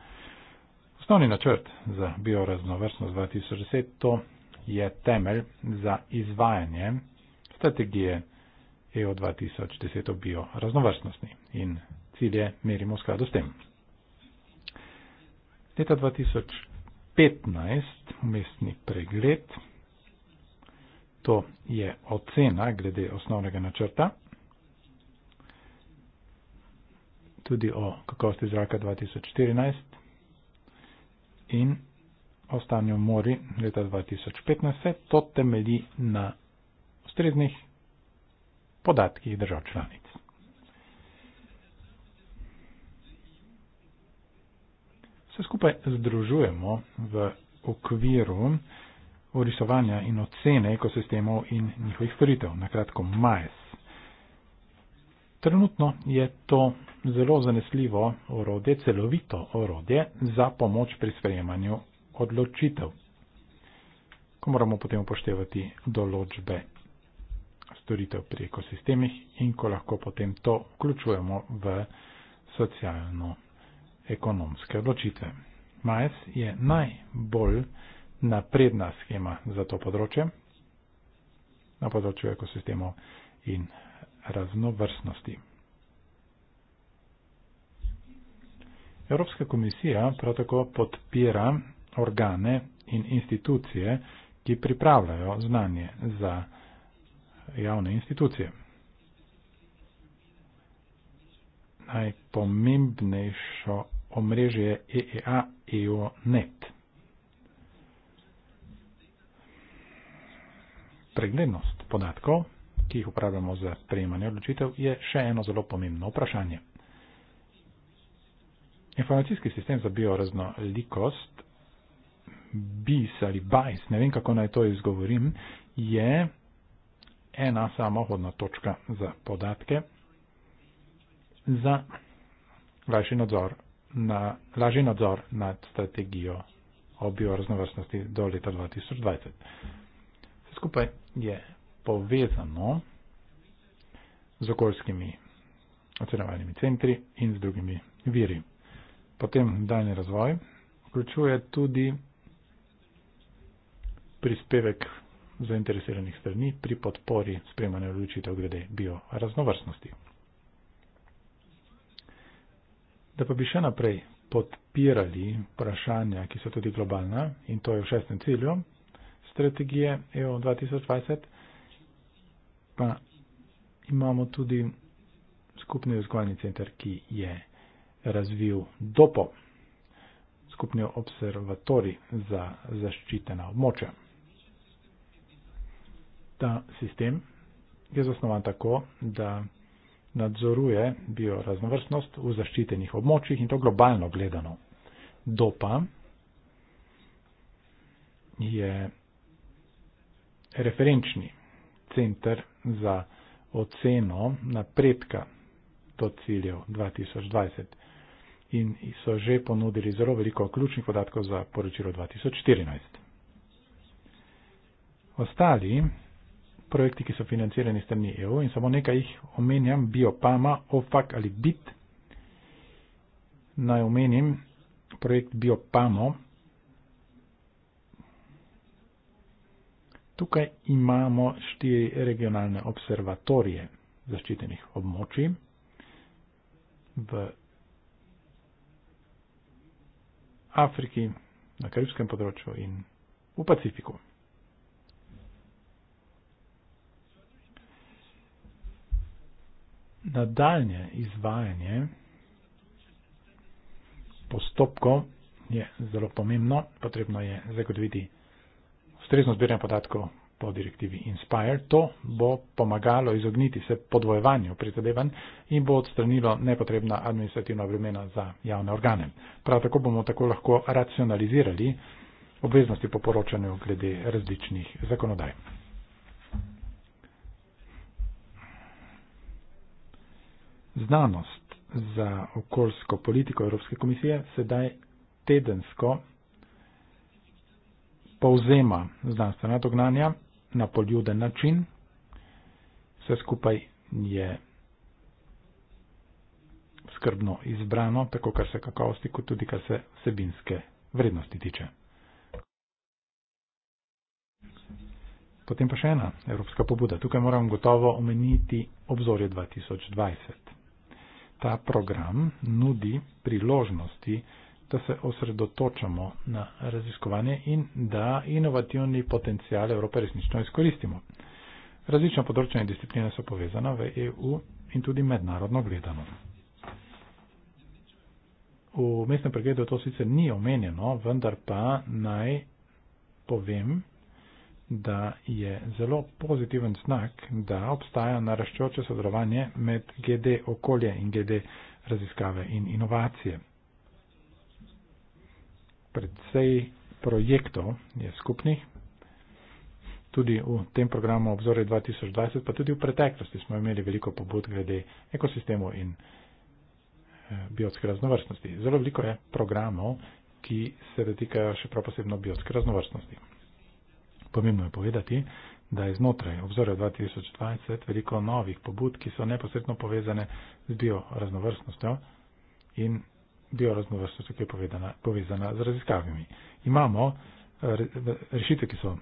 Osnovni načrt za bioraznovrstnost 2010 to je temelj za izvajanje strategije EU 2010 o bioraznovrstnosti in cilje merimo v skladu s tem. Leta 2015, mestni pregled, to je ocena glede osnovnega načrta. Tudi o kakovosti zraka 2014 in o stanju mori leta 2015. To temelji na ustreznih podatkih držav članic. Vse skupaj združujemo v okviru orisovanja in ocene ekosistemov in njihovih storitev, nakratko MAES. Trenutno je to zelo zanesljivo orodje, celovito orodje za pomoč pri sprejemanju odločitev, ko moramo potem upoštevati določbe storitev pri ekosistemih in ko lahko potem to vključujemo v socialno-ekonomske odločitve. MAES je najbolj napredna schema za to področje, na področju ekosistemov in raznovrstnosti. Evropska komisija prav tako podpira organe in institucije, ki pripravljajo znanje za javne institucije. Najpomembnejšo omrežje je EEA EONET. preglednost podatkov, ki jih upravljamo za sprejemanje odločitev, je še eno zelo pomembno vprašanje. Informacijski sistem za bioraznolikost BIS ali BIS, ne vem kako naj to izgovorim, je ena samohodna točka za podatke za lažji nadzor, na, lažji nadzor nad strategijo o bioraznovrstnosti do leta 2020. Skupaj je povezano z okoljskimi ocenovalnimi centri in z drugimi viri. Potem daljni razvoj vključuje tudi prispevek zainteresiranih strani pri podpori spremanja odločitev glede bioraznovrstnosti. Da pa bi še naprej podpirali vprašanja, ki so tudi globalna, in to je v šestem cilju, strategije EU 2020, pa imamo tudi skupni vzgojni center, ki je razvil DOPO, skupni observatori za zaščitena območja. Ta sistem je zasnovan tako, da nadzoruje bioraznovrstnost v zaščitenih območjih in to globalno gledano. DOPA je referenčni centr za oceno napredka do ciljev 2020 in so že ponudili zelo veliko ključnih podatkov za poročilo 2014. Ostali projekti, ki so financirani strani EU in samo nekaj jih omenjam, Biopama, OFAK ali BIT, naj omenim projekt Biopamo, Tukaj imamo štiri regionalne observatorije zaščitenih območij. V Afriki, na karibskem področju in v Pacifiku. Nadaljnje izvajanje postopkov je zelo pomembno. Potrebno je zagotoviti ustrezno zbiranje podatkov po direktivi Inspire. To bo pomagalo izogniti se podvojevanju prizadevanj in bo odstranilo nepotrebna administrativna vremena za javne organe. Prav tako bomo tako lahko racionalizirali obveznosti po poročanju glede različnih zakonodaj. Znanost za okoljsko politiko Evropske komisije sedaj tedensko povzema znanstvena dognanja na poljuden način. Vse skupaj je skrbno izbrano, tako kar se kakovosti, kot tudi kar se vsebinske vrednosti tiče. Potem pa še ena evropska pobuda. Tukaj moram gotovo omeniti obzorje 2020. Ta program nudi priložnosti, da se osredotočamo na raziskovanje in da inovativni potencial Evrope resnično izkoristimo. Različna področja in discipline so povezana v EU in tudi mednarodno gledano. V mestnem pregledu to sicer ni omenjeno, vendar pa naj povem, da je zelo pozitiven znak, da obstaja naraščoče sodelovanje med GD okolje in GD raziskave in inovacije predvsej projektov je skupnih. Tudi v tem programu Obzore 2020, pa tudi v preteklosti smo imeli veliko pobud glede ekosistemov in eh, biotske raznovrstnosti. Zelo veliko je programov, ki se dotikajo še prav posebno biotske raznovrstnosti. Pomembno je povedati, da je znotraj obzorja 2020 veliko novih pobud, ki so neposredno povezane z bioraznovrstnostjo in del razmova so tukaj povedana, povezana z raziskavami. Imamo eh, rešitve, ki, so,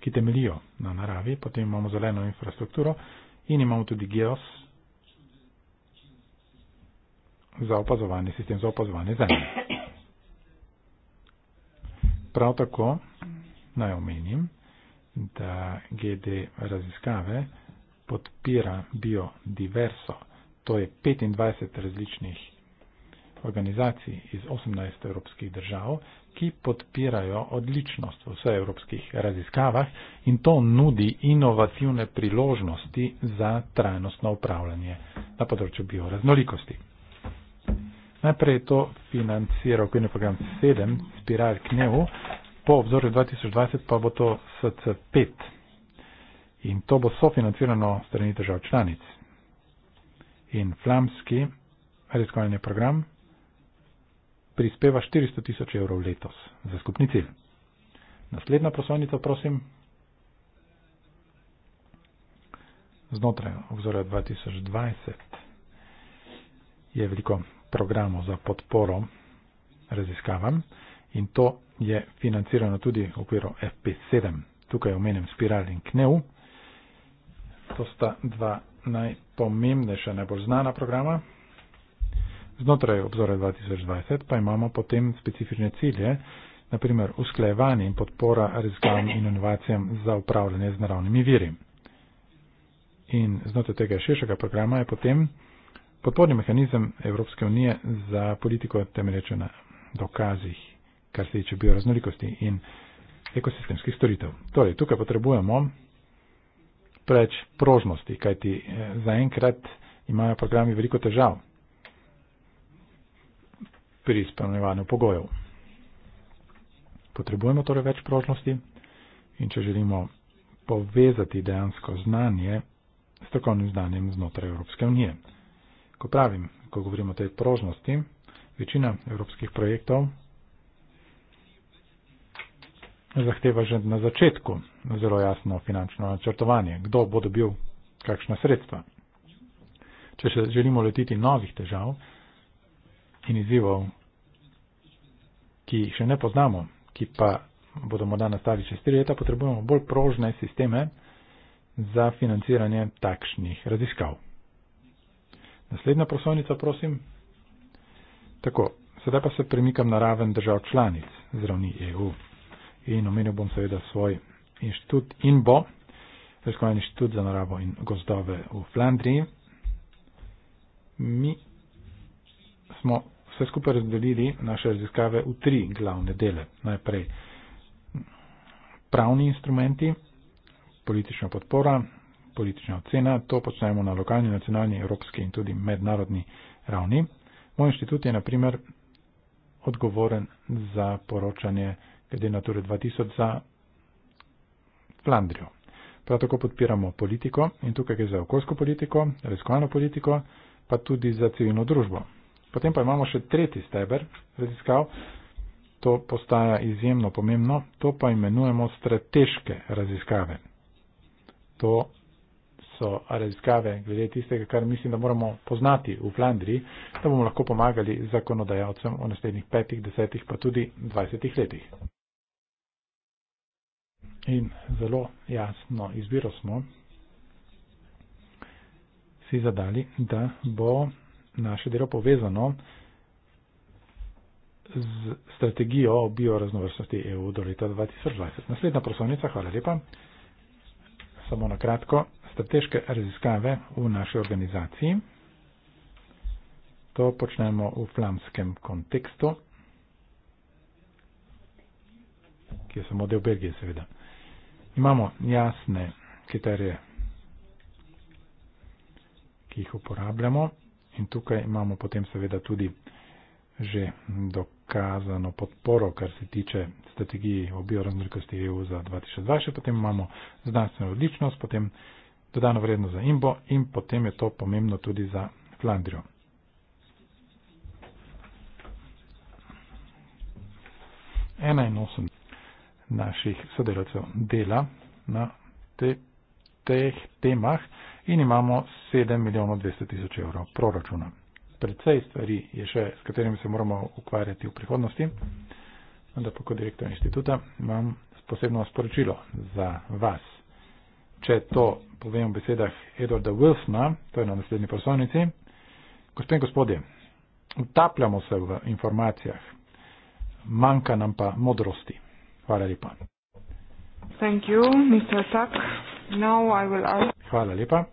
ki temelijo na naravi, potem imamo zeleno infrastrukturo in imamo tudi geos za opazovanje, sistem za opazovanje zemlje. Prav tako naj omenim, da GD raziskave podpira biodiverso. To je 25 različnih organizacij iz 18 evropskih držav, ki podpirajo odličnost v vseh evropskih raziskavah in to nudi inovativne priložnosti za trajnostno upravljanje na področju bioraznolikosti. Najprej je to financiral okvirni program 7, spiral KNEU, po obzorju 2020 pa bo to SC5 in to bo sofinancirano strani držav članic. In flamski raziskovalni program prispeva 400 tisoč evrov letos za skupni cilj. Naslednja prosojnica, prosim. Znotraj obzorja 2020 je veliko programov za podporo raziskavam in to je financirano tudi v okviru FP7. Tukaj omenjam spiral in kneu. To sta dva najpomembnejša, najbolj znana programa znotraj obzora 2020 pa imamo potem specifične cilje, naprimer usklejevanje in podpora raziskavam in inovacijam za upravljanje z naravnimi viri. In znotraj tega širšega programa je potem podporni mehanizem Evropske unije za politiko temelječe na dokazih, kar se tiče bioraznolikosti in ekosistemskih storitev. Torej, tukaj potrebujemo preč prožnosti, kajti eh, zaenkrat imajo programi veliko težav pri izpolnjevanju pogojev. Potrebujemo torej več prožnosti in če želimo povezati dejansko znanje s takovnim znanjem znotraj Evropske unije. Ko pravim, ko govorimo o tej prožnosti, večina evropskih projektov zahteva že na začetku zelo jasno finančno načrtovanje, kdo bo dobil kakšna sredstva. Če želimo letiti novih težav, in izzivov, ki jih še ne poznamo, ki pa bodo morda nastali čez tri leta, potrebujemo bolj prožne sisteme za financiranje takšnih raziskav. Naslednja prosovnica, prosim. Tako, sedaj pa se premikam na raven držav članic z ravni EU in omenil bom seveda svoj inštitut INBO, Raziskovalni inštitut za naravo in gozdove v Flandriji. Mi smo vse skupaj razdelili naše raziskave v tri glavne dele. Najprej pravni instrumenti, politična podpora, politična ocena, to počnemo na lokalni, nacionalni, evropski in tudi mednarodni ravni. Moj inštitut je naprimer odgovoren za poročanje glede Nature 2000 za Flandrijo. Prav tako podpiramo politiko in tukaj gre za okoljsko politiko, raziskovalno politiko, pa tudi za civilno družbo. Potem pa imamo še tretji steber raziskav, to postaja izjemno pomembno, to pa imenujemo strateške raziskave. To so raziskave glede tistega, kar mislim, da moramo poznati v Flandriji, da bomo lahko pomagali zakonodajalcem v naslednjih petih, desetih, pa tudi dvajsetih letih. In zelo jasno izbiro smo si zadali, da bo naše delo povezano z strategijo o bioraznovrstnosti EU do leta 2020. Naslednja prosovnica, hvala lepa. Samo na kratko, strateške raziskave v naši organizaciji. To počnemo v flamskem kontekstu, ki je samo del Belgije, seveda. Imamo jasne kriterije, ki jih uporabljamo. In tukaj imamo potem seveda tudi že dokazano podporo, kar se tiče strategiji o bioraznolikosti EU za 2020, potem imamo znanstveno odličnost, potem dodano vredno za Imbo in potem je to pomembno tudi za Flandrijo. Ena in osem naših sodelavcev dela na te, teh temah in imamo 7 milijonov 200 tisoč evrov proračuna. Predvsej stvari je še, s katerimi se moramo ukvarjati v prihodnosti, vendar pa kot direktor inštituta imam posebno sporočilo za vas. Če to povem v besedah Edwarda Wilsona, to je na naslednji poslovnici, gospod in gospodje, utapljamo se v informacijah, manjka nam pa modrosti. Hvala lepa. Thank you, Mr. Tuck. Now I will ask. Hvala lepa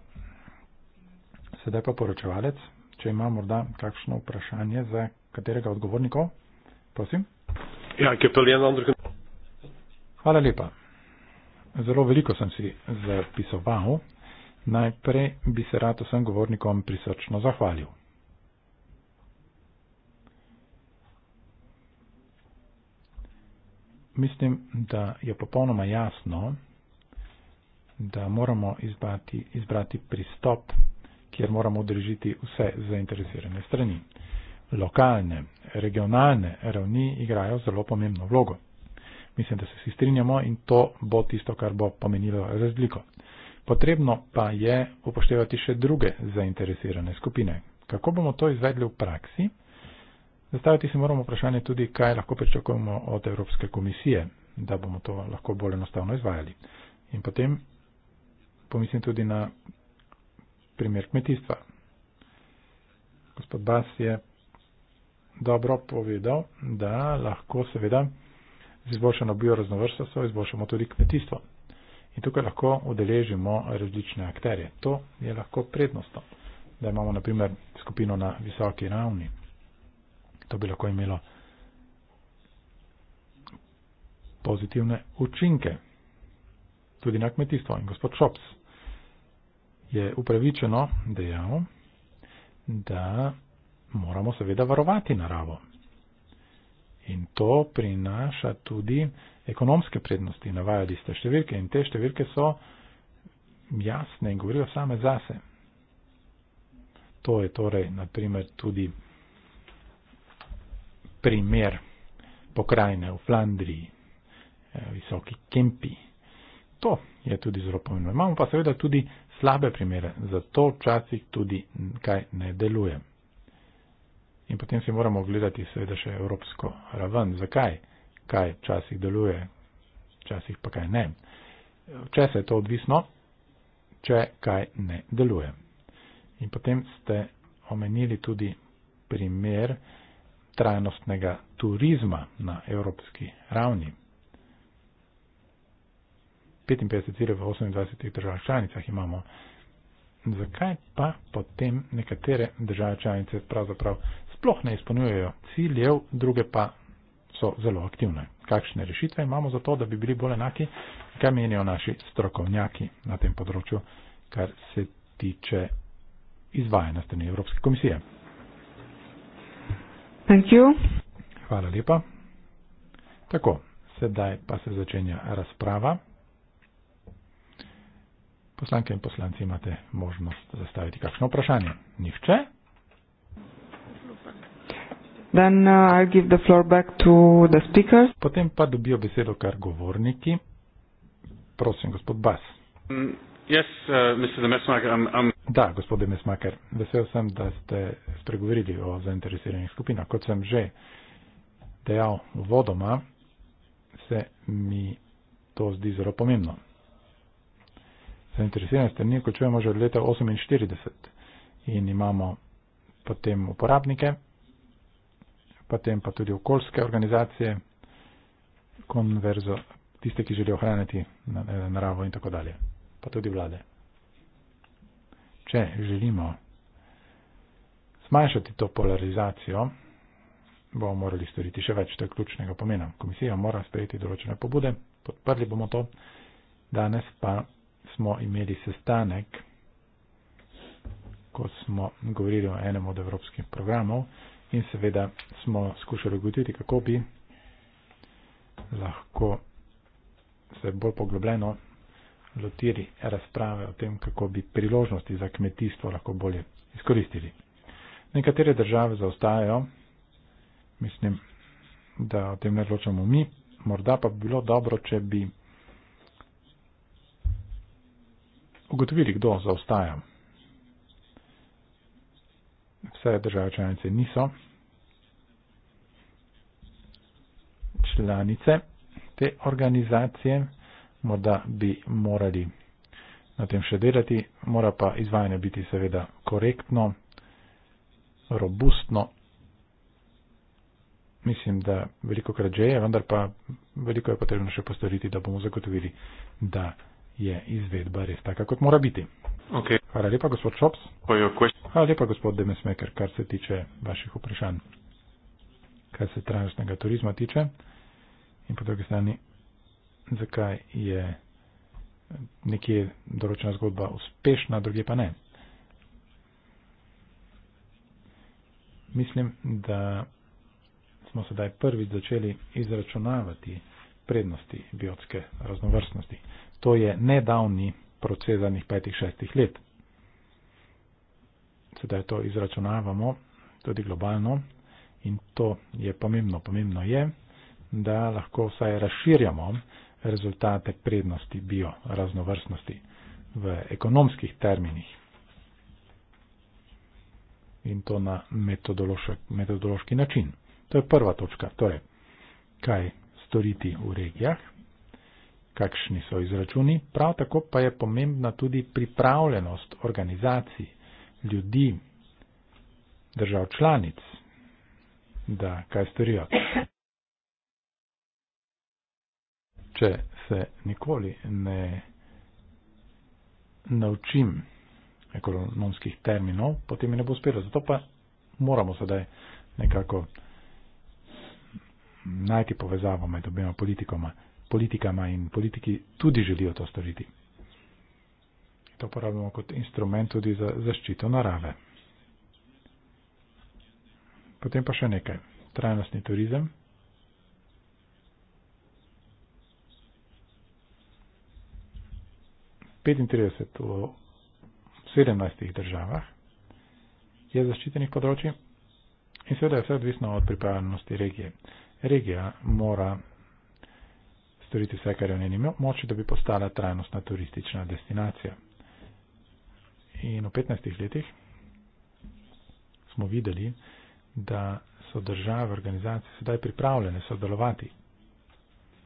sedaj pa poročevalec, če ima morda kakšno vprašanje za katerega odgovornikov. Prosim. Ja, Hvala lepa. Zelo veliko sem si zapisoval. Najprej bi se rad vsem govornikom prisrčno zahvalil. Mislim, da je popolnoma jasno, da moramo izbrati, izbrati pristop kjer moramo držiti vse zainteresirane strani. Lokalne, regionalne ravni igrajo zelo pomembno vlogo. Mislim, da se vsi strinjamo in to bo tisto, kar bo pomenilo razliko. Potrebno pa je upoštevati še druge zainteresirane skupine. Kako bomo to izvedli v praksi? Zastaviti si moramo vprašanje tudi, kaj lahko pričakujemo od Evropske komisije, da bomo to lahko bolj enostavno izvajali. In potem pomislim tudi na primer kmetijstva. Gospod Bas je dobro povedal, da lahko seveda z izboljšano bioraznovrstvo izboljšamo tudi kmetijstvo. In tukaj lahko udeležimo različne akterje. To je lahko prednostno, da imamo naprimer skupino na visoki ravni. To bi lahko imelo pozitivne učinke tudi na kmetijstvo. In gospod Šops je upravičeno dejal, da moramo seveda varovati naravo. In to prinaša tudi ekonomske prednosti, navajali ste številke in te številke so jasne in govorijo same zase. To je torej, naprimer, tudi primer pokrajine v Flandriji, eh, visoki kempi. To je tudi zelo pomembno. Imamo pa seveda tudi slabe primere, zato včasih tudi kaj ne deluje. In potem si moramo ogledati seveda še evropsko raven, zakaj, kaj včasih deluje, včasih pa kaj ne. Če se je to odvisno, če kaj ne deluje. In potem ste omenili tudi primer trajnostnega turizma na evropski ravni. 55 cilj v 28 državah članicah imamo. Zakaj pa potem nekatere države članice pravzaprav sploh ne izpolnjujejo ciljev, druge pa so zelo aktivne? Kakšne rešitve imamo za to, da bi bili bolj enaki, kaj menijo naši strokovnjaki na tem področju, kar se tiče izvajanja strani Evropske komisije? Hvala lepa. Tako, sedaj pa se začenja razprava. Poslanke in poslanci imate možnost zastaviti kakšno vprašanje. Nihče? Then, uh, give the floor back to the Potem pa dobijo besedo kar govorniki. Prosim, gospod Bas. Mm, yes, uh, Mr. Demesmaker, I'm, I'm... Da, gospod Demesmaker, vesel sem, da ste spregovorili o zainteresiranih skupinah. Kot sem že dejal vodoma, se mi to zdi zelo pomembno zainteresirane strani vključujemo že od leta 48 in imamo potem uporabnike, potem pa tudi okoljske organizacije, konverzo, tiste, ki želijo ohraniti eh, naravo in tako dalje, pa tudi vlade. Če želimo zmanjšati to polarizacijo, bomo morali storiti še več, to je ključnega pomena. Komisija mora sprejeti določene pobude, podprli bomo to, danes pa smo imeli sestanek, ko smo govorili o enem od evropskih programov in seveda smo skušali ugotoviti, kako bi lahko se bolj poglobljeno lotili razprave o tem, kako bi priložnosti za kmetijstvo lahko bolje izkoristili. Nekatere države zaostajajo, mislim, da o tem ne odločamo mi, morda pa bi bilo dobro, če bi ugotovili, kdo zaostaja. Vse države članice niso članice te organizacije, morda bi morali na tem še delati, mora pa izvajanje biti seveda korektno, robustno. Mislim, da veliko krat že je, vendar pa veliko je potrebno še postoriti, da bomo zagotovili, da je izvedba res taka, kot mora biti. Okay. Hvala lepa, gospod Šops. Hvala lepa, gospod Demesmeker, kar se tiče vaših vprašanj, kar se tranzitnega turizma tiče in po drugi strani, zakaj je nekje določena zgodba uspešna, druge pa ne. Mislim, da smo sedaj prvič začeli izračunavati prednosti biotske raznovrstnosti. To je nedavni proces zadnjih petih, šestih let. Sedaj to izračunavamo tudi globalno in to je pomembno. Pomembno je, da lahko vsaj razširjamo rezultate prednosti bioraznovrstnosti v ekonomskih terminih. In to na metodološki način. To je prva točka. Torej, kaj storiti v regijah kakšni so izračuni, prav tako pa je pomembna tudi pripravljenost organizacij, ljudi, držav članic, da kaj storijo. Če se nikoli ne naučim ekonomskih terminov, potem mi ne bo uspelo. Zato pa moramo sedaj nekako najti povezavo med obema politikoma politikama in politiki tudi želijo to storiti. To uporabljamo kot instrument tudi za zaščito narave. Potem pa še nekaj. Trajnostni turizem. V 35 v 17 državah je zaščitenih področji in seveda je vse odvisno od pripravljenosti regije. Regija mora storiti vse, kar je v njeni moči, da bi postala trajnostna turistična destinacija. In v 15 letih smo videli, da so države, organizacije sedaj pripravljene sodelovati,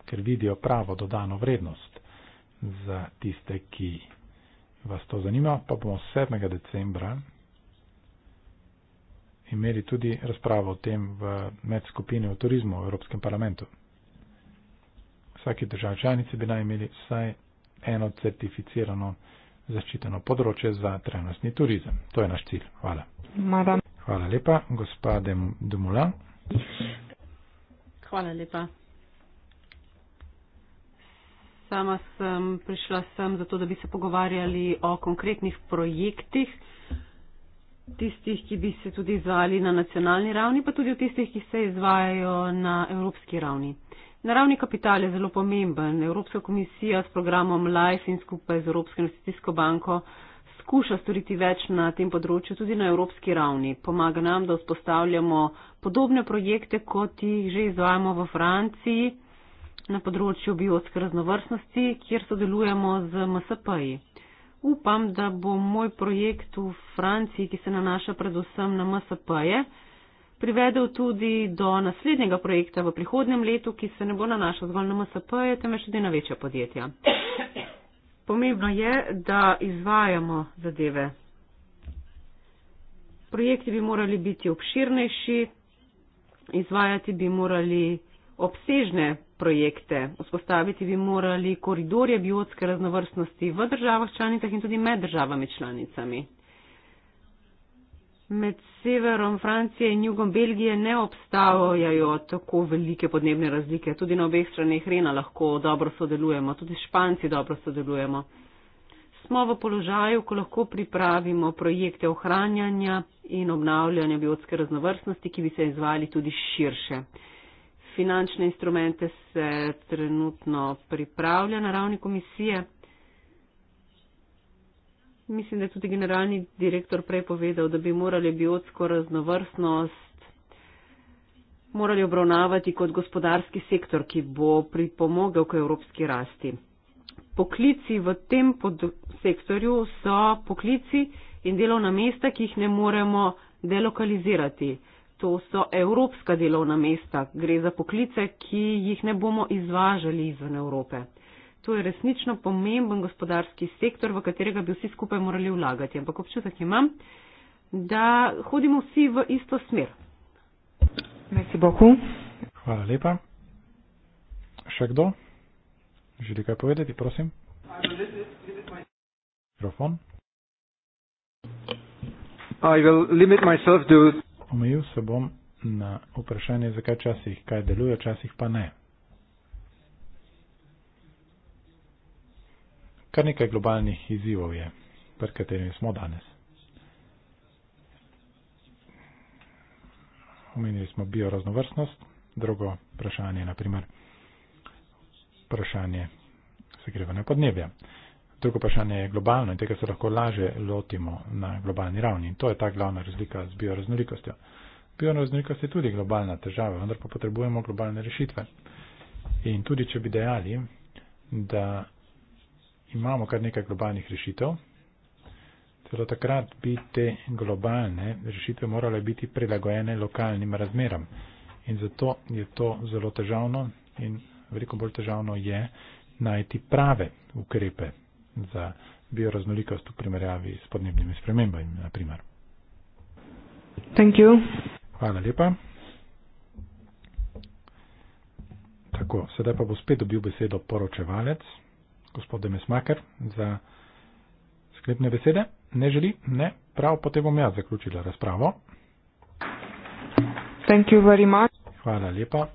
ker vidijo pravo dodano vrednost za tiste, ki vas to zanima, pa bomo 7. decembra imeli tudi razpravo o tem v medskupini o turizmu v Evropskem parlamentu vsake države članice bi naj imeli vsaj eno certificirano zaščiteno področje za trajnostni turizem. To je naš cilj. Hvala. Madam. Hvala lepa, gospa Demula. Hvala lepa. Sama sem prišla sem zato, da bi se pogovarjali o konkretnih projektih, tistih, ki bi se tudi izvajali na nacionalni ravni, pa tudi o tistih, ki se izvajajo na evropski ravni. Naravni kapital je zelo pomemben. Evropska komisija s programom LIFE in skupaj z Evropsko investicijsko banko skuša storiti več na tem področju tudi na evropski ravni. Pomaga nam, da vzpostavljamo podobne projekte, kot jih že izvajamo v Franciji na področju biotske raznovrstnosti, kjer sodelujemo z MSP-ji. Upam, da bo moj projekt v Franciji, ki se nanaša predvsem na MSP-je, privedel tudi do naslednjega projekta v prihodnem letu, ki se ne bo nanašal zgolj na MSP, temveč tudi na večja podjetja. Pomembno je, da izvajamo zadeve. Projekti bi morali biti obširnejši, izvajati bi morali obsežne projekte, vzpostaviti bi morali koridorje biotske raznovrstnosti v državah članicah in tudi med državami članicami. Med severom Francije in jugom Belgije ne obstajajo tako velike podnebne razlike. Tudi na obeh straneh Rena lahko dobro sodelujemo, tudi Španci dobro sodelujemo. Smo v položaju, ko lahko pripravimo projekte ohranjanja in obnavljanja biotske raznovrstnosti, ki bi se izvali tudi širše. Finančne instrumente se trenutno pripravlja na ravni komisije mislim, da je tudi generalni direktor prej povedal, da bi morali biotsko raznovrstnost morali obravnavati kot gospodarski sektor, ki bo pripomogel k evropski rasti. Poklici v tem sektorju so poklici in delovna mesta, ki jih ne moremo delokalizirati. To so evropska delovna mesta, gre za poklice, ki jih ne bomo izvažali izven Evrope. To je resnično pomemben gospodarski sektor, v katerega bi vsi skupaj morali vlagati. Ampak občutek imam, da hodimo vsi v isto smer. Merci beaucoup. Hvala lepa. Še kdo? Želi kaj povedati, prosim? Mikrofon. Omejil se bom na vprašanje, zakaj časih kaj deluje, časih pa ne. Kar nekaj globalnih izzivov je, pred katerimi smo danes. Omenili smo bioraznovrstnost, drugo vprašanje, naprimer, vprašanje segrevanja podnebja. Drugo vprašanje je globalno in tega se lahko laže lotimo na globalni ravni. In to je ta glavna razlika z bioraznolikostjo. Bioraznolikost je tudi globalna težava, vendar pa potrebujemo globalne rešitve. In tudi, če bi dejali, da imamo kar nekaj globalnih rešitev. Celo takrat bi te globalne rešitve morale biti prilagojene lokalnim razmeram. In zato je to zelo težavno in veliko bolj težavno je najti prave ukrepe za bioraznolikost v primerjavi s podnebnimi spremembami, na primer. Hvala lepa. Tako, sedaj pa bo spet dobil besedo poročevalec gospod Demesmaker za sklepne besede. Ne želi? Ne. Prav, potem bom jaz zaključila razpravo. Hvala lepa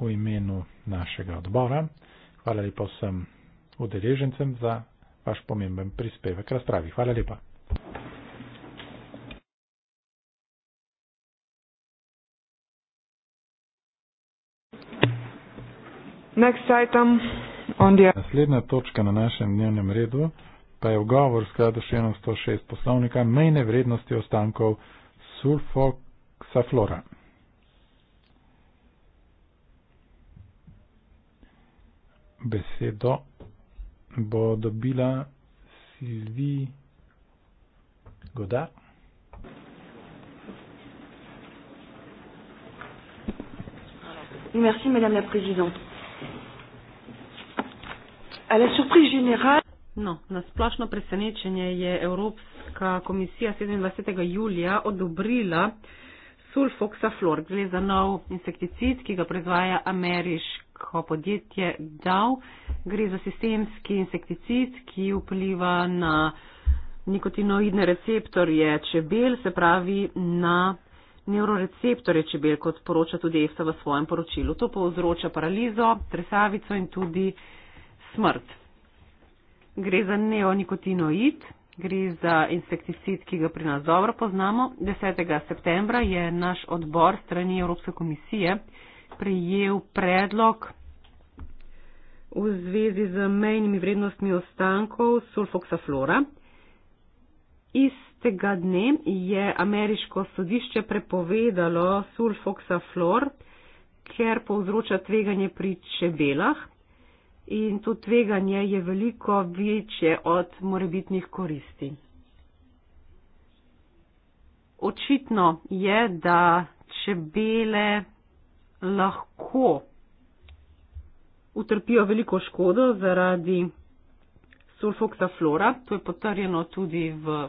v imenu našega odbora. Hvala lepa vsem udeležencem za vaš pomemben prispevek k razpravi. Hvala lepa. Next item. Naslednja točka na našem dnevnem redu pa je ogovor skladu še 106 poslovnika mejne vrednosti ostankov sulfoksaflora. Besedo bo dobila Silvi Goda. Merci, madame la présidente à la surprise générale. No, na splošno presenečenje je Evropska komisija 27. julija odobrila sulfoksaflor. Gre za nov insekticid, ki ga proizvaja ameriško podjetje DAW. Gre za sistemski insekticid, ki vpliva na nikotinoidne receptorje čebel, se pravi na neuroreceptorje čebel, kot poroča tudi EFSA v svojem poročilu. To povzroča paralizo, tresavico in tudi smrt. Gre za neonikotinoid, gre za insekticid, ki ga pri nas dobro poznamo. 10. septembra je naš odbor strani Evropske komisije prijel predlog v zvezi z mejnimi vrednostmi ostankov sulfoksaflora. Iz tega dne je ameriško sodišče prepovedalo sulfoksaflor, ker povzroča tveganje pri čebelah, in to tveganje je veliko večje od morebitnih koristi. Očitno je, da čebele lahko utrpijo veliko škodo zaradi sulfoksa flora. To je potrjeno tudi v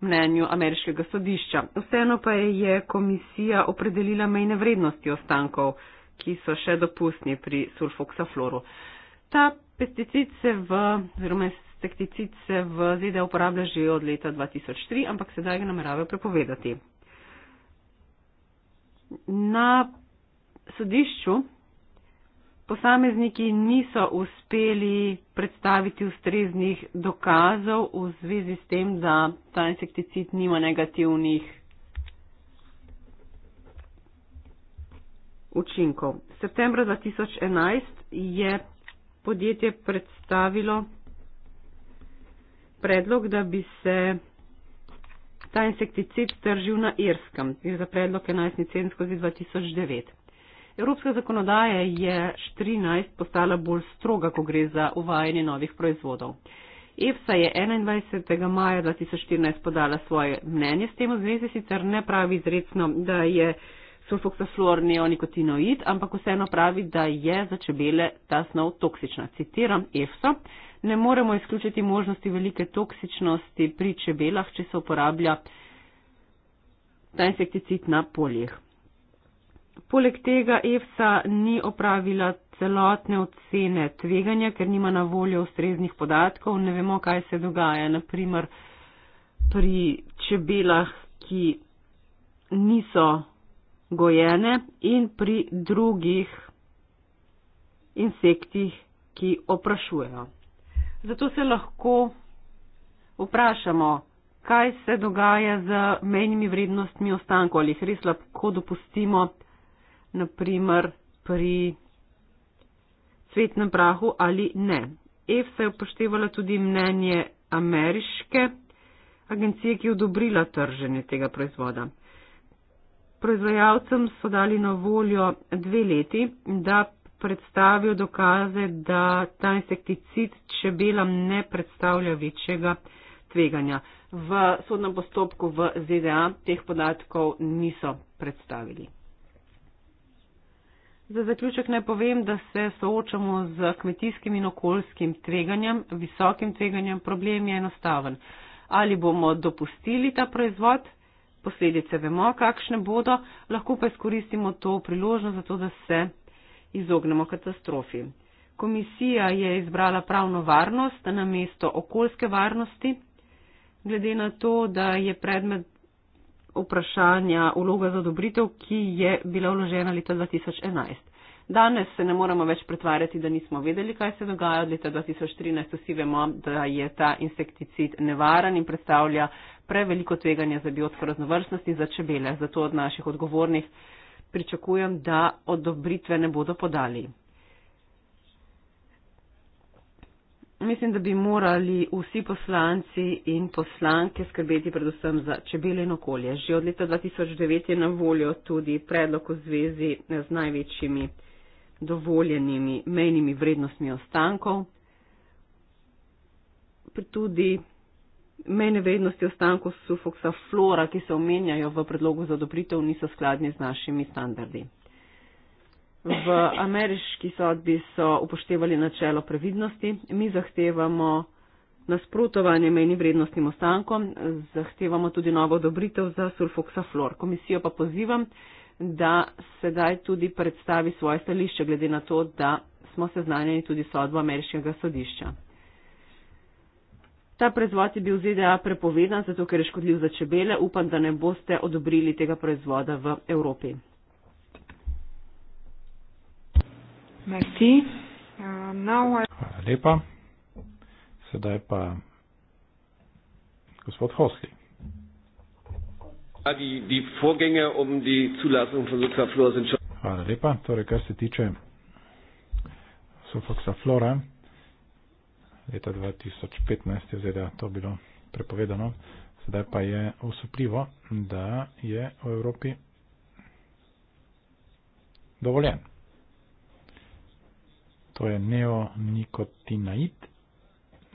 mnenju ameriškega sodišča. Vseeno pa je komisija opredelila mejne vrednosti ostankov, ki so še dopustni pri sulfoksa floru ta pesticid se v, oziroma insekticid se v ZDA uporablja že od leta 2003, ampak sedaj ga nameravajo prepovedati. Na sodišču posamezniki niso uspeli predstaviti ustreznih dokazov v zvezi s tem, da ta insekticid nima negativnih učinkov. Septembra 2011 je podjetje predstavilo predlog, da bi se ta insekticid tržil na Irskem. Gre za predlog 11. cen skozi 2009. Evropska zakonodaja je 14 postala bolj stroga, ko gre za uvajanje novih proizvodov. EFSA je 21. maja 2014 podala svoje mnenje s tem v zvezi, sicer ne pravi izrecno, da je sulfoksaflorni onikotinoid, ampak vseeno pravi, da je za čebele ta snov toksična. Citiram EFSO. Ne moremo izključiti možnosti velike toksičnosti pri čebelah, če se uporablja ta insekticid na poljih. Poleg tega EFSA ni opravila celotne ocene tveganja, ker nima na voljo ustreznih podatkov. Ne vemo, kaj se dogaja naprimer pri čebelah, ki niso gojene in pri drugih insektih, ki oprašujejo. Zato se lahko vprašamo, kaj se dogaja z menjimi vrednostmi ostankov, ali jih res lahko dopustimo, naprimer pri cvetnem prahu ali ne. EFSA je upoštevala tudi mnenje ameriške agencije, ki je odobrila trženje tega proizvoda proizvajalcem so dali na voljo dve leti, da predstavijo dokaze, da ta insekticid čebelam ne predstavlja večjega tveganja. V sodnem postopku v ZDA teh podatkov niso predstavili. Za zaključek naj povem, da se soočamo z kmetijskim in okoljskim tveganjem, visokim tveganjem. Problem je enostaven. Ali bomo dopustili ta proizvod, posledice vemo, kakšne bodo, lahko pa izkoristimo to priložnost za to, da se izognemo katastrofi. Komisija je izbrala pravno varnost na mesto okoljske varnosti, glede na to, da je predmet vprašanja uloga za odobritev, ki je bila vložena leta 2011. Danes se ne moramo več pretvarjati, da nismo vedeli, kaj se dogaja. Od leta 2013 vsi vemo, da je ta insekticid nevaren in predstavlja preveliko tveganje za biotsko raznovrstnost in za čebele. Zato od naših odgovornih pričakujem, da odobritve ne bodo podali. Mislim, da bi morali vsi poslanci in poslanke skrbeti predvsem za čebele in okolje. Že od leta 2009 je na voljo tudi predlog v zvezi z največjimi dovoljenimi mejnimi vrednostmi ostankov. Tudi Mejne vednosti ostankov sufoksa flora, ki se omenjajo v predlogu za odobritev, niso skladni z našimi standardi. V ameriški sodbi so upoštevali načelo previdnosti. Mi zahtevamo nasprotovanje mejnim vrednostnim ostankom, zahtevamo tudi novo odobritev za sulfoksaflor. Komisijo pa pozivam, da sedaj tudi predstavi svoje stališče, glede na to, da smo seznanjeni tudi sodbo ameriškega sodišča. Ta proizvod je bil v ZDA prepovedan, zato ker je škodljiv za čebele. Upam, da ne boste odobrili tega proizvoda v Evropi. Uh, Hvala lepa. Sedaj pa gospod Hosli. Um Hvala lepa. Torej, kar se tiče sofoksaflora, leta 2015 je v ZDA to bilo prepovedano, sedaj pa je usupljivo, da je v Evropi dovoljen. To je neonikotinaid,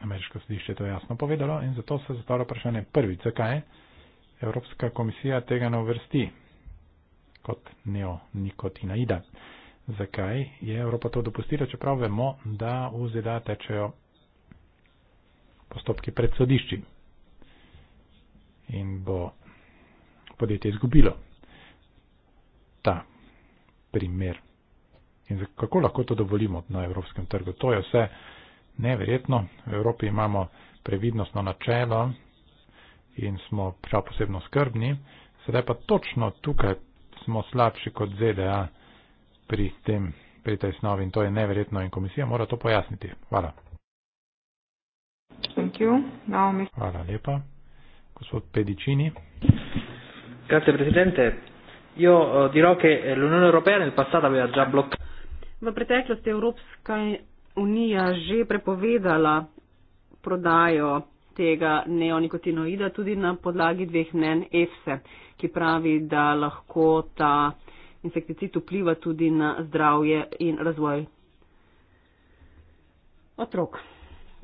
ameriško sodišče je to jasno povedalo in zato se zastavlja vprašanje prvič, zakaj Evropska komisija tega ne uvrsti kot neonikotinaida. Zakaj je Evropa to dopustila, čeprav vemo, da v ZDA tečejo postopke pred sodišči in bo podjetje izgubilo ta primer. In kako lahko to dovolimo na evropskem trgu? To je vse neverjetno. V Evropi imamo previdnostno načelo in smo prav posebno skrbni. Sedaj pa točno tukaj smo slabši kot ZDA pri tem. Pri tej snovi in to je neverjetno in komisija mora to pojasniti. Hvala. Hvala lepa. Gospod Pedicini. Grazie, predsednik. Io eh, dirò che l'Unione Europea nel passato aveva già bloccato. Unija že prepovedala prodajo tega neonikotinoida tudi na podlagi dveh mnen EFSE, ki pravi, da lahko ta insekticid vpliva tudi na zdravje in razvoj otrok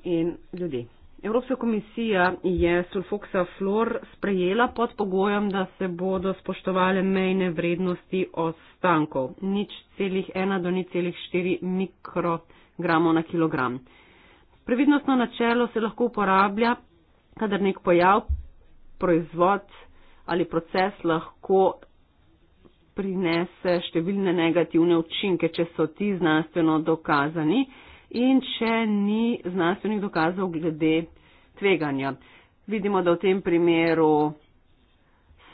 in ljudi. Evropska komisija je sulfoksa flor sprejela pod pogojem, da se bodo spoštovale mejne vrednosti ostankov, nič celih ena do nič celih štiri mikrogramov na kilogram. Previdnostno načelo se lahko uporablja, kadar nek pojav, proizvod ali proces lahko prinese številne negativne učinke, če so ti znanstveno dokazani in če ni znanstvenih dokazov glede tveganja. Vidimo, da v tem primeru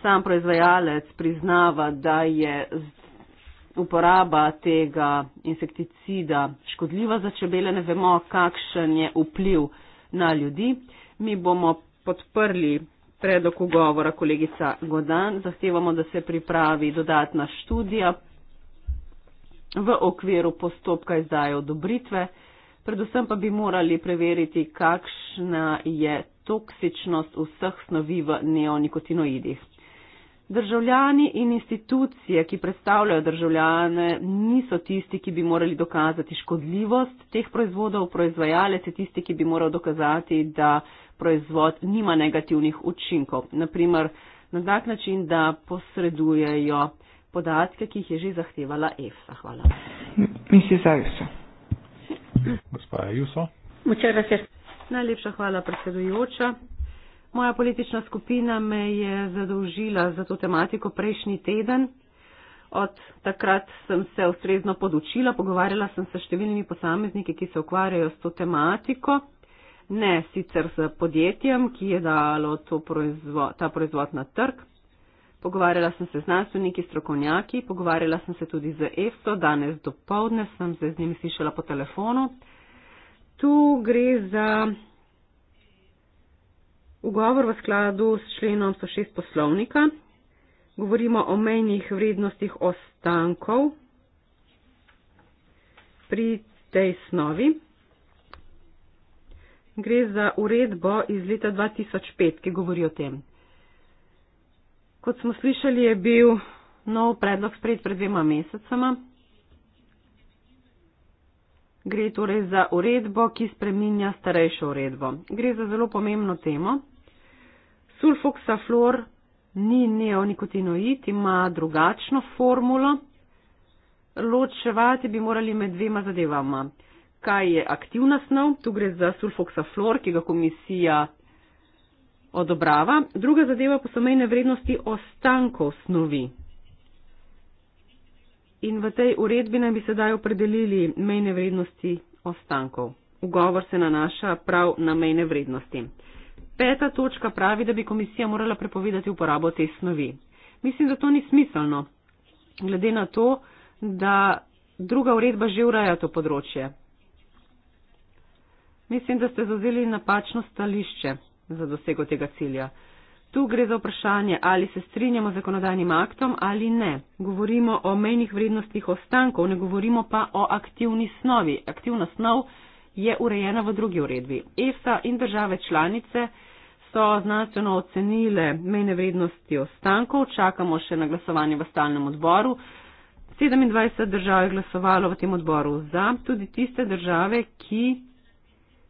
sam proizvajalec priznava, da je uporaba tega insekticida škodljiva za čebele, ne vemo, kakšen je vpliv na ljudi. Mi bomo podprli predlog ugovora kolegica Godan, zahtevamo, da se pripravi dodatna študija v okviru postopka izdaje odobritve predvsem pa bi morali preveriti, kakšna je toksičnost vseh snovi v neonikotinoidih. Državljani in institucije, ki predstavljajo državljane, niso tisti, ki bi morali dokazati škodljivost teh proizvodov, proizvajalec je tisti, ki bi moral dokazati, da proizvod nima negativnih učinkov. Naprimer, na tak način, da posredujejo podatke, ki jih je že zahtevala EFSA. Hvala. Mislim, Gospa Juso. Muchas gracias. Najlepša hvala, predsedujoča. Moja politična skupina me je zadolžila za to tematiko prejšnji teden. Od takrat sem se ustrezno podučila, pogovarjala sem se s številnimi posamezniki, ki se ukvarjajo s to tematiko. Ne sicer s podjetjem, ki je dalo proizvo, ta proizvod na trg, Pogovarjala sem se z znanstveniki, strokovnjaki, pogovarjala sem se tudi z EFSO, danes do povdne sem se z njimi slišala po telefonu. Tu gre za ugovor v skladu s členom 106 poslovnika. Govorimo o mejnih vrednostih ostankov pri tej snovi. Gre za uredbo iz leta 2005, ki govori o tem kot smo slišali, je bil nov predlog sprejet pred dvema mesecama. Gre torej za uredbo, ki spreminja starejšo uredbo. Gre za zelo pomembno temo. Sulfoksaflor ni neonikotinoid, ima drugačno formulo. Ločevati bi morali med dvema zadevama. Kaj je aktivna snov? Tu gre za sulfoksaflor, ki ga komisija odobrava. Druga zadeva pa so mejne vrednosti ostankov snovi. In v tej uredbi naj bi sedaj opredelili mejne vrednosti ostankov. Ugovor se nanaša prav na mejne vrednosti. Peta točka pravi, da bi komisija morala prepovedati uporabo te snovi. Mislim, da to ni smiselno, glede na to, da druga uredba že ureja to področje. Mislim, da ste zazeli napačno stališče za dosego tega cilja. Tu gre za vprašanje, ali se strinjamo z zakonodajnim aktom ali ne. Govorimo o mejnih vrednostih ostankov, ne govorimo pa o aktivni snovi. Aktivna snov je urejena v drugi uredbi. ESA in države članice so znanstveno ocenile mejne vrednosti ostankov, čakamo še na glasovanje v stalnem odboru. 27 držav je glasovalo v tem odboru za, tudi tiste države, ki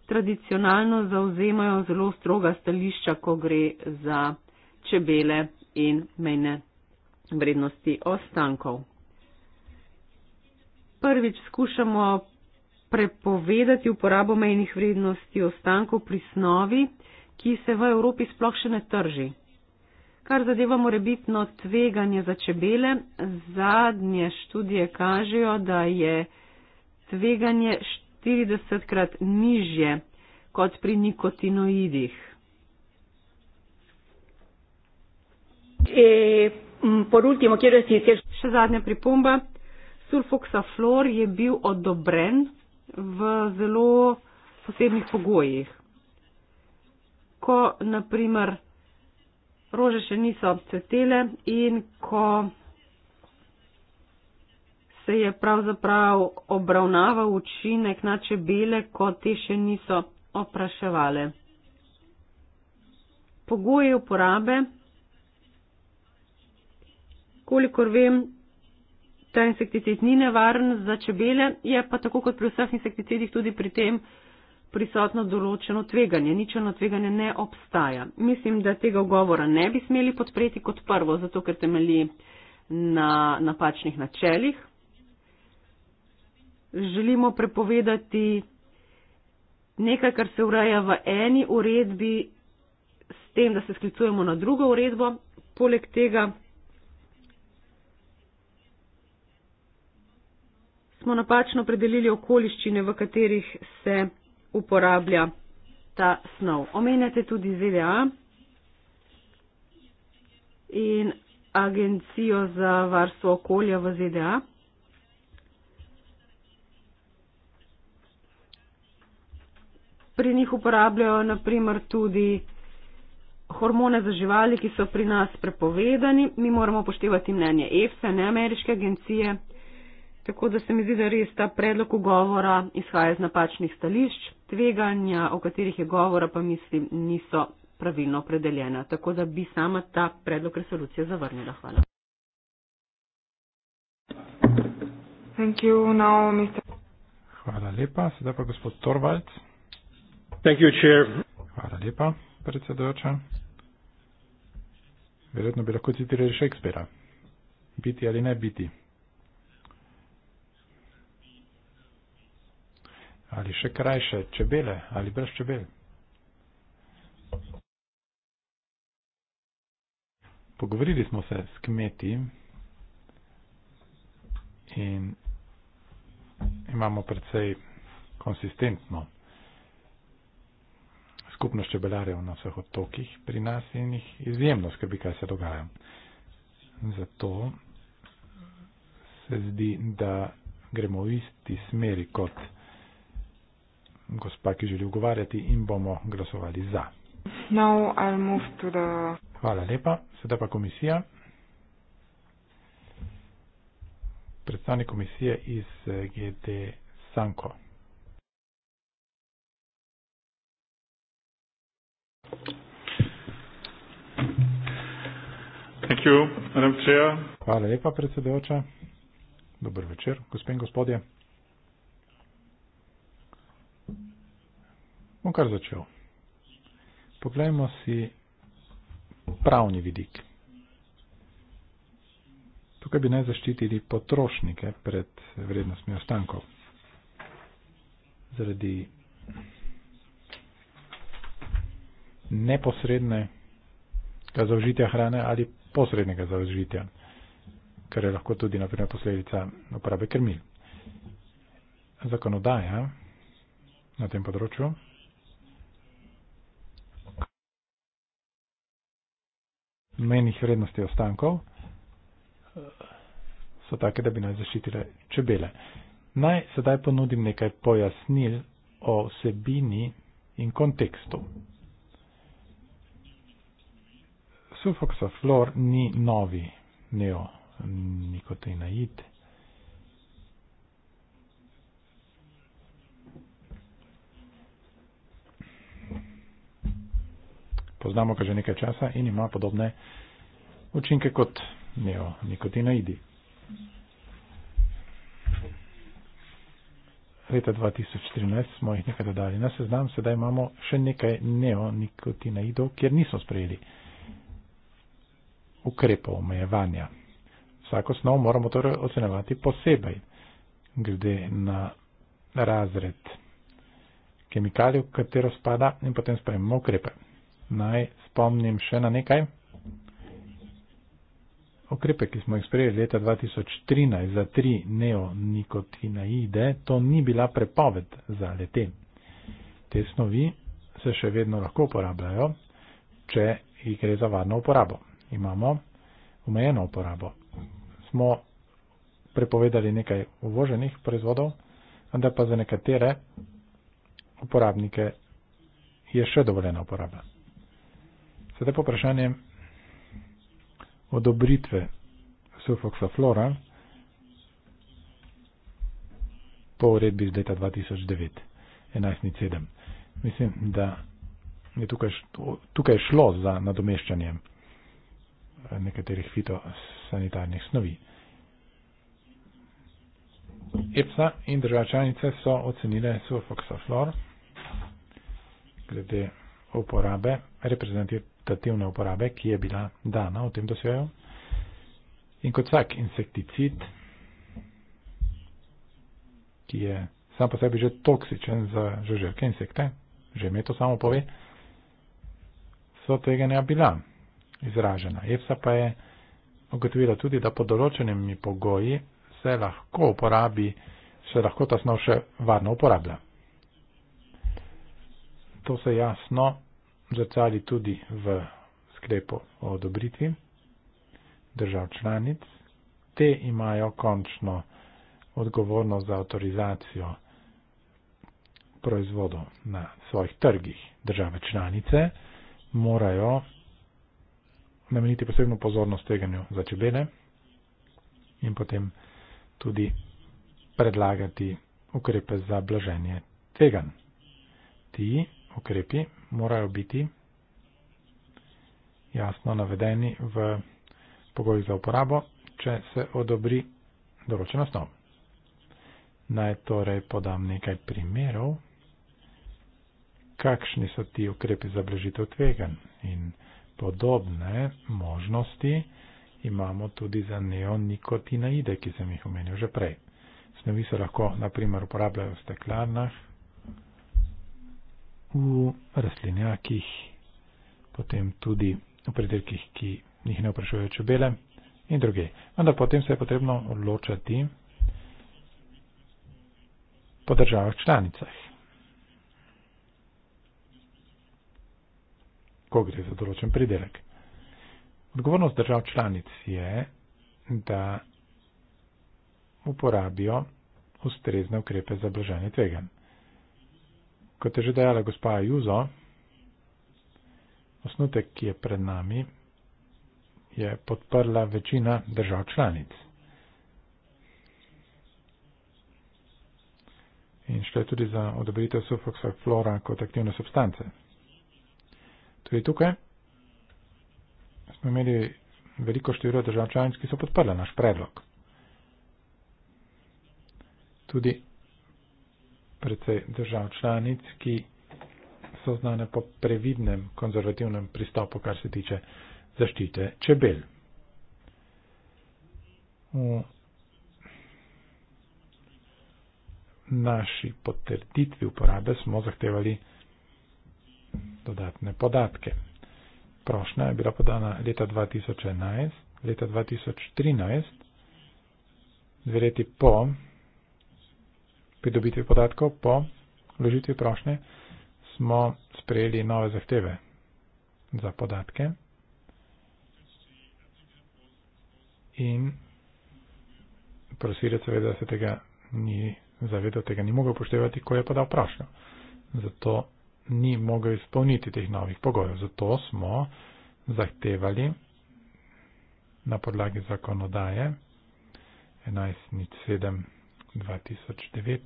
tradicionalno zauzemajo zelo stroga stališča, ko gre za čebele in mejne vrednosti ostankov. Prvič skušamo prepovedati uporabo mejnih vrednosti ostankov pri snovi, ki se v Evropi sploh še ne trži. Kar zadeva morebitno tveganje za čebele, zadnje študije kažejo, da je tveganje 40krat nižje kot pri nikotinoidih. E, por último, decir, que... Še zadnja pripomba. Sulfoksaflor je bil odobren v zelo posebnih pogojih. Ko, naprimer, rože še niso cvetele in ko se je pravzaprav obravnaval učinek na čebele, ko te še niso opraševale. Pogoje uporabe, kolikor vem, ta insekticid ni nevaren za čebele, je pa tako kot pri vseh insekticidih tudi pri tem prisotno določeno tveganje. Ničeno tveganje ne obstaja. Mislim, da tega ugovora ne bi smeli podpreti kot prvo, zato ker temelji na napačnih načelih želimo prepovedati nekaj, kar se ureja v eni uredbi, s tem, da se sklicujemo na drugo uredbo. Poleg tega smo napačno predelili okoliščine, v katerih se uporablja ta snov. Omenjate tudi ZDA in agencijo za varstvo okolja v ZDA. pri njih uporabljajo naprimer tudi hormone za živali, ki so pri nas prepovedani. Mi moramo poštevati mnenje EFSA, ne ameriške agencije. Tako da se mi zdi, da res ta predlog ugovora izhaja iz napačnih stališč. Tveganja, o katerih je govora, pa mislim, niso pravilno opredeljena. Tako da bi sama ta predlog resolucije zavrnila. Hvala. Hvala lepa. Sedaj pa gospod Torvalds. Hvala lepa, predsedujoča. Verjetno bi lahko citirali Šekspira. Biti ali ne biti. Ali še krajše, čebele ali brez čebel. Pogovorili smo se s kmeti in imamo predvsej konsistentno skupnost čebelarjev na vseh otokih pri nas in jih izjemno skrbi, kaj se dogaja. Zato se zdi, da gremo v isti smeri kot gospa, ki želi ugovarjati in bomo glasovali za. The... Hvala lepa. Sedaj pa komisija. Predstavnik komisije iz eh, GD Sanko. Thank you, madam chair. Hvala lepa, predsedujoča. Dobar večer, gospe in gospodje. Bom kar začel. Poglejmo si pravni vidik. Tukaj bi naj zaščitili potrošnike pred vrednostmi ostankov. Zaradi neposrednega zaužitja hrane ali posrednega zaužitja, kar je lahko tudi naprimer posledica uporabe krmil. Zakonodaja na tem področju. Menih vrednosti ostankov so take, da bi naj zaščitile čebele. Naj sedaj ponudim nekaj pojasnil o vsebini in kontekstu sufoksaflor ni novi neonikotinoid. Poznamo ga že nekaj časa in ima podobne učinke kot neonikotinoidi. Leta 2013 smo jih nekaj dodali na seznam, sedaj imamo še nekaj neonikotinoidov, kjer nismo sprejeli. Uh, ukrepov omejevanja. Vsako snov moramo torej ocenjevati posebej, glede na razred kemikalije, v katero spada in potem sprememo ukrepe. Naj spomnim še na nekaj. Okrepe, ki smo jih sprejeli leta 2013 za tri neonikotinaide, to ni bila prepoved za lete. Te snovi se še vedno lahko uporabljajo, če jih gre za varno uporabo imamo omejeno uporabo. Smo prepovedali nekaj uvoženih proizvodov, vendar pa za nekatere uporabnike je še dovoljena uporaba. Sedaj pa vprašanje odobritve sulfoksoflora po uredbi iz leta 2009-11.7. Mislim, da je tukaj, tukaj šlo za nadomeščanje nekaterih fitosanitarnih snovi. EPSA in država članice so ocenile sulfoxaflor glede uporabe, reprezentativne uporabe, ki je bila dana v tem dosjeju. In kot vsak insekticid, ki je sam po sebi že toksičen za žuželke insekte, že ime to samo pove, so tega ne bila izražena. EFSA pa je ugotovila tudi, da pod določenimi pogoji se lahko uporabi, se lahko ta snov še varno uporablja. To se jasno zrcali tudi v sklepu o odobritvi držav članic. Te imajo končno odgovornost za avtorizacijo proizvodov na svojih trgih države članice, morajo nameniti posebno pozornost teganju za čebele in potem tudi predlagati ukrepe za blaženje tegan. Ti ukrepi morajo biti jasno navedeni v pogojih za uporabo, če se odobri določena snov. Naj torej podam nekaj primerov, kakšni so ti ukrepi za blažitev tvegan in tvegan podobne možnosti imamo tudi za neonikotinoide, ki sem jih omenil že prej. Snovi se lahko, na primer, uporabljajo v steklarnah, v rastlinjakih, potem tudi v predelkih, ki jih ne vprašujejo čebele in druge. Vendar potem se je potrebno odločati po državah članicah. ko gre za določen pridelek. Odgovornost držav članic je, da uporabijo ustrezne ukrepe za blažanje tvegan. Kot je že dejala gospa Juzo, osnutek, ki je pred nami, je podprla večina držav članic. In šlo je tudi za odobritev sulfoksoflora kot aktivne substance. Tudi tukaj smo imeli veliko število držav članic, ki so podprle naš predlog. Tudi predvsej držav članic, ki so znane po previdnem konzervativnem pristopu, kar se tiče zaščite čebel. V naši potrditvi uporabe smo zahtevali dodatne podatke. Prošnja je bila podana leta 2011, leta 2013, dve leti po pridobitvi podatkov, po vložitvi prošnje, smo sprejeli nove zahteve za podatke in prosilec seveda se tega ni zavedal, tega ni mogel upoštevati, ko je podal prošnjo. Zato ni mogel izpolniti teh novih pogojev. Zato smo zahtevali na podlagi zakonodaje 11.7.2009,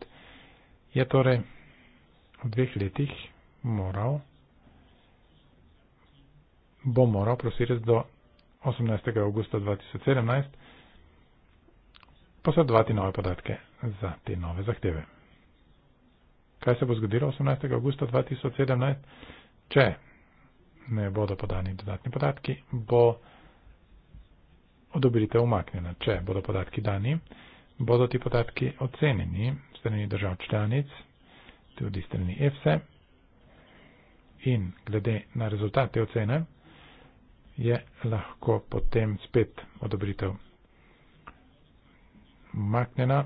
je torej v dveh letih moral, bo moral prosirec do 18. augusta 2017 posredovati nove podatke za te nove zahteve kaj se bo zgodilo 18. augusta 2017, če ne bodo podani dodatni podatki, bo odobritev umaknjena. Če bodo podatki dani, bodo ti podatki ocenjeni strani držav članic, tudi strani EFSE. In glede na rezultate ocene je lahko potem spet odobritev umaknjena,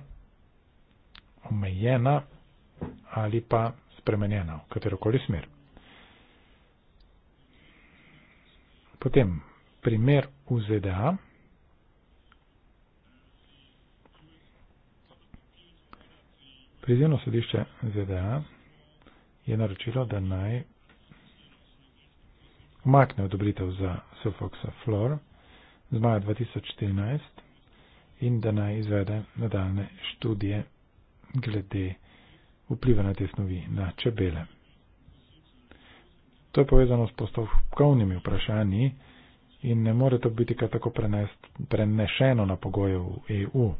omejena ali pa spremenjena v katerokoli smer. Potem primer v ZDA. Prizivno sodišče ZDA je naročilo, da naj umakne odobritev za Sofoxa Flor z maja 2014 in da naj izvede nadaljne študije glede vpliva na te snovi, na čebele. To je povezano s postopkovnimi vprašanji in ne more to biti kar tako prenest, prenešeno na pogoje v EU.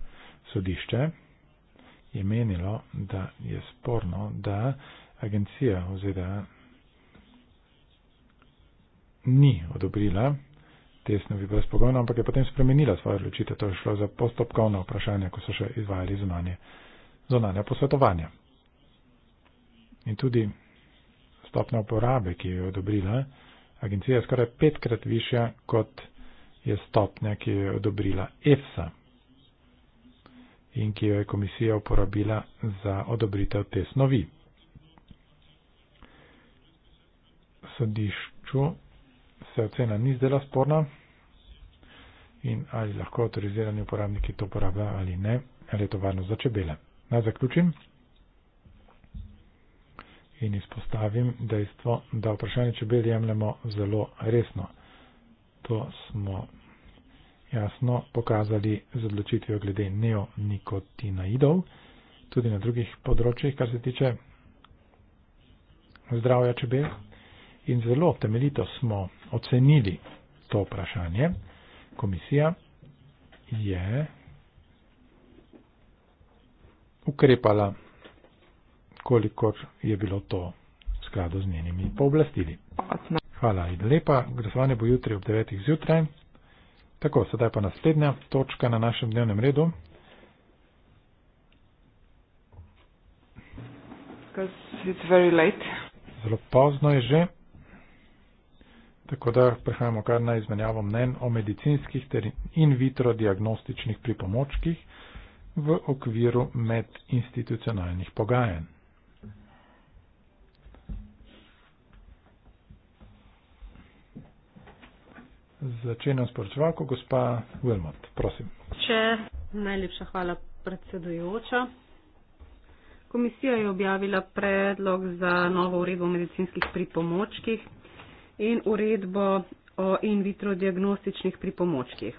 Sodišče je menilo, da je sporno, da agencija oziroma ni odobrila te snovi brezpogojno, ampak je potem spremenila svojo odločitev. To je šlo za postopkovna vprašanja, ko so še izvajali zunanje, zunanje posvetovanja in tudi stopna uporabe, ki jo je odobrila agencija, je skoraj petkrat višja, kot je stopnja, ki jo je odobrila EFSA in ki jo je komisija uporabila za odobritev te snovi. Sodišču se ocena ni zdela sporna in ali lahko avtorizirani uporabniki to uporabljajo ali ne, ali je to varno za čebele. Naj zaključim in izpostavim dejstvo, da vprašanje čebel jemljemo zelo resno. To smo jasno pokazali z odločitvijo glede neonikotinaidov, tudi na drugih področjih, kar se tiče zdravja čebel. In zelo temeljito smo ocenili to vprašanje. Komisija je ukrepala kolikor je bilo to v skladu z njenimi pooblastili. Hvala in lepa, glasovanje bo jutri ob 9. zjutraj. Tako, sedaj pa naslednja točka na našem dnevnem redu. Zelo pozno je že, tako da prehajamo kar na izmenjavo mnen o medicinskih ter in vitro diagnostičnih pripomočkih v okviru medinstitucionalnih pogajanj. začenja sporočevalko gospa Wilmot. Prosim. Če najlepša hvala predsedujoča. Komisija je objavila predlog za novo uredbo o medicinskih pripomočkih in uredbo o in vitro diagnostičnih pripomočkih.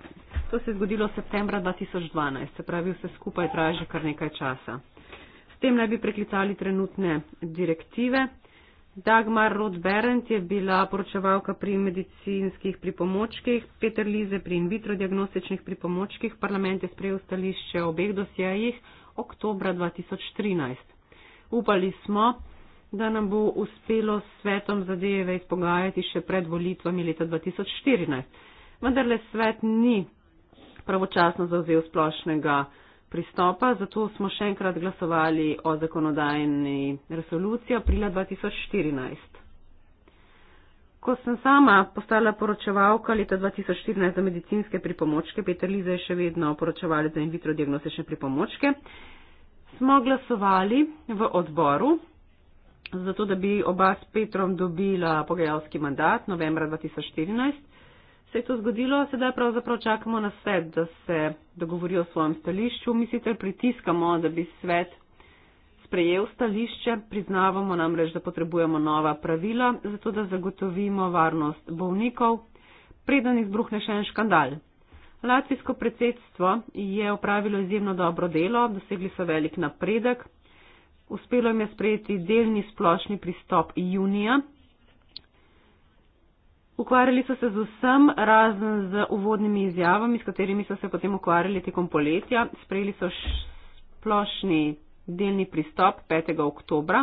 To se je zgodilo septembra 2012, se pravi vse skupaj traja že kar nekaj časa. S tem naj bi preklicali trenutne direktive. Dagmar Rodberend je bila poročevalka pri medicinskih pripomočkih, Peter Lize pri in vitro diagnostičnih pripomočkih. Parlament je sprejel stališče o obeh dosjejih oktobra 2013. Upali smo, da nam bo uspelo s svetom zadeve izpogajati še pred volitvami leta 2014. Vendar le svet ni pravočasno zauzel splošnega pristopa, zato smo še enkrat glasovali o zakonodajni resoluciji aprila 2014. Ko sem sama postala poročevalka leta 2014 za medicinske pripomočke, Peter Liza je še vedno poročevalec za in vitro diagnostične pripomočke, smo glasovali v odboru, zato da bi oba s Petrom dobila pogajalski mandat novembra 2014 se je to zgodilo, sedaj pravzaprav čakamo na svet, da se dogovori o svojem stališču. Mi sicer pritiskamo, da bi svet sprejel stališče, priznavamo namreč, da potrebujemo nova pravila, zato da zagotovimo varnost bolnikov, preden izbruhne še en škandal. Latvijsko predsedstvo je opravilo izjemno dobro delo, dosegli so velik napredek. Uspelo jim je sprejeti delni splošni pristop junija, Ukvarjali so se z vsem, razen z uvodnimi izjavami, s katerimi so se potem ukvarjali tekom poletja. Sprejeli so splošni delni pristop 5. oktobra.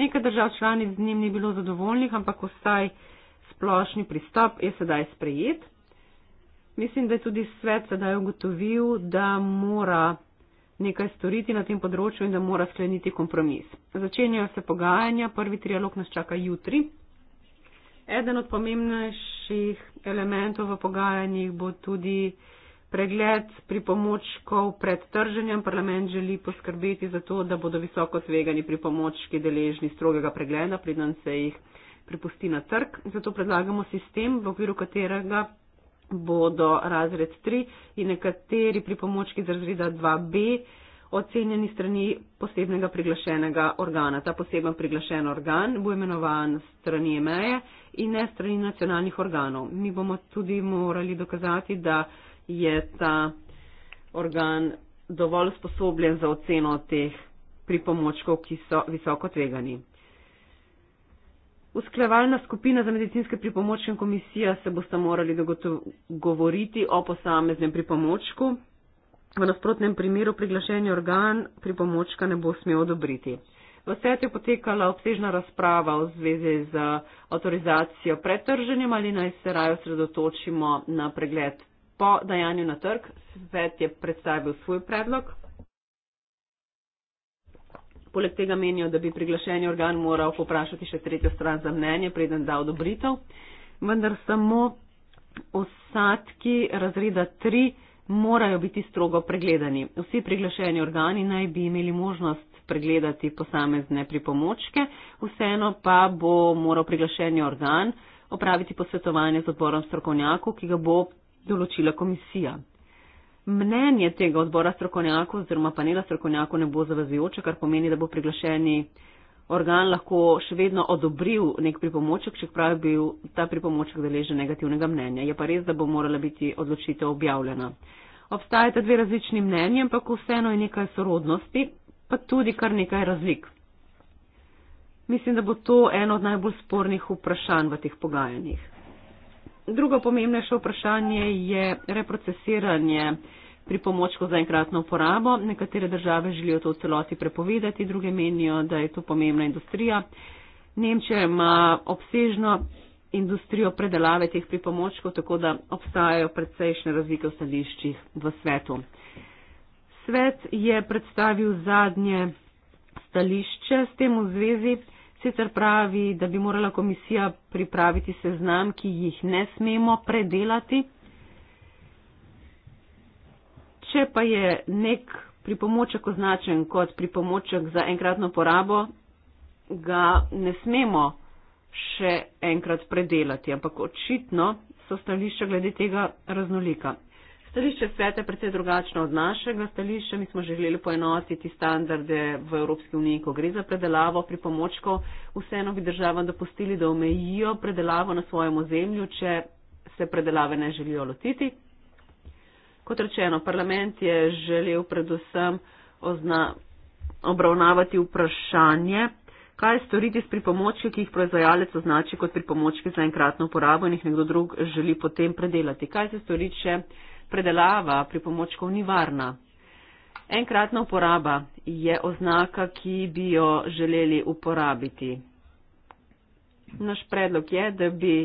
Nekaj držav članic z njim ni bilo zadovoljnih, ampak vsaj splošni pristop je sedaj sprejet. Mislim, da je tudi svet sedaj ugotovil, da mora nekaj storiti na tem področju in da mora skleniti kompromis. Začenjajo se pogajanja, prvi trialog nas čaka jutri. Eden od pomembnejših elementov v pogajanjih bo tudi pregled pripomočkov pred trženjem. Parlament želi poskrbeti za to, da bodo visoko tvegani pripomočki deležni strogega pregleda, preden se jih pripusti na trg. Zato predlagamo sistem, v okviru katerega bodo razred 3 in nekateri pripomočki z razreda 2b ocenjeni strani posebnega priglašenega organa. Ta poseben priglašen organ bo imenovan strani meje in ne strani nacionalnih organov. Mi bomo tudi morali dokazati, da je ta organ dovolj sposobljen za oceno teh pripomočkov, ki so visoko tvegani. Usklevalna skupina za medicinske pripomočke in komisija se bosta morali dogovoriti o posameznem pripomočku, V nasprotnem primeru priglašeni organ pripomočka ne bo smel odobriti. V svetu je potekala obsežna razprava v zvezi z avtorizacijo pred trženjem ali naj se raje osredotočimo na pregled po dajanju na trg. Svet je predstavil svoj predlog. Poleg tega menijo, da bi priglašeni organ moral poprašati še tretjo stran za mnenje, preden da odobritev, vendar samo osadki razreda 3 morajo biti strogo pregledani. Vsi priglašeni organi naj bi imeli možnost pregledati posamezne pripomočke, vseeno pa bo moral priglašeni organ opraviti posvetovanje z odborom strokovnjakov, ki ga bo določila komisija. Mnenje tega odbora strokovnjakov oziroma panela strokovnjakov ne bo zavezujoče, kar pomeni, da bo priglašeni organ lahko še vedno odobril nek pripomoček, čeprav je bil ta pripomoček deležen negativnega mnenja. Je pa res, da bo morala biti odločitev objavljena. Obstajata dve različni mnenji, ampak vseeno je nekaj sorodnosti, pa tudi kar nekaj razlik. Mislim, da bo to eno od najbolj spornih vprašanj v teh pogajanjih. Drugo pomembnejše vprašanje je reprocesiranje pripomočko za enkratno uporabo. Nekatere države želijo to v celoti prepovedati, druge menijo, da je to pomembna industrija. Nemčija ima obsežno industrijo predelave teh pripomočkov, tako da obstajajo precejšnje razlike v stališčih v svetu. Svet je predstavil zadnje stališče s tem v zvezi. Sicer pravi, da bi morala komisija pripraviti seznam, ki jih ne smemo predelati. Če pa je nek pripomoček označen kot pripomoček za enkratno porabo, ga ne smemo še enkrat predelati, ampak očitno so stališča glede tega raznolika. Stališče sveta je precej drugačno od našega stališča. Mi smo želeli poenotiti standarde v Evropski uniji, ko gre za predelavo pripomočkov. Vseeno bi država dopustili, da omejijo predelavo na svojem ozemlju, če se predelave ne želijo lotiti. Kot rečeno, parlament je želel predvsem ozna, obravnavati vprašanje, kaj storiti s pripomočki, ki jih proizvajalec označi kot pripomočki za enkratno uporabo in jih nekdo drug želi potem predelati. Kaj se stori, če predelava pripomočkov ni varna? Enkratna uporaba je oznaka, ki bi jo želeli uporabiti. Naš predlog je, da bi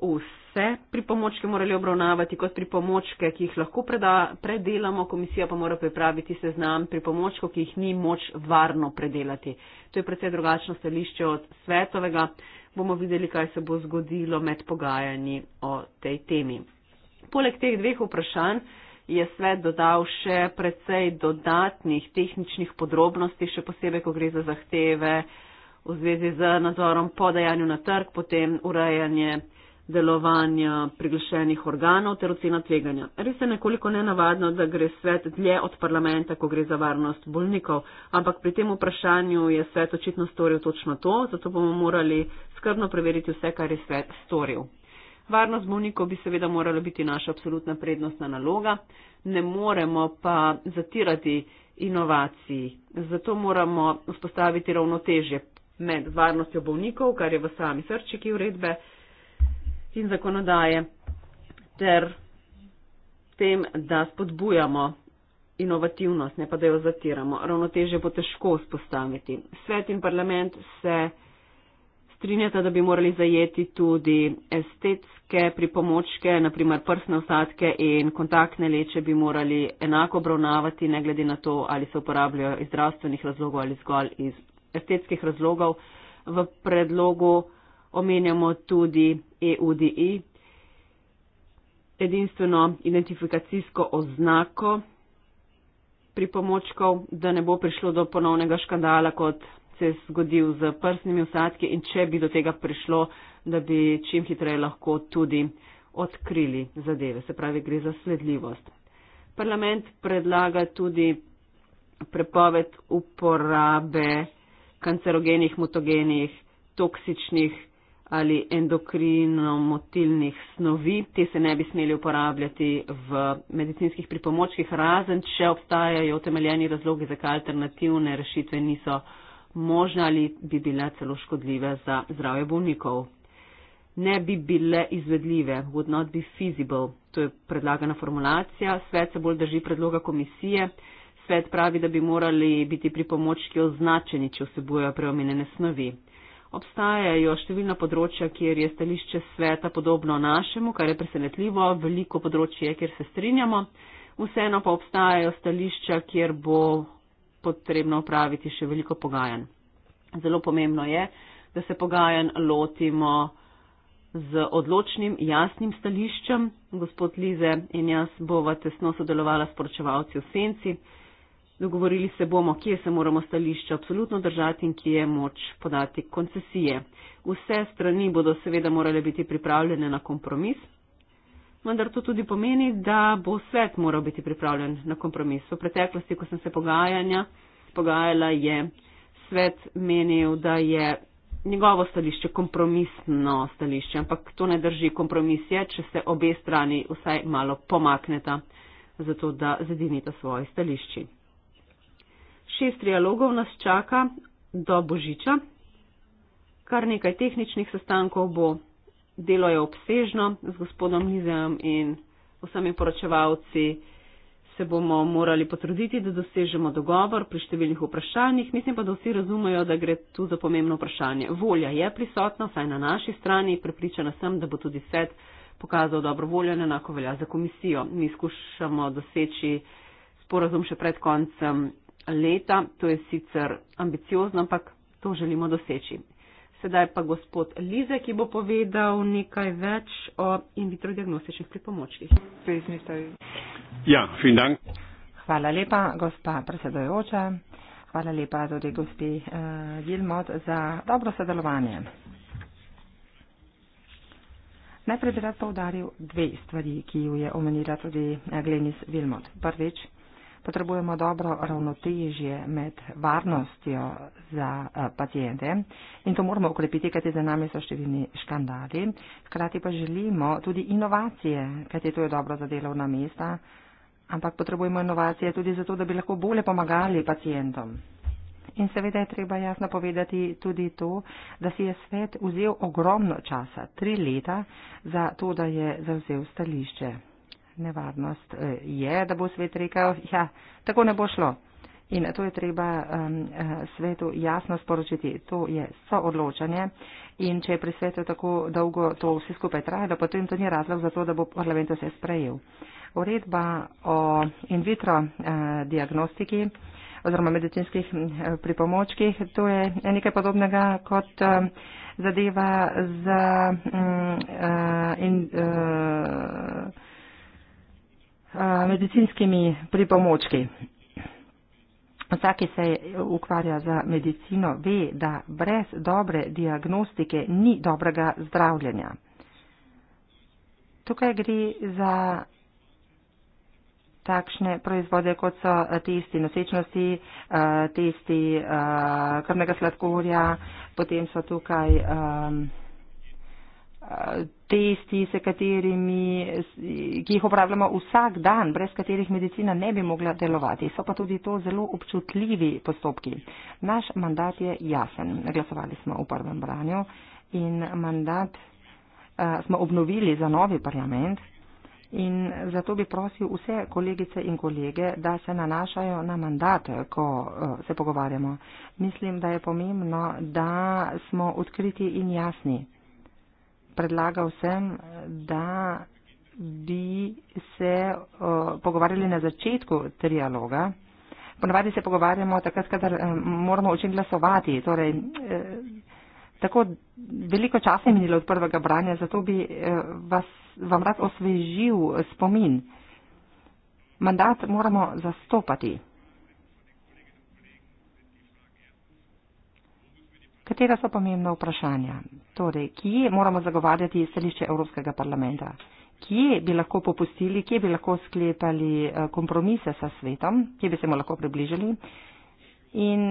vse vse pripomočke morali obravnavati kot pripomočke, ki jih lahko preda, predelamo, komisija pa mora pripraviti seznam pripomočkov, ki jih ni moč varno predelati. To je predvsej drugačno stališče od svetovega. Bomo videli, kaj se bo zgodilo med pogajanji o tej temi. Poleg teh dveh vprašanj je svet dodal še predvsej dodatnih tehničnih podrobnosti, še posebej, ko gre za zahteve v zvezi z nadzorom podajanju na trg, potem urejanje delovanja priglašenih organov ter ocena tveganja. Res je nekoliko nenavadno, da gre svet dlje od parlamenta, ko gre za varnost bolnikov, ampak pri tem vprašanju je svet očitno storil točno to, zato bomo morali skrbno preveriti vse, kar je svet storil. Varnost bolnikov bi seveda morala biti naša absolutna prednostna naloga, ne moremo pa zatirati inovacij. Zato moramo vzpostaviti ravnotežje med varnostjo bolnikov, kar je v sami srčiki uredbe, in zakonodaje ter tem, da spodbujamo inovativnost, ne pa da jo zatiramo. Ravnoteže bo težko vzpostaviti. Svet in parlament se strinjata, da bi morali zajeti tudi estetske pripomočke, naprimer prsne osadke in kontaktne leče bi morali enako obravnavati, ne glede na to, ali se uporabljajo iz zdravstvenih razlogov ali zgolj iz estetskih razlogov. V predlogu omenjamo tudi EUDI, edinstveno identifikacijsko oznako pripomočkov, da ne bo prišlo do ponovnega škandala, kot se je zgodil z prsnimi usadki in če bi do tega prišlo, da bi čim hitreje lahko tudi odkrili zadeve. Se pravi, gre za sledljivost. Parlament predlaga tudi prepoved uporabe kancerogenih, mutogenih, toksičnih ali endokrinomotilnih snovi. Te se ne bi smeli uporabljati v medicinskih pripomočkih, razen če obstajajo utemeljeni razlogi, zakaj alternativne rešitve niso možne ali bi bile celo škodljive za zdravje bolnikov. Ne bi bile izvedljive, would not be feasible, to je predlagana formulacija. Svet se bolj drži predloga komisije. Svet pravi, da bi morali biti pripomočki označeni, če vsebujejo preomenjene snovi. Obstajajo številna področja, kjer je stališče sveta podobno našemu, kar je presenetljivo, veliko področje, kjer se strinjamo. Vseeno pa obstajajo stališča, kjer bo potrebno upraviti še veliko pogajanj. Zelo pomembno je, da se pogajanj lotimo z odločnim, jasnim stališčem. Gospod Lize in jaz bova tesno sodelovala s poročevalci v Senci. Dogovorili se bomo, kje se moramo stališče absolutno držati in kje je moč podati koncesije. Vse strani bodo seveda morale biti pripravljene na kompromis, vendar to tudi pomeni, da bo svet moral biti pripravljen na kompromis. V preteklosti, ko sem se pogajala, je svet menil, da je njegovo stališče kompromisno stališče, ampak to ne drži. Kompromis je, če se obe strani vsaj malo pomakneta, zato da zedinita svoje stališči šest trialogov nas čaka do božiča, kar nekaj tehničnih sestankov bo. Delo je obsežno z gospodom Lizem in vsemi poročevalci se bomo morali potruditi, da dosežemo dogovor pri številnih vprašanjih. Mislim pa, da vsi razumejo, da gre tu za pomembno vprašanje. Volja je prisotna, saj na naši strani, prepričana sem, da bo tudi svet pokazal dobro voljo in enako velja za komisijo. Mi skušamo doseči sporazum še pred koncem leta. To je sicer ambiciozno, ampak to želimo doseči. Sedaj pa gospod Lize, ki bo povedal nekaj več o in vitro diagnostičnih pripomočkih. Ja, hvala lepa, gospa predsedojoča. Hvala lepa tudi gospi uh, Gilmot za dobro sodelovanje. Najprej bi rad poudaril dve stvari, ki ju je omenila tudi eh, Glenis Vilmot. Prvič, potrebujemo dobro ravnotežje med varnostjo za eh, pacijente in to moramo ukrepiti, kajti za nami so številni škandali. Hkrati pa želimo tudi inovacije, kajti to je dobro za delovna mesta, ampak potrebujemo inovacije tudi zato, da bi lahko bolje pomagali pacijentom. In seveda je treba jasno povedati tudi to, da si je svet vzel ogromno časa, tri leta, za to, da je zavzel stališče nevarnost eh, je, da bo svet rekel, ja, tako ne bo šlo. In to je treba um, svetu jasno sporočiti. To je soodločanje. In če je pri svetu tako dolgo to vse skupaj trajalo, potem to ni razlog za to, da bo parlament vse sprejel. Uredba o in vitro eh, diagnostiki oziroma medicinskih eh, pripomočkih, to je nekaj podobnega kot eh, zadeva z mm, eh, in. Eh, Eh, medicinskimi pripomočki. Vsak, ki se ukvarja za medicino, ve, da brez dobre diagnostike ni dobrega zdravljenja. Tukaj gre za takšne proizvode, kot so eh, testi nosečnosti, eh, testi krvnega sladkorja, potem so tukaj. Um, testi, s katerimi, ki jih uporabljamo vsak dan, brez katerih medicina ne bi mogla delovati. So pa tudi to zelo občutljivi postopki. Naš mandat je jasen. Glasovali smo v prvem branju in mandat eh, smo obnovili za novi parlament. In zato bi prosil vse kolegice in kolege, da se nanašajo na mandate, ko eh, se pogovarjamo. Mislim, da je pomembno, da smo odkriti in jasni predlagal sem, da bi se uh, pogovarjali na začetku trialoga. Ponovadi se pogovarjamo takrat, kadar eh, moramo o čem glasovati. Torej, eh, tako veliko časa je minilo od prvega branja, zato bi eh, vas, vam rad osvežil spomin. Mandat moramo zastopati. Katera so pomembna vprašanja? Torej, kje moramo zagovarjati stališče Evropskega parlamenta? Kje bi lahko popustili, kje bi lahko sklepali eh, kompromise sa svetom, kje bi se mu lahko približili? In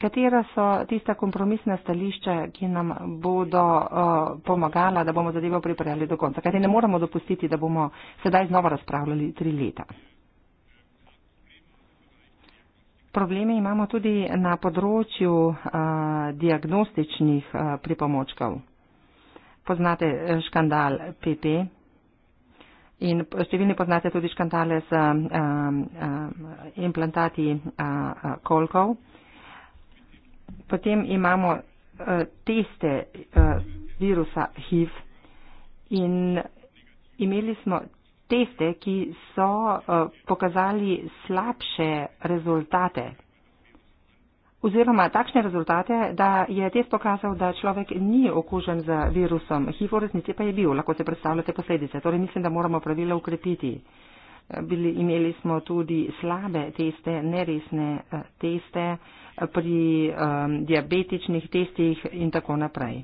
katera so tista kompromisna stališča, ki nam bodo uh, pomagala, da bomo zadevo pripravili do konca? Kajti ne moremo dopustiti, da bomo sedaj znova razpravljali tri leta probleme imamo tudi na področju a, diagnostičnih a, pripomočkov. Poznate e, škandal PP in številni poznate tudi škandale z a, a, implantati a, a, kolkov. Potem imamo a, e, teste a, e, virusa HIV in imeli smo teste, ki so eh, pokazali slabše rezultate. Oziroma takšne rezultate, da je test pokazal, da človek ni okužen z virusom HIV, v resnici pa je bil, lahko se predstavljate posledice. Torej mislim, da moramo pravila ukrepiti. Eh, bili, imeli smo tudi slabe teste, neresne eh, teste pri um, diabetičnih testih in tako naprej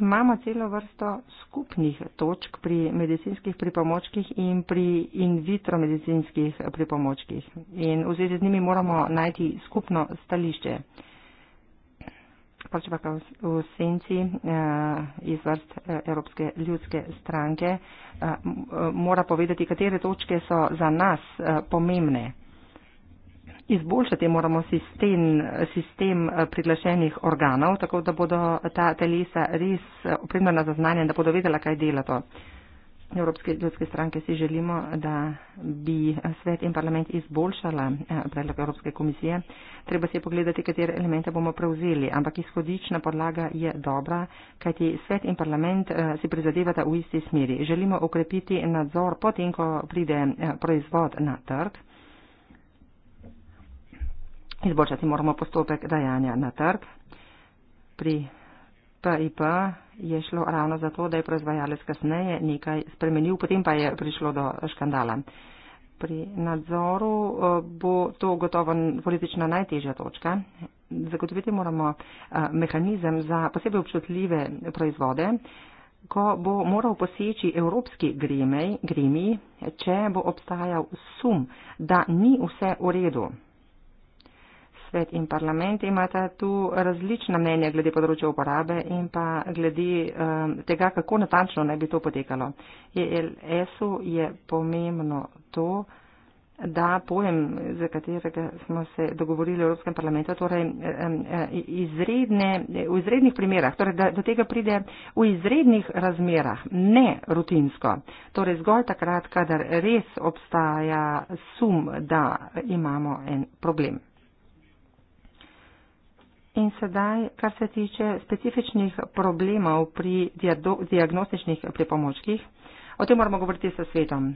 imamo celo vrsto skupnih točk pri medicinskih pripomočkih in pri in vitro medicinskih pripomočkih. In v zvezi z njimi moramo najti skupno stališče. Pač pa v senci eh, iz vrst eh, Evropske ljudske stranke eh, mora povedati, katere točke so za nas pomembne. Izboljšati moramo sistem, sistem eh, priglašenih organov, tako da bodo ta telesa res eh, opremljena za znanje in da bodo vedela, kaj dela to. Evropske ljudske stranke si želimo, da bi eh, svet in parlament izboljšala predlog Evropske komisije. Treba se pogledati, katere elemente bomo prevzeli, ampak izhodična podlaga je dobra, kajti svet in parlament si prizadevata v isti smeri. Želimo okrepiti nadzor potem, ko pride proizvod na trg izboljšati moramo postopek dajanja na trg. Pri PIP je šlo ravno zato, da je proizvajalec kasneje nekaj spremenil, potem pa je prišlo do škandala. Pri nadzoru eh, bo to gotovo politično najtežja točka. Zagotoviti moramo eh, mehanizem za posebej občutljive proizvode, ko bo moral poseči evropski gremi, če bo obstajal sum, da ni vse v redu svet in parlament imata tu različna mnenja glede področja uporabe in pa glede um, tega, kako natančno naj bi to potekalo. ELS-u je pomembno to, da pojem, za katerega smo se dogovorili v Evropskem parlamentu, torej um, um, izredne, v izrednih primerah, torej da do tega pride v izrednih razmerah, ne rutinsko, torej zgolj takrat, kadar res obstaja sum, da imamo en problem. In sedaj, kar se tiče specifičnih problemov pri diagnostičnih pripomočkih, o tem moramo govoriti s svetom.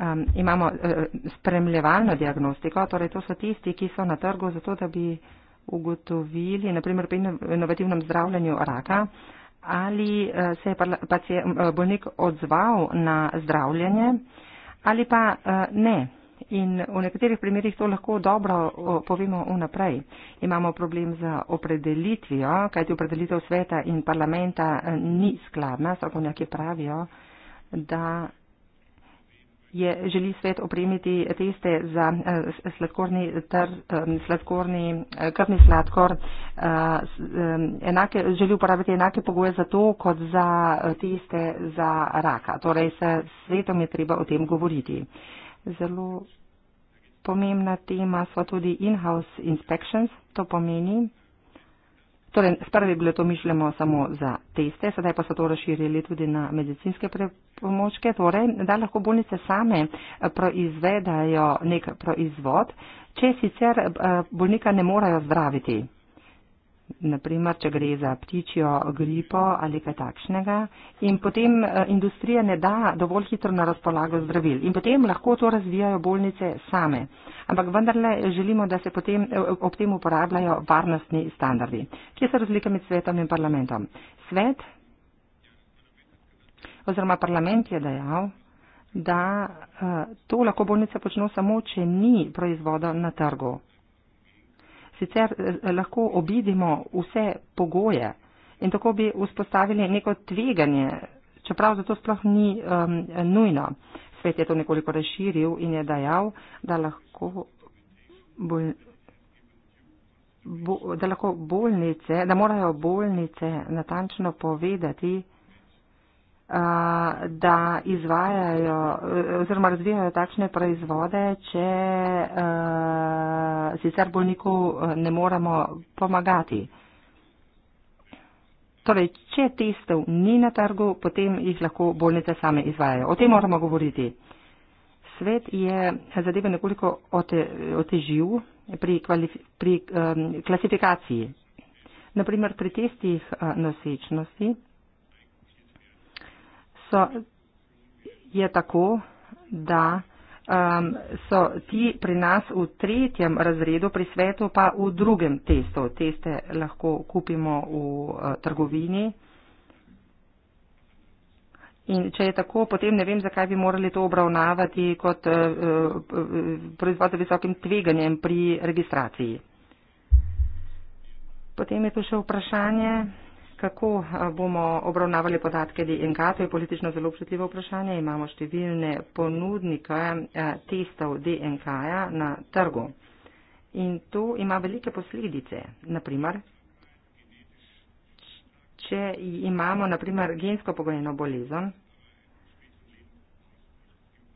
Um, imamo uh, spremljevalno diagnostiko, torej to so tisti, ki so na trgu zato, da bi ugotovili, naprimer pri inovativnem zdravljenju raka, ali uh, se je pacijen, uh, eh, bolnik odzval na zdravljenje ali pa uh, ne in v nekaterih primerjih to lahko dobro povemo vnaprej. Imamo problem z opredelitvijo, kajti opredelitev sveta in parlamenta eh, ni skladna, strokovnjaki pravijo, da je želi svet opremiti teste za eh, sladkorni, tr, eh, sladkorni krvni sladkor, enake, želi uporabiti enake pogoje za to, kot za teste za raka. Torej, s svetom je treba o tem govoriti zelo pomembna tema so tudi in-house inspections. To pomeni, torej sprve je bilo to mišljeno samo za teste, sedaj pa so to razširili tudi na medicinske pripomočke, torej da lahko bolnice same eh, proizvedajo nek proizvod, če sicer eh, bolnika ne morajo zdraviti naprimer, če gre za ptičjo gripo ali kaj takšnega, in potem eh, industrija ne da dovolj hitro na razpolago zdravil in potem lahko to razvijajo bolnice same. Ampak vendarle želimo, da se potem, eh, ob tem uporabljajo varnostni standardi. Kje so razlike med svetom in parlamentom? Svet oziroma parlament je dejal, da eh, to lahko bolnice počnejo samo, če ni proizvoda na trgu sicer eh, lahko obidimo vse pogoje in tako bi vzpostavili neko tveganje, čeprav zato sploh ni um, nujno. Svet je to nekoliko razširil in je dajal, da lahko, bolj, bo, da lahko bolnice, da morajo bolnice natančno povedati, da izvajajo oziroma razvijajo takšne proizvode, če sicer bolniku ne moramo pomagati. Torej, če testov ni na trgu, potem jih lahko bolnice same izvajajo. O tem moramo govoriti. Svet je zadeve nekoliko otežil pri, pri um, klasifikaciji. Naprimer, pri testih nosečnosti so, je tako, da um, so ti pri nas v tretjem razredu, pri svetu pa v drugem testu. Teste lahko kupimo v uh, trgovini. In če je tako, potem ne vem, zakaj bi morali to obravnavati kot uh, proizvod z visokim tveganjem pri registraciji. Potem je tu še vprašanje kako bomo obravnavali podatke DNK, to je politično zelo občutljivo vprašanje. Imamo številne ponudnike testov DNK -ja na trgu in to ima velike posledice. Naprimer, če imamo naprimer, gensko pogojeno bolezen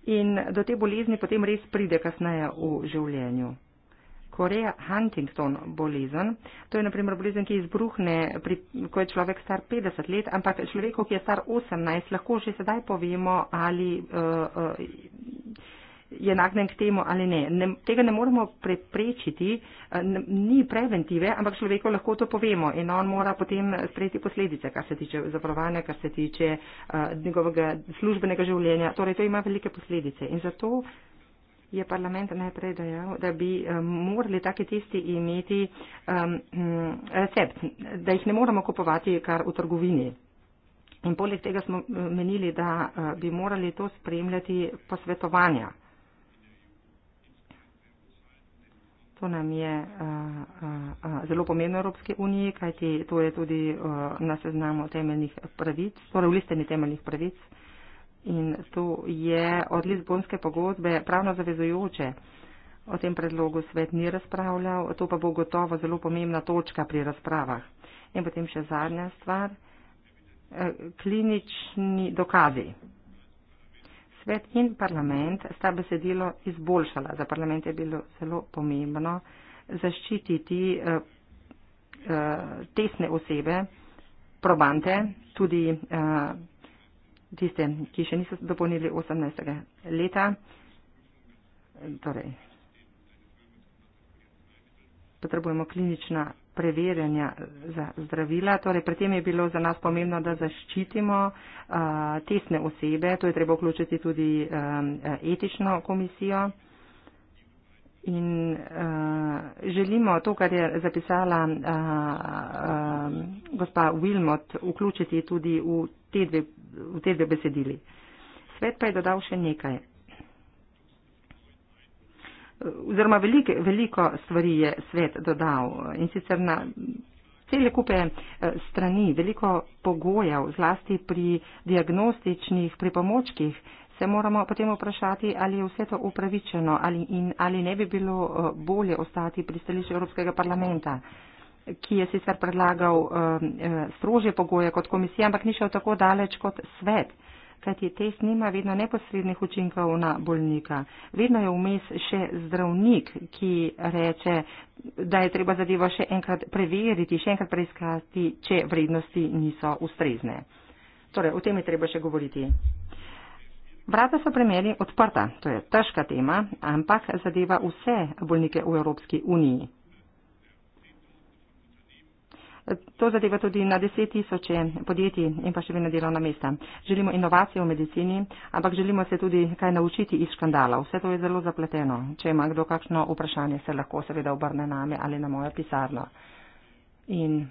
in do te bolezni potem res pride kasneje v življenju. Korea Huntington bolezen. To je naprimer bolezen, ki izbruhne, pri, ko je človek star 50 let, ampak človeku, ki je star 18, lahko že sedaj povemo, ali uh, uh, je nagnen k temu ali ne. ne tega ne moremo preprečiti, uh, ni preventive, ampak človeku lahko to povemo in on mora potem sprejeti posledice, kar se tiče zavarovanja, kar se tiče uh, njegovega službenega življenja. Torej, to ima velike posledice in zato je parlament najprej dejal, da bi eh, morali taki testi imeti um, recept, da jih ne moramo kupovati kar v trgovini. In poleg tega smo eh, menili, da eh, bi morali to spremljati posvetovanja. To nam je uh, uh, uh, zelo pomembno v Evropski uniji, kajti to je tudi uh, na seznamu temeljnih pravic, torej v listeni temeljnih pravic uh, in to je od Lizbonske pogodbe pravno zavezujoče. O tem predlogu svet ni razpravljal, to pa bo gotovo zelo pomembna točka pri razpravah. In potem še zadnja stvar, eh, klinični dokazi. Svet in parlament sta besedilo izboljšala. Za parlament je bilo zelo pomembno zaščititi eh, eh, tesne osebe, probante, tudi tiste, ki še niso dopolnili 18. leta. Torej, potrebujemo klinična preverjanja za zdravila. Torej, pri tem je bilo za nas pomembno, da zaščitimo uh, tesne osebe. To je treba vključiti tudi um, etično komisijo. In uh, želimo to, kar je zapisala uh, uh, gospa Wilmot, vključiti tudi v te dve, v te dve besedili. Svet pa je dodal še nekaj. Oziroma velike, veliko stvari je svet dodal in sicer na cele kupe eh, strani, veliko pogojev, zlasti pri diagnostičnih pripomočkih, se moramo potem vprašati, ali je vse to upravičeno ali, in, ali ne bi bilo eh, bolje ostati pri stališču Evropskega parlamenta ki je sicer predlagal eh, eh, strožje pogoje kot komisija, ampak ni šel tako daleč kot svet. Kajti test nima vedno neposrednih učinkov na bolnika. Vedno je vmes še zdravnik, ki reče, da je treba zadevo še enkrat preveriti, še enkrat preiskati, če vrednosti niso ustrezne. Torej, o tem je treba še govoriti. Vrata so premjeri odprta, to je težka tema, ampak zadeva vse bolnike v Evropski uniji. To zadeva tudi na deset tisoče podjetij in pa še vedno delovna mesta. Želimo inovacije v medicini, ampak želimo se tudi kaj naučiti iz škandala. Vse to je zelo zapleteno. Če ima kdo kakšno vprašanje, se lahko seveda obrne name ali na mojo pisarno. In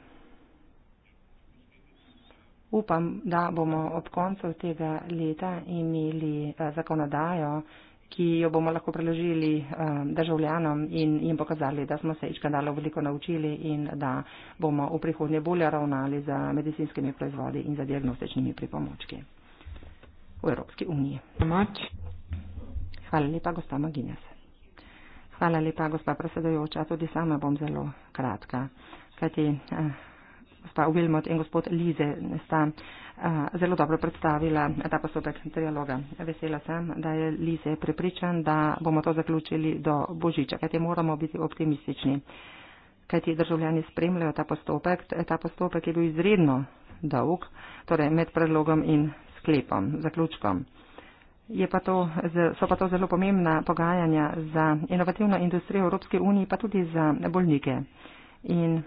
upam, da bomo ob koncu tega leta imeli eh, zakonodajo, ki jo bomo lahko preložili eh, državljanom in jim pokazali, da smo se iz škandala veliko naučili in da bomo v prihodnje bolje ravnali za medicinskimi proizvodi in za diagnostičnimi pripomočki v Evropski uniji. Hvala lepa, gospa Maginjas. Hvala lepa, gospa predsedojoča. Tudi sama bom zelo kratka. Kajti, eh, gospa Wilmot in gospod Lize sta zelo dobro predstavila ta postopek trialoga. Vesela sem, da je Lize prepričan, da bomo to zaključili do božiča, kajti moramo biti optimistični, kajti državljani spremljajo ta postopek. Ta postopek je bil izredno dolg, torej med predlogom in sklepom, zaključkom. Pa to, so pa to zelo pomembna pogajanja za inovativno industrijo Evropske unije, pa tudi za bolnike. In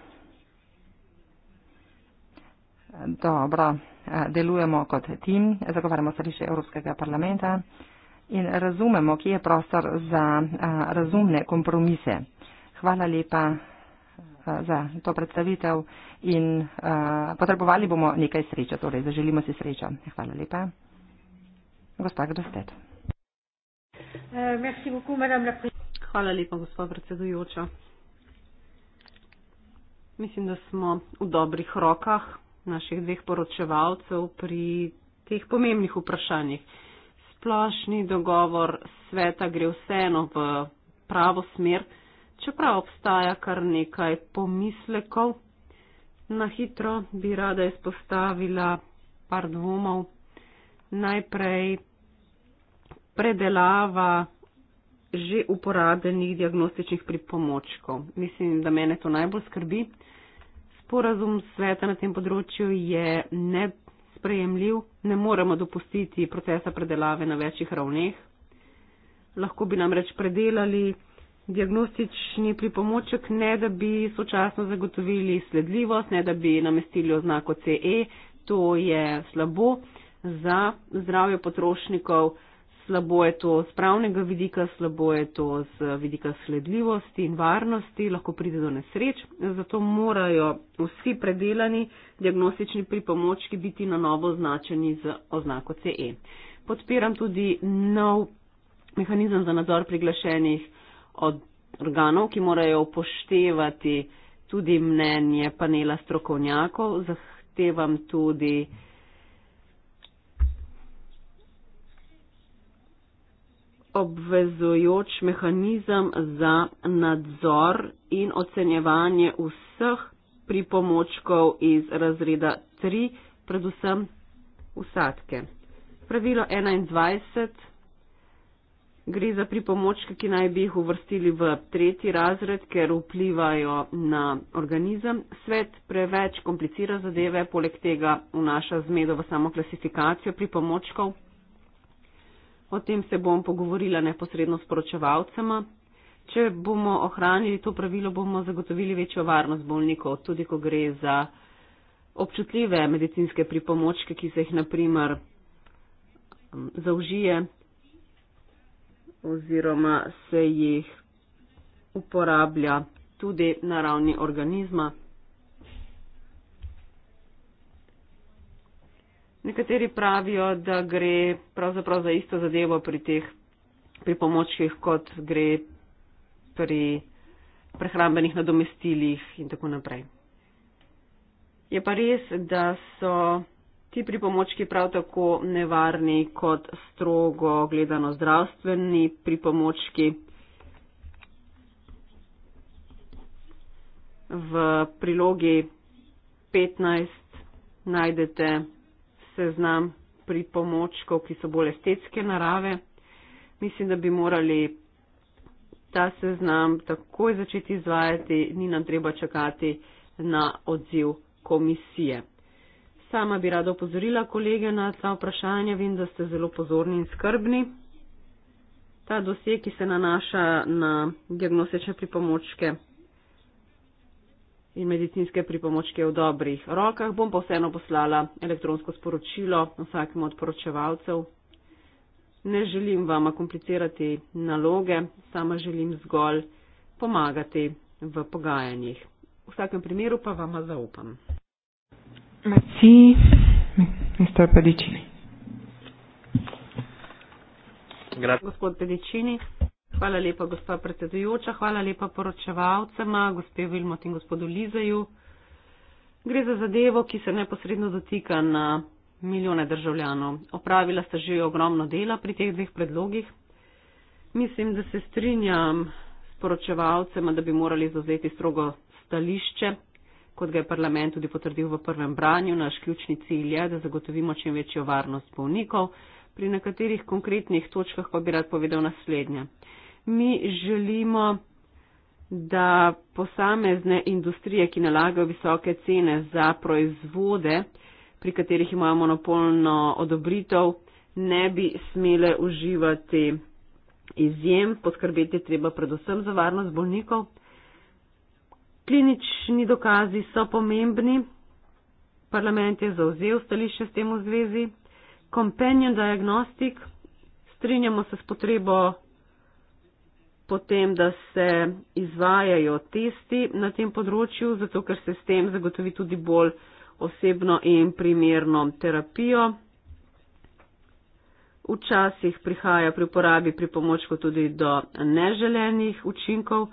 dobro eh, delujemo kot tim, zagovarjamo stališče Evropskega parlamenta in razumemo, kje je prostor za eh, razumne kompromise. Hvala lepa eh, za to predstavitev in potrebovali bomo nekaj sreča, torej zaželimo si srečo. Hvala lepa. Gospa Grostet. Hvala lepa, gospod predsedujoča. Mislim, da smo v dobrih rokah naših dveh poročevalcev pri teh pomembnih vprašanjih. Splošni dogovor sveta gre vseeno v pravo smer, čeprav obstaja kar nekaj pomislekov. Na hitro bi rada izpostavila par dvomov. Najprej predelava že uporabljenih diagnostičnih pripomočkov. Mislim, da mene to najbolj skrbi sporazum sveta na tem področju je nesprejemljiv. Ne moremo dopustiti procesa predelave na večjih ravneh. Lahko bi nam reč predelali diagnostični pripomoček, ne da bi sočasno zagotovili sledljivost, ne da bi namestili oznako CE. To je slabo za zdravje potrošnikov slabo je to z pravnega vidika, slabo je to z vidika sledljivosti in varnosti, lahko pride do nesreč. Zato morajo vsi predelani diagnostični pripomočki biti na novo označeni z oznako CE. Podpiram tudi nov mehanizem za nadzor priglašenih od organov, ki morajo upoštevati tudi mnenje panela strokovnjakov. Zahtevam tudi. obvezojoč mehanizem za nadzor in ocenjevanje vseh pripomočkov iz razreda 3, predvsem usadke. Pravilo 21 gre za pripomočke, ki naj bi jih uvrstili v tretji razred, ker vplivajo na organizem. Svet preveč komplicira zadeve, poleg tega vnaša zmedo v samo klasifikacijo pripomočkov. O tem se bom pogovorila neposredno s poročevalcema. Če bomo ohranili to pravilo, bomo zagotovili večjo varnost bolnikov, tudi ko gre za občutljive medicinske pripomočke, ki se jih naprimer zaužije oziroma se jih uporablja tudi na ravni organizma. Nekateri pravijo, da gre pravzaprav za isto zadevo pri teh pripomočkih, kot gre pri prehrambenih nadomestilih in tako naprej. Je pa res, da so ti pripomočki prav tako nevarni kot strogo gledano zdravstveni pripomočki. V prilogi 15 najdete seznam pripomočkov, ki so bolj estetske narave. Mislim, da bi morali ta seznam takoj začeti izvajati, ni nam treba čakati na odziv komisije. Sama bi rada opozorila kolege na ta vprašanja, vem, da ste zelo pozorni in skrbni. Ta dosje, ki se nanaša na diagnostične pripomočke, in medicinske pripomočke v dobrih rokah, bom pa vseeno poslala elektronsko sporočilo vsakemu od poročevalcev. Ne želim vama komplicirati naloge, sama želim zgolj pomagati v pogajanjih. V vsakem primeru pa vama zaupam. Merci, mister Pedicini. Gospod Pedicini. Hvala lepa, gospa predsedujoča. Hvala lepa poročevalcema, gospe Vilmot in gospodu Lizeju. Gre za zadevo, ki se neposredno dotika na milijone državljanov. Opravila ste že ogromno dela pri teh dveh predlogih. Mislim, da se strinjam s poročevalcema, da bi morali zauzeti strogo stališče, kot ga je parlament tudi potrdil v prvem branju. Naš ključni cilj je, da zagotovimo čim večjo varnost bolnikov. Pri nekaterih konkretnih točkah pa bi rad povedal naslednje mi želimo, da posamezne industrije, ki nalagajo visoke cene za proizvode, pri katerih imajo monopolno odobritev, ne bi smele uživati izjem, poskrbeti treba predvsem za varnost bolnikov. Klinični dokazi so pomembni, parlament je zauzel stališče s tem v zvezi. Companion Diagnostic, strinjamo se s potrebo potem, da se izvajajo testi na tem področju, zato ker se s tem zagotovi tudi bolj osebno in primerno terapijo. Včasih prihaja pri uporabi pripomočkov tudi do neželenih učinkov,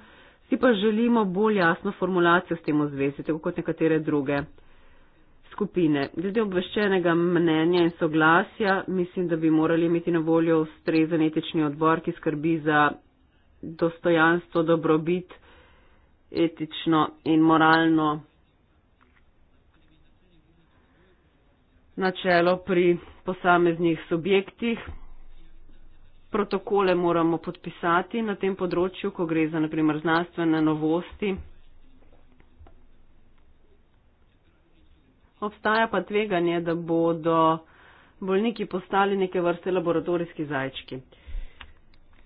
si pa želimo bolj jasno formulacijo s tem v zvezi, tako kot nekatere druge skupine. Glede obveščenega mnenja in soglasja, mislim, da bi morali imeti na voljo ustrezen etični odbor, ki skrbi za dostojanstvo, dobrobit, etično in moralno načelo pri posameznih subjektih. Protokole moramo podpisati na tem področju, ko gre za naprimer znanstvene novosti. Obstaja pa tveganje, da bodo bolniki postali neke vrste laboratorijski zajčki.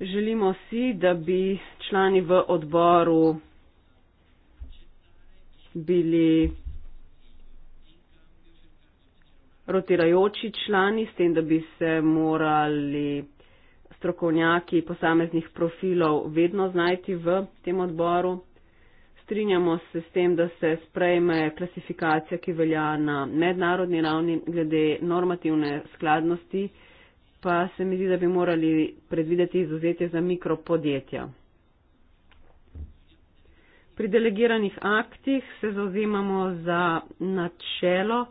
Želimo si, da bi člani v odboru bili rotirajoči člani, s tem, da bi se morali strokovnjaki posameznih profilov vedno znajti v tem odboru. Strinjamo se s tem, da se sprejme klasifikacija, ki velja na mednarodni ravni glede normativne skladnosti pa se mi zdi, da bi morali predvideti izuzetje za mikropodjetja. Pri delegiranih aktih se zauzemamo za načelo,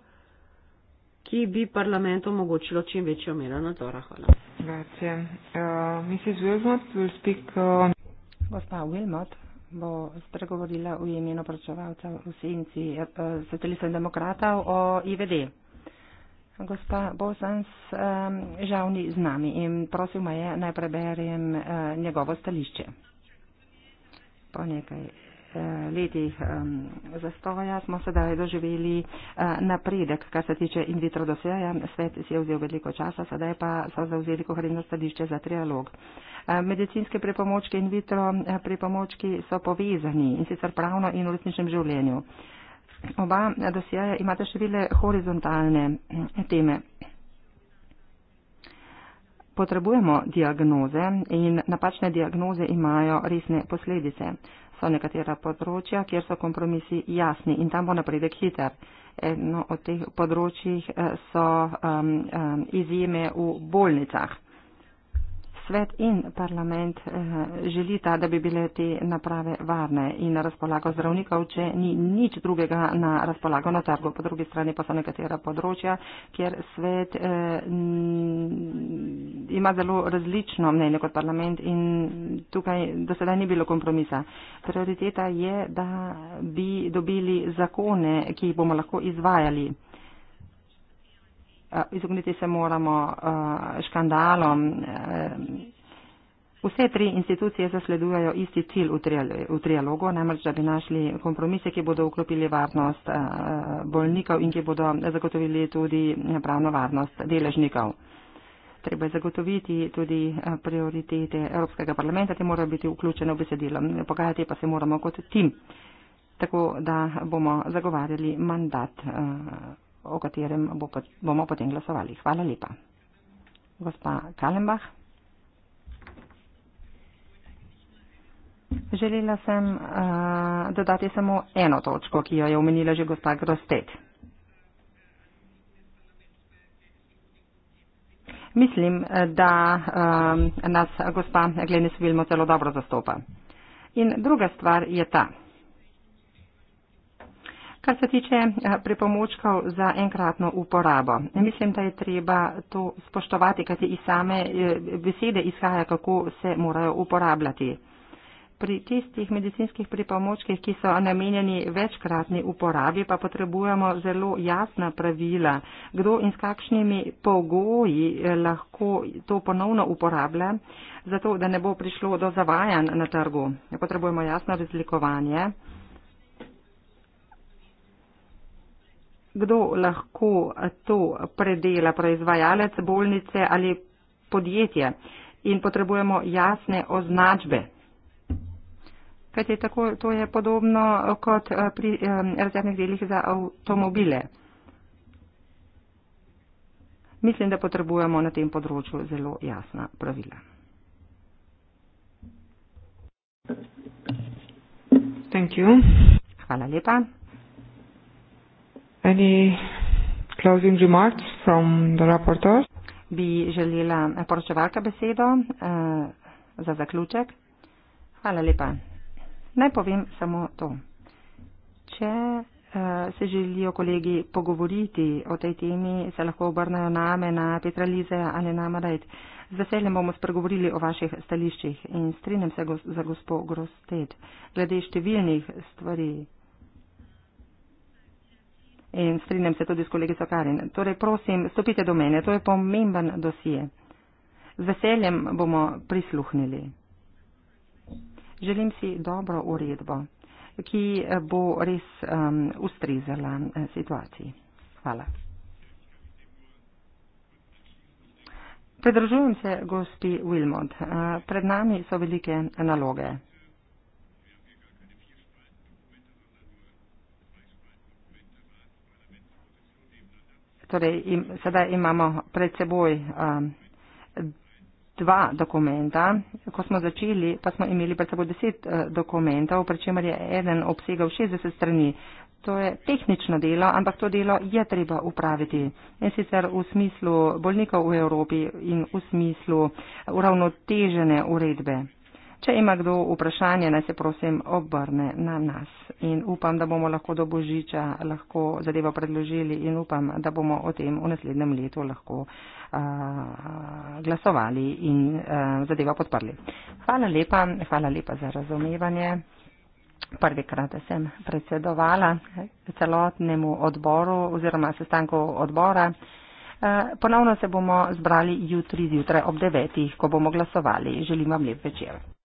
ki bi parlamentu omogočilo čim večjo mero nadzora. Hvala. Eh, eh, Gospa Wilmot bo spregovorila v imenu pročevalca v senci eh, socialistov in demokratov o IVD. Gospa Bosans um, žal ni z nami in prosil me je, naj preberem uh, njegovo stališče. Po nekaj uh, letih um, zastoja smo sedaj doživeli uh, napredek, kar se tiče in vitro doseja. Svet si je vzel veliko časa, sedaj pa so zauzeli kohredno stališče za trialog. Medicinske pripomočke in vitro pripomočki so povezani in sicer pravno in v resničnem življenju. Uh, oba dosjeja imate še bile horizontalne eh, teme. Potrebujemo diagnoze in napačne diagnoze imajo resne posledice. So nekatera področja, kjer so kompromisi jasni in tam bo napredek hiter. Eno od teh področjih eh, so um, um, izjeme v bolnicah svet in parlament eh, želita, da bi bile te naprave varne in na razpolago zdravnikov, če ni nič drugega na razpolago na trgu. Po drugi strani pa so nekatera področja, kjer svet eh, ima zelo različno mnenje kot parlament in tukaj do sedaj ni bilo kompromisa. Prioriteta je, da bi dobili zakone, ki jih bomo lahko izvajali. Eh, izogniti se moramo eh, škandalom. Eh, vse tri institucije zasledujejo isti cilj v trialogu, namreč da bi našli kompromise, ki bodo vklopili varnost bolnikov in ki bodo zagotovili tudi pravno varnost deležnikov. Treba je zagotoviti tudi prioritete Evropskega parlamenta, ki morajo biti vključene v besedilo. Pogajati pa se moramo kot tim, tako da bomo zagovarjali mandat o katerem bo, bomo potem glasovali. Hvala lepa. Gospa Kalembach. Želela sem uh, dodati samo eno točko, ki jo je omenila že gospa Grostet. Mislim, eh, da um, nas gospa Glenis Vilmo zelo dobro zastopa. In druga stvar je ta. Kar se tiče eh, pripomočkov za enkratno uporabo, mislim, da je treba to spoštovati, kajti iz same eh, besede izhaja, kako se morajo uporabljati. Pri tistih medicinskih pripomočkih, ki so namenjeni večkratni uporabi, pa potrebujemo zelo jasna pravila, kdo in s kakšnimi pogoji eh, lahko to ponovno uporablja, zato da ne bo prišlo do zavajanj na trgu. Potrebujemo jasno razlikovanje. kdo lahko to predela, proizvajalec, bolnice ali podjetje. In potrebujemo jasne označbe. Kajti tako, to je podobno kot eh, pri eh, rezervnih delih za avtomobile. Mislim, da potrebujemo na tem področju zelo jasna pravila. Hvala lepa. Any closing remarks from the rapporteurs? Bi želela eh, poročevalka besedo uh, za zaključek. Hvala lepa. Naj povem samo to. Če uh, se želijo kolegi pogovoriti o tej temi, se lahko obrnajo name na Petra Lize ali na Marajt. Z veseljem bomo spregovorili o vaših stališčih in strinjam se go za gospod Grosted. Glede številnih stvari in strinjam se tudi s kolegico Karin. Torej, prosim, stopite do mene, to je pomemben dosije. Z veseljem bomo prisluhnili. Želim si dobro uredbo, ki bo res um, ustrezala eh, situaciji. Hvala. Predržujem se gosti Wilmot. Eh, pred nami so velike naloge. torej im, sedaj imamo pred seboj um, dva dokumenta. Ko smo začeli, pa smo imeli pred seboj deset uh, dokumentov, pri čemer je eden obsegal 60 strani. To je tehnično delo, ampak to delo je treba upraviti. In sicer v smislu bolnikov v Evropi in v smislu uravnotežene uredbe. Če ima kdo vprašanje, naj se prosim obrne na nas. In upam, da bomo lahko do Božiča lahko zadevo predložili in upam, da bomo o tem v naslednjem letu lahko uh, glasovali in uh, zadevo podprli. Hvala lepa, hvala lepa za razumevanje. Prvikrat sem predsedovala celotnemu odboru oziroma sestanku odbora. Ponovno se bomo zbrali jutri zjutraj ob devetih, ko bomo glasovali. Želim vam lep večer.